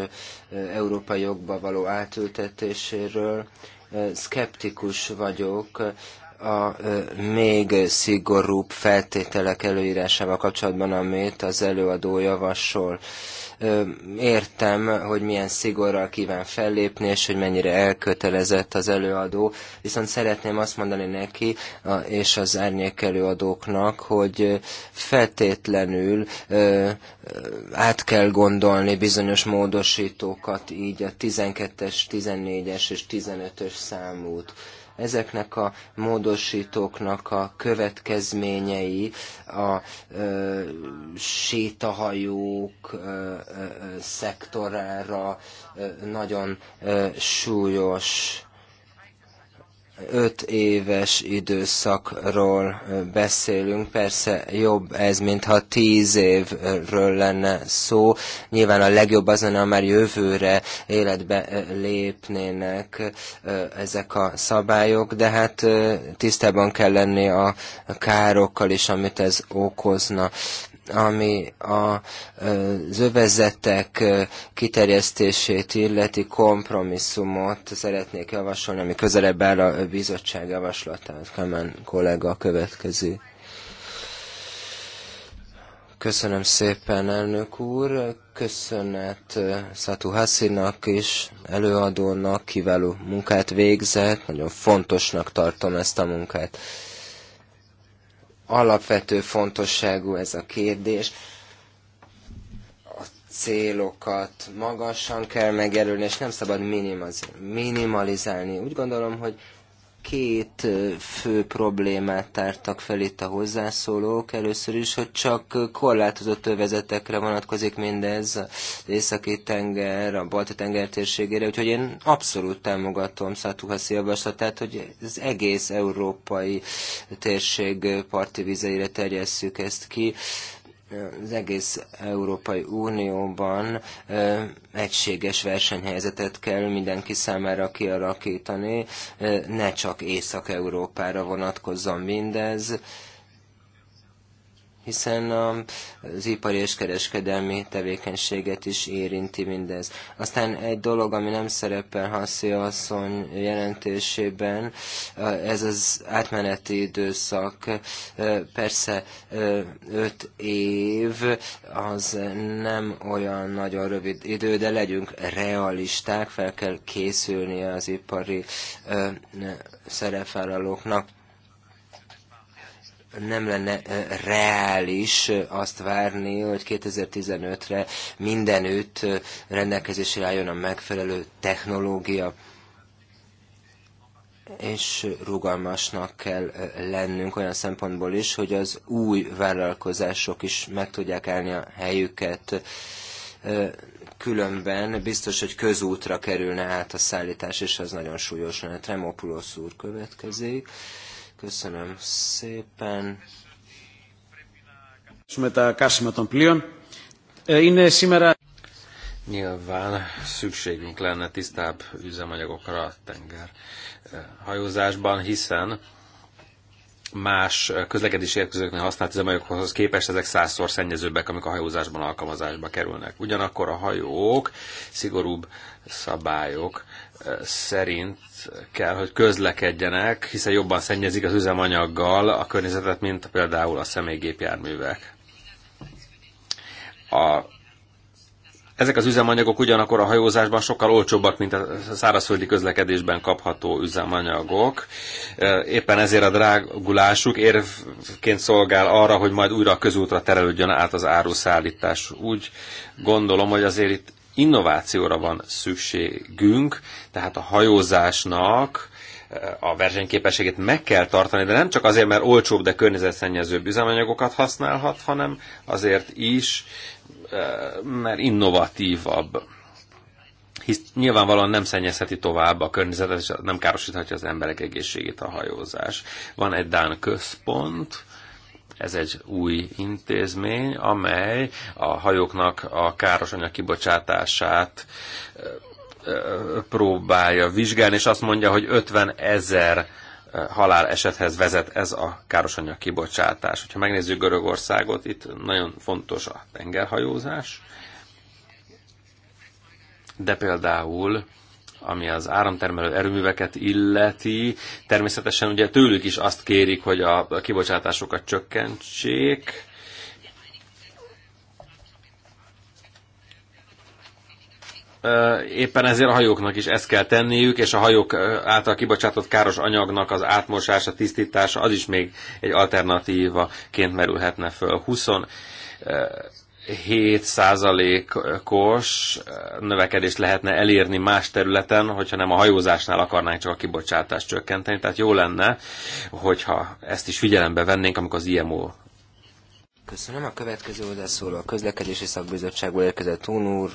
európai jogba való átültetéséről. Skeptikus vagyok a még szigorúbb feltételek előírásával kapcsolatban, amit az előadó javasol. Értem, hogy milyen szigorral kíván fellépni, és hogy mennyire elkötelezett az előadó, viszont szeretném azt mondani neki és az árnyék előadóknak, hogy feltétlenül át kell gondolni bizonyos módosítókat, így a 12-es, 14-es és 15-ös számút Ezeknek a módosítóknak a következményei a ö, sétahajók ö, ö, szektorára ö, nagyon ö, súlyos öt éves időszakról beszélünk, persze jobb ez, mintha tíz évről lenne szó. Nyilván a legjobb az lenne, ha már jövőre életbe lépnének ezek a szabályok, de hát tisztában kell lenni a károkkal is, amit ez okozna ami a zövezetek kiterjesztését illeti kompromisszumot szeretnék javasolni, ami közelebb áll a bizottság javaslatát. Kemen kollega a következő. Köszönöm szépen, elnök úr. Köszönet Szatu Hassinak is, előadónak, kiváló munkát végzett. Nagyon fontosnak tartom ezt a munkát alapvető fontosságú ez a kérdés. A célokat magasan kell megjelölni, és nem szabad minimalizálni. Úgy gondolom, hogy két fő problémát tártak fel itt a hozzászólók. Először is, hogy csak korlátozott övezetekre vonatkozik mindez, az északi tenger, a balti tenger térségére, úgyhogy én abszolút támogatom Szatuhaszi javaslatát, hogy az egész európai térség parti vizeire terjesszük ezt ki az egész Európai Unióban egységes versenyhelyzetet kell mindenki számára kialakítani, ne csak Észak-Európára vonatkozzon mindez, hiszen az ipari és kereskedelmi tevékenységet is érinti mindez. Aztán egy dolog, ami nem szerepel Haszi asszony jelentésében, ez az átmeneti időszak. Persze öt év az nem olyan nagyon rövid idő, de legyünk realisták, fel kell készülni az ipari szerepvállalóknak nem lenne reális azt várni, hogy 2015-re mindenütt rendelkezésre álljon a megfelelő technológia és rugalmasnak kell lennünk olyan szempontból is, hogy az új vállalkozások is meg tudják állni a helyüket. Különben biztos, hogy közútra kerülne át a szállítás, és az nagyon súlyos lenne. Tremopulosz úr következik. Köszönöm szépen. Nyilván szükségünk lenne tisztább üzemanyagokra a tenger eh, hajózásban, hiszen más közlekedési eszközöknél használt üzemanyagokhoz képest ezek százszor szennyezőbbek, amik a hajózásban alkalmazásba kerülnek. Ugyanakkor a hajók szigorúbb szabályok szerint kell, hogy közlekedjenek, hiszen jobban szennyezik az üzemanyaggal a környezetet, mint például a személygépjárművek. A, ezek az üzemanyagok ugyanakkor a hajózásban sokkal olcsóbbak, mint a szárazföldi közlekedésben kapható üzemanyagok. E, éppen ezért a drágulásuk érvként szolgál arra, hogy majd újra a közútra terelődjön át az áruszállítás. Úgy gondolom, hogy azért itt innovációra van szükségünk, tehát a hajózásnak eh, a versenyképességét meg kell tartani, de nem csak azért, mert olcsóbb, de környezetszennyezőbb üzemanyagokat használhat, hanem azért is, eh, mert innovatívabb. Hisz nyilvánvalóan nem szennyezheti tovább a környezetet, és nem károsíthatja az emberek egészségét a hajózás. Van egy Dán központ, ez egy új intézmény, amely a hajóknak a káros anyag kibocsátását próbálja vizsgálni, és azt mondja, hogy 50 ezer halál esethez vezet ez a károsanyag kibocsátás. Ha megnézzük Görögországot, itt nagyon fontos a tengerhajózás, de például ami az áramtermelő erőműveket illeti. Természetesen ugye tőlük is azt kérik, hogy a kibocsátásokat csökkentsék. Éppen ezért a hajóknak is ezt kell tenniük, és a hajók által kibocsátott káros anyagnak az átmosása, tisztítása, az is még egy alternatívaként merülhetne föl. 20 7%-os növekedést lehetne elérni más területen, hogyha nem a hajózásnál akarnánk csak a kibocsátást csökkenteni. Tehát jó lenne, hogyha ezt is figyelembe vennénk, amikor az IMO Köszönöm. A következő hozzászóló a közlekedési szakbizottságból érkezett Tón úr.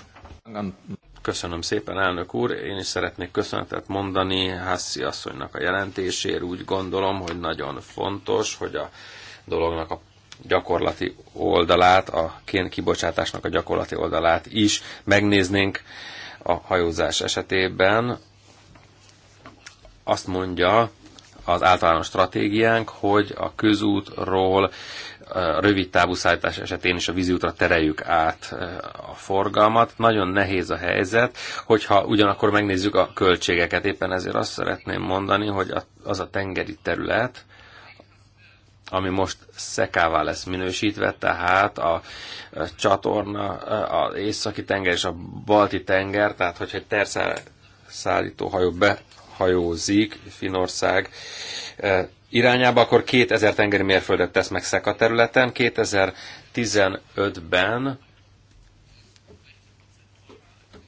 Köszönöm szépen, elnök úr. Én is szeretnék köszönetet mondani Hászi asszonynak a jelentésért. Úgy gondolom, hogy nagyon fontos, hogy a dolognak a gyakorlati oldalát, a kén kibocsátásnak a gyakorlati oldalát is megnéznénk a hajózás esetében. Azt mondja az általános stratégiánk, hogy a közútról rövid távú szállítás esetén is a víziútra tereljük át e, a forgalmat. Nagyon nehéz a helyzet, hogyha ugyanakkor megnézzük a költségeket. Éppen ezért azt szeretném mondani, hogy az a tengeri terület, ami most szekává lesz minősítve, tehát a csatorna, az északi tenger és a balti tenger, tehát hogyha egy terszállító hajó behajózik Finország e, irányába, akkor 2000 tengeri mérföldet tesz meg Szeka területen, 2015-ben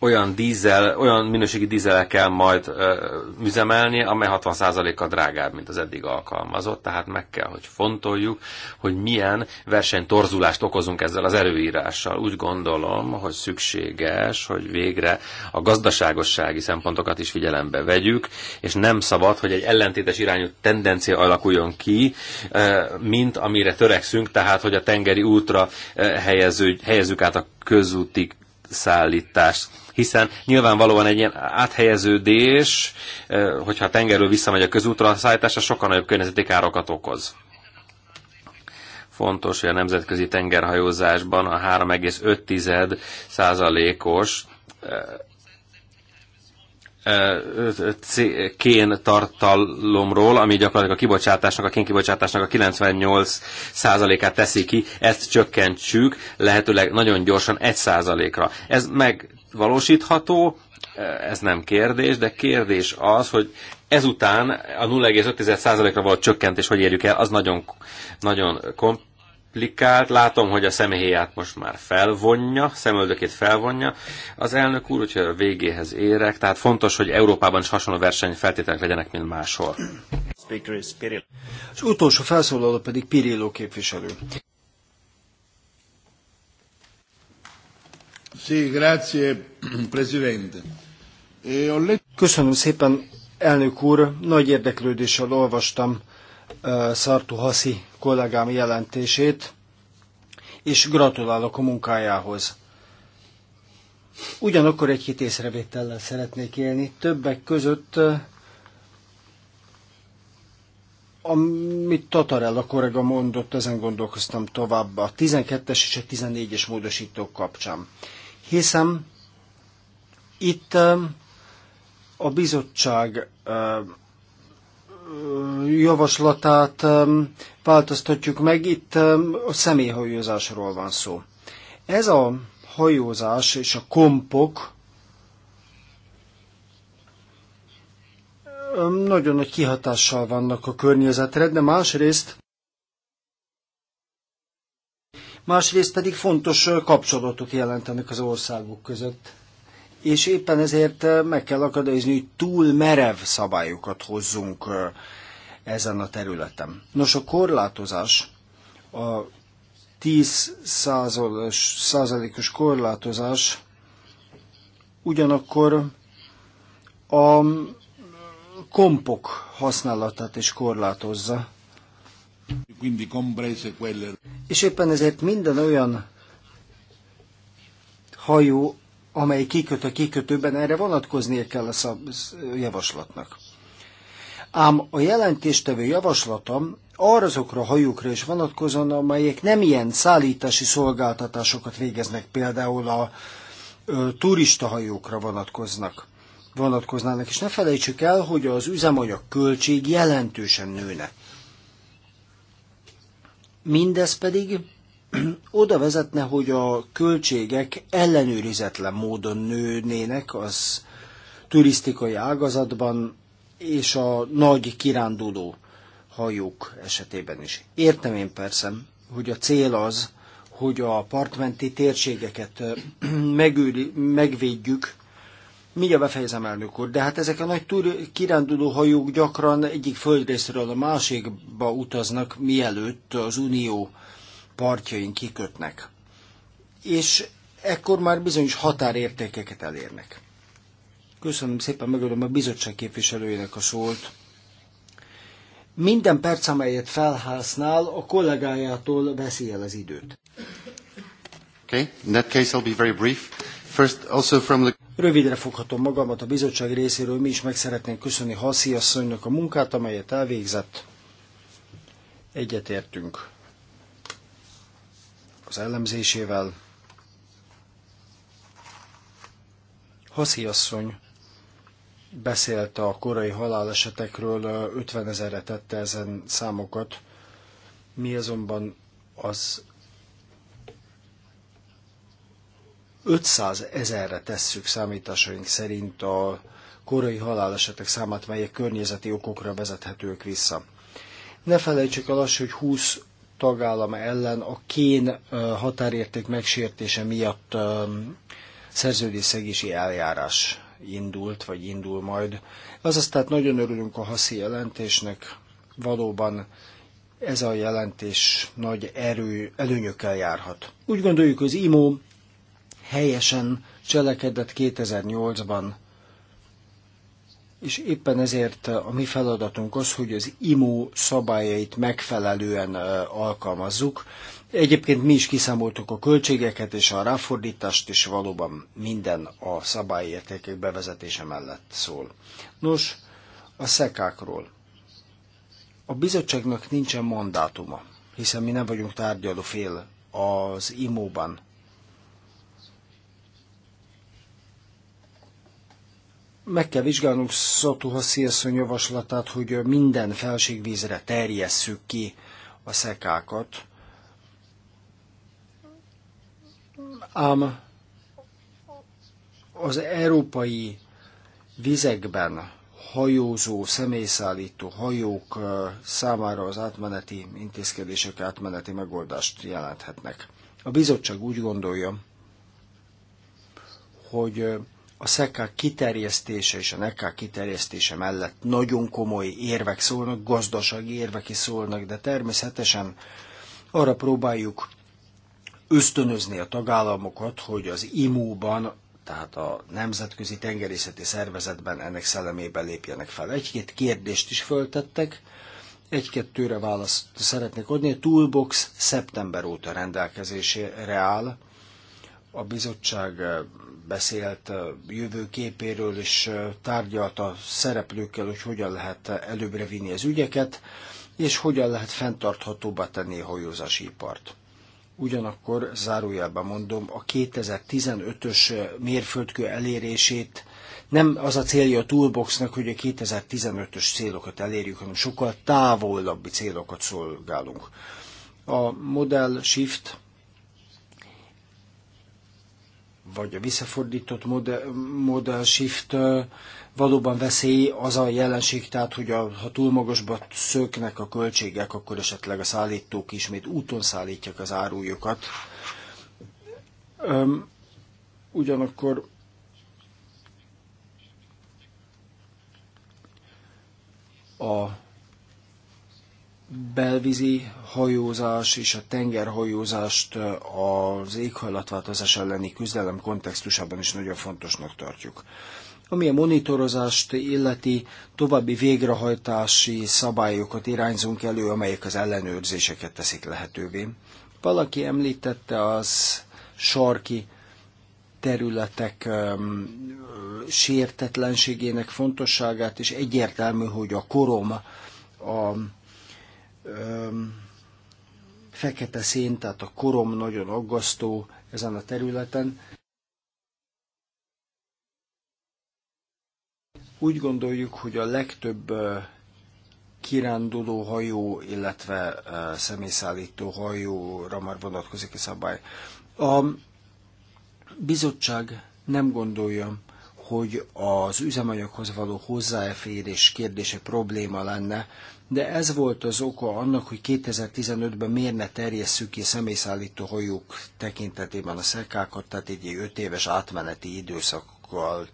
olyan dízel, olyan minőségi dízele kell majd ö, üzemelni, amely 60%-a drágább, mint az eddig alkalmazott, tehát meg kell, hogy fontoljuk, hogy milyen versenytorzulást okozunk ezzel az előírással. Úgy gondolom, hogy szükséges, hogy végre a gazdaságossági szempontokat is figyelembe vegyük, és nem szabad, hogy egy ellentétes irányú tendencia alakuljon ki, ö, mint amire törekszünk, tehát, hogy a tengeri útra helyező, helyezzük át a közúti szállítást hiszen nyilvánvalóan egy ilyen áthelyeződés, eh, hogyha a tengerről visszamegy a közútra, a szállítása sokkal nagyobb környezeti károkat okoz. Fontos, hogy a nemzetközi tengerhajózásban a 3,5 százalékos eh, eh, kén tartalomról, ami gyakorlatilag a kibocsátásnak, a kénkibocsátásnak a 98%-át teszi ki, ezt csökkentsük lehetőleg nagyon gyorsan 1%-ra. Ez meg valósítható, ez nem kérdés, de kérdés az, hogy ezután a 0,5%-ra volt csökkentés, hogy érjük el, az nagyon, nagyon komplikált. Látom, hogy a személyéját most már felvonja, szemöldökét felvonja az elnök úr, úgyhogy a végéhez érek. Tehát fontos, hogy Európában is hasonló versenyfeltételek legyenek, mint máshol. Az utolsó felszólaló pedig Pirillo képviselő. [clears throat] E Köszönöm szépen, elnök úr. Nagy érdeklődéssel olvastam uh, eh, Szartu Haszi kollégám jelentését, és gratulálok a munkájához. Ugyanakkor egy hit észrevétellel szeretnék élni. Többek között uh, amit Tatarella korega mondott, ezen gondolkoztam tovább a 12-es és a 14-es módosítók kapcsán. Hiszem, itt um, a bizottság um, javaslatát um, változtatjuk meg, itt a személyhajózásról van szó. Ez a hajózás és a kompok nagyon nagy kihatással vannak a környezetre, de másrészt másrészt pedig fontos kapcsolatot jelentenek az országok között. És éppen ezért meg kell akadályozni, hogy túl merev szabályokat hozzunk ezen a területen. Nos, a korlátozás, a 10 százalékos korlátozás ugyanakkor a kompok használatát is korlátozza. És éppen ezért minden olyan hajó, amely kiköt a kikötőben, erre vonatkoznia kell a javaslatnak. Ám a jelentéstevő javaslatom arra azokra a hajókra is vonatkozóan, amelyek nem ilyen szállítási szolgáltatásokat végeznek, például a ö, turista hajókra vonatkoznak, vonatkoznának. És ne felejtsük el, hogy az üzemanyag költség jelentősen nőne Mindez pedig [clears throat] oda vezetne, hogy a költségek ellenőrizetlen módon nőnének az turisztikai ágazatban és a nagy kiránduló hajók esetében is. Értem én persze, hogy a cél az, hogy a partmenti térségeket [clears throat] megőri, megvédjük, Mindjárt befejezem, elnök úr, de hát ezek a nagy túr kiránduló hajók gyakran egyik földrészről a másikba utaznak, mielőtt az Unió partjain kikötnek. És ekkor már bizonyos határértékeket elérnek. Köszönöm szépen, megölöm a bizottság képviselőjének a szót. Minden perc, amelyet felhasznál, a kollégájától veszi el az időt. Okay, in that case I'll be very brief. First, also from the... Rövidre foghatom magamat a bizottság részéről, mi is meg szeretnénk köszönni Haszi asszonynak a munkát, amelyet elvégzett. Egyetértünk az elemzésével. Haszi asszony beszélt a korai halálesetekről, 50 ezerre tette ezen számokat. Mi azonban az 500 ezerre tesszük számításaink szerint a korai halálesetek számát, melyek környezeti okokra vezethetők vissza. Ne felejtsük el azt, hogy 20 tagállam ellen a kén határérték megsértése miatt szerződésszegési eljárás indult, vagy indul majd. Azaz tehát nagyon örülünk a haszi jelentésnek, valóban ez a jelentés nagy erő, előnyökkel járhat. Úgy gondoljuk, az IMO helyesen cselekedett 2008-ban, és éppen ezért a mi feladatunk az, hogy az IMO szabályait megfelelően alkalmazzuk. Egyébként mi is kiszámoltuk a költségeket és a ráfordítást, és valóban minden a szabályértékek bevezetése mellett szól. Nos, a szekákról. A bizottságnak nincsen mandátuma, hiszen mi nem vagyunk tárgyaló fél az IMO-ban. meg kell vizsgálnunk Szatuhaszi asszony javaslatát, hogy minden felségvízre terjesszük ki a szekákat. Ám az európai vizekben hajózó, személyszállító hajók számára az átmeneti intézkedések átmeneti megoldást jelenthetnek. A bizottság úgy gondolja, hogy a SZEKÁ kiterjesztése és a NEKÁ kiterjesztése mellett nagyon komoly érvek szólnak, gazdasági érvek is szólnak, de természetesen arra próbáljuk ösztönözni a tagállamokat, hogy az IMU-ban, tehát a Nemzetközi Tengerészeti Szervezetben ennek szellemében lépjenek fel. Egy-két kérdést is föltettek, egy-kettőre választ szeretnék adni. A Toolbox szeptember óta rendelkezésére áll, a bizottság eh, beszélt eh, jövőképéről, és eh, tárgyalt a szereplőkkel, hogy hogyan lehet előbbre vinni az ügyeket, és hogyan lehet fenntarthatóbbá tenni a hajózási ipart. Ugyanakkor zárójelben mondom, a 2015-ös mérföldkő elérését nem az a célja a toolboxnak, hogy a 2015-ös célokat elérjük, hanem sokkal távolabbi célokat szolgálunk. A model shift vagy a visszafordított model, model shift valóban veszély az a jelenség, tehát hogy a, ha túl magasba szöknek a költségek, akkor esetleg a szállítók ismét úton szállítják az árujukat. Öm, ugyanakkor a belvízi hajózás és a tengerhajózást az éghajlatváltozás elleni küzdelem kontextusában is nagyon fontosnak tartjuk. Ami a monitorozást illeti, további végrehajtási szabályokat irányzunk elő, amelyek az ellenőrzéseket teszik lehetővé. Valaki említette az sarki területek um, sértetlenségének fontosságát, és egyértelmű, hogy a korom a um, fekete szén, tehát a korom nagyon aggasztó ezen a területen. Úgy gondoljuk, hogy a legtöbb kiránduló hajó, illetve személyszállító hajóra már vonatkozik a szabály. A bizottság nem gondolja, hogy az üzemanyaghoz való hozzáférés kérdése probléma lenne, de ez volt az oka annak, hogy 2015-ben miért ne terjesszük ki személyszállító hajók tekintetében a szekákat, tehát egy 5 éves átmeneti időszakkal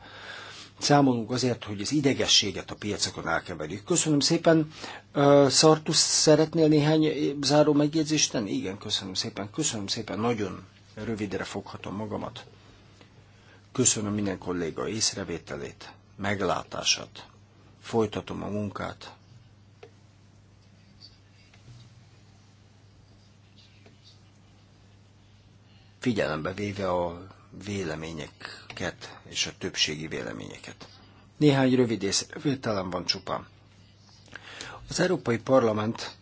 számolunk azért, hogy az idegességet a piacokon elkeverjük. Köszönöm szépen. Szartus, szeretnél néhány záró megjegyzést tenni? Igen, köszönöm szépen. Köszönöm szépen. Nagyon rövidre foghatom magamat. Köszönöm minden kolléga észrevételét, meglátását. Folytatom a munkát, figyelembe véve a véleményeket és a többségi véleményeket. Néhány rövid észrevételem van csupán. Az Európai Parlament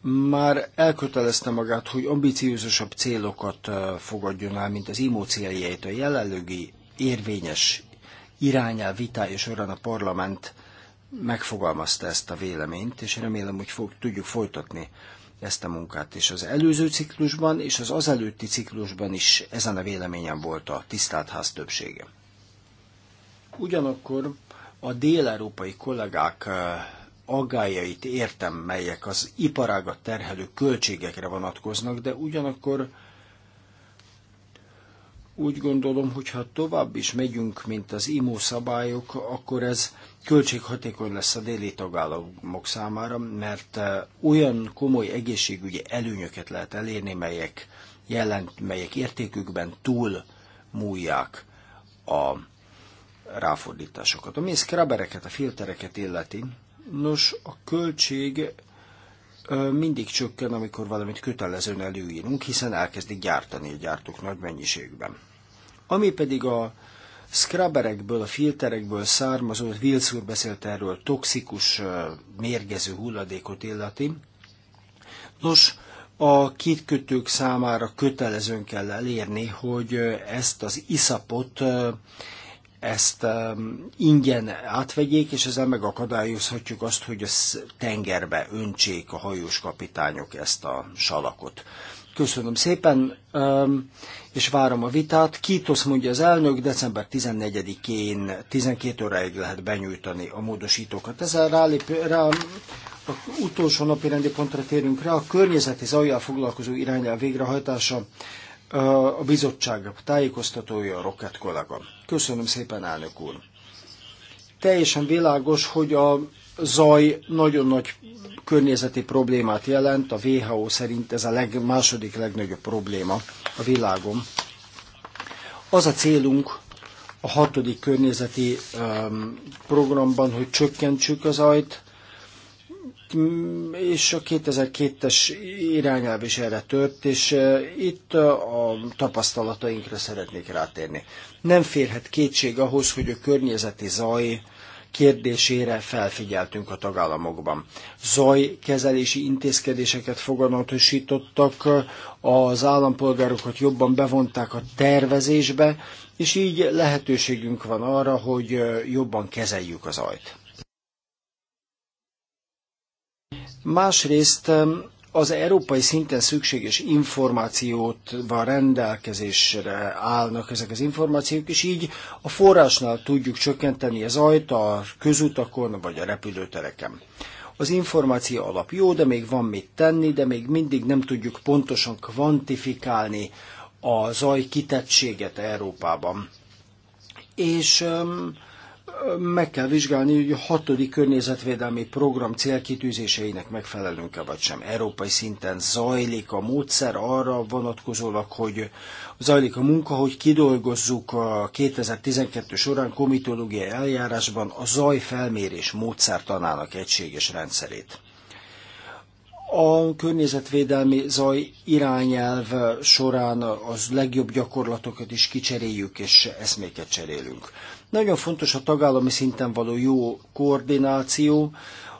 már elkötelezte magát, hogy ambiciózusabb célokat fogadjon el, mint az IMO céljait. A jelenlegi érvényes irányá vitája során a parlament megfogalmazta ezt a véleményt, és remélem, hogy fog, tudjuk folytatni ezt a munkát. És az előző ciklusban és az azelőtti ciklusban is ezen a véleményen volt a tisztelt ház többsége. Ugyanakkor a dél-európai kollégák aggájait értem, melyek az iparágat terhelő költségekre vonatkoznak, de ugyanakkor úgy gondolom, hogy ha tovább is megyünk, mint az IMO szabályok, akkor ez költséghatékony lesz a déli tagállamok számára, mert eh, olyan komoly egészségügyi előnyöket lehet elérni, melyek, jelent, melyek értékükben túl múlják a ráfordításokat. Ami szkrabereket, a filtereket illeti, nos, a költség mindig csökken, amikor valamit kötelezően előírunk, hiszen elkezdik gyártani a gyártók nagy mennyiségben. Ami pedig a scrubberekből, a filterekből származó, Wills úr beszélt erről, toxikus, mérgező hulladékot illeti. Nos, a kitkötők számára kötelezőn kell elérni, hogy ezt az iszapot ezt ingyen átvegyék, és ezzel megakadályozhatjuk azt, hogy a tengerbe öntsék a hajós kapitányok ezt a salakot. Köszönöm szépen és várom a vitát. Kítos mondja az elnök, december 14-én 12 óráig lehet benyújtani a módosítókat. Ezzel rálép, rá, a utolsó napi rendi pontra térünk rá, a környezeti zajjal foglalkozó irányel végrehajtása, a bizottság tájékoztatója a Rocket kollega. Köszönöm szépen, elnök úr! Teljesen világos, hogy a zaj nagyon nagy környezeti problémát jelent, a WHO szerint ez a leg, második legnagyobb probléma a világon. Az a célunk a hatodik környezeti um, programban, hogy csökkentsük az ajt, mm, és a 2002-es irányelv is erre tört, és uh, itt uh, a tapasztalatainkra szeretnék rátérni. Nem férhet kétség ahhoz, hogy a környezeti zaj kérdésére felfigyeltünk a tagállamokban. Zaj kezelési intézkedéseket foganatosítottak, az állampolgárokat jobban bevonták a tervezésbe, és így lehetőségünk van arra, hogy jobban kezeljük az ajt. Másrészt az európai szinten szükséges van rendelkezésre állnak ezek az információk, és így a forrásnál tudjuk csökkenteni az ajt a közutakon vagy a repülőtereken. Az információ alap jó, de még van mit tenni, de még mindig nem tudjuk pontosan kvantifikálni a zaj kitettséget Európában. És um, meg kell vizsgálni, hogy a hatodik környezetvédelmi program célkitűzéseinek megfelelünk-e vagy sem. Európai szinten zajlik a módszer arra vonatkozólag, hogy zajlik a munka, hogy kidolgozzuk a 2012 során komitológiai eljárásban a zajfelmérés módszertanának egységes rendszerét. A környezetvédelmi zaj irányelv során az legjobb gyakorlatokat is kicseréljük és eszméket cserélünk. Nagyon fontos a tagállami szinten való jó koordináció,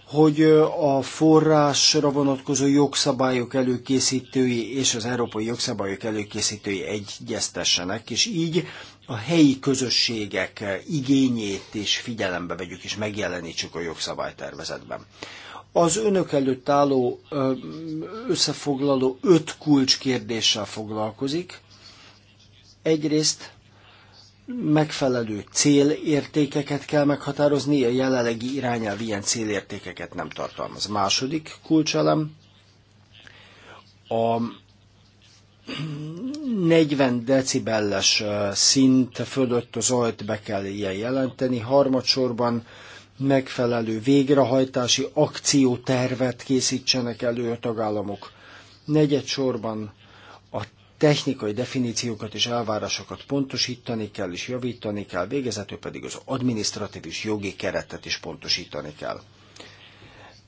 hogy a forrásra vonatkozó jogszabályok előkészítői és az európai jogszabályok előkészítői egyeztessenek, és így a helyi közösségek igényét is figyelembe vegyük és megjelenítsük a jogszabálytervezetben. Az önök előtt álló összefoglaló öt kulcskérdéssel foglalkozik. Egyrészt megfelelő célértékeket kell meghatározni, a jelenlegi irányelv ilyen célértékeket nem tartalmaz. Második kulcselem, a 40 decibelles szint fölött az ajt be kell ilyen jelenteni, harmadsorban megfelelő végrehajtási akciótervet készítsenek elő a tagállamok. negyedsorban sorban technikai definíciókat és elvárásokat pontosítani kell és javítani kell, végezetül pedig az administratív és jogi keretet is pontosítani kell.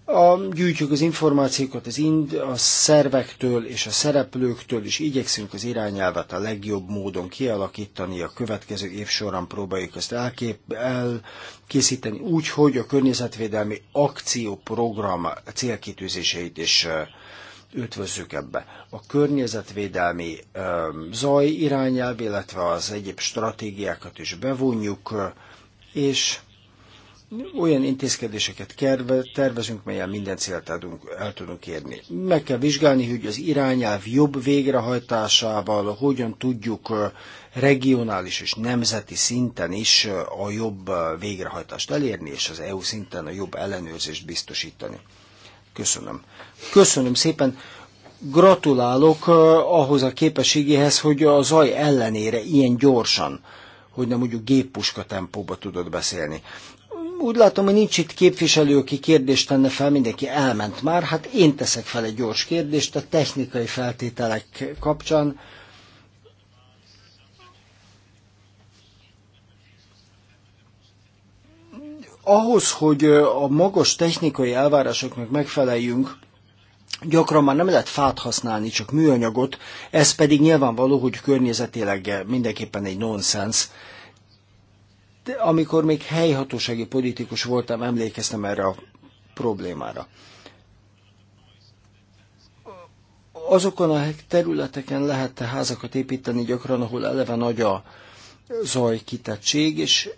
A, gyűjtjük az információkat az ind, a szervektől és a szereplőktől, és igyekszünk az irányelvet a legjobb módon kialakítani, a következő év során próbáljuk ezt elkép, elkészíteni úgy, hogy a környezetvédelmi akcióprogram célkitűzéseit is üdvözlük ebbe. A környezetvédelmi zaj irányelv, illetve az egyéb stratégiákat is bevonjuk, és olyan intézkedéseket tervezünk, melyen minden célt el tudunk érni. Meg kell vizsgálni, hogy az irányelv jobb végrehajtásával hogyan tudjuk regionális és nemzeti szinten is a jobb végrehajtást elérni, és az EU szinten a jobb ellenőrzést biztosítani. Köszönöm. Köszönöm szépen. Gratulálok uh, ahhoz a képességéhez, hogy a zaj ellenére ilyen gyorsan, hogy nem mondjuk géppuska tempóba tudod beszélni. Úgy látom, hogy nincs itt képviselő, aki kérdést tenne fel, mindenki elment már. Hát én teszek fel egy gyors kérdést a technikai feltételek kapcsán ahhoz, hogy a magas technikai elvárásoknak megfeleljünk, gyakran már nem lehet fát használni, csak műanyagot, ez pedig nyilvánvaló, hogy környezetileg mindenképpen egy nonsens. De amikor még helyhatósági politikus voltam, emlékeztem erre a problémára. Azokon a területeken lehet házakat építeni gyakran, ahol eleve nagy a zajkitettség, és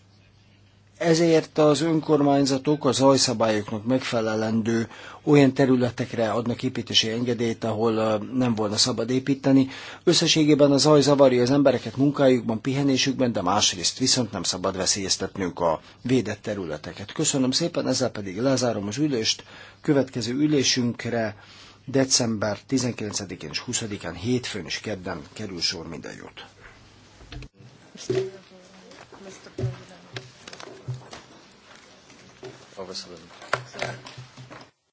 ezért az önkormányzatok a zajszabályoknak megfelelendő olyan területekre adnak építési engedélyt, ahol nem volna szabad építeni. Összességében a zaj zavarja az embereket munkájukban, pihenésükben, de másrészt viszont nem szabad veszélyeztetnünk a védett területeket. Köszönöm szépen, ezzel pedig lezárom az ülést. Következő ülésünkre december 19-én és 20-án hétfőn és kedden kerül sor minden jót. Köszönöm. Silverstone.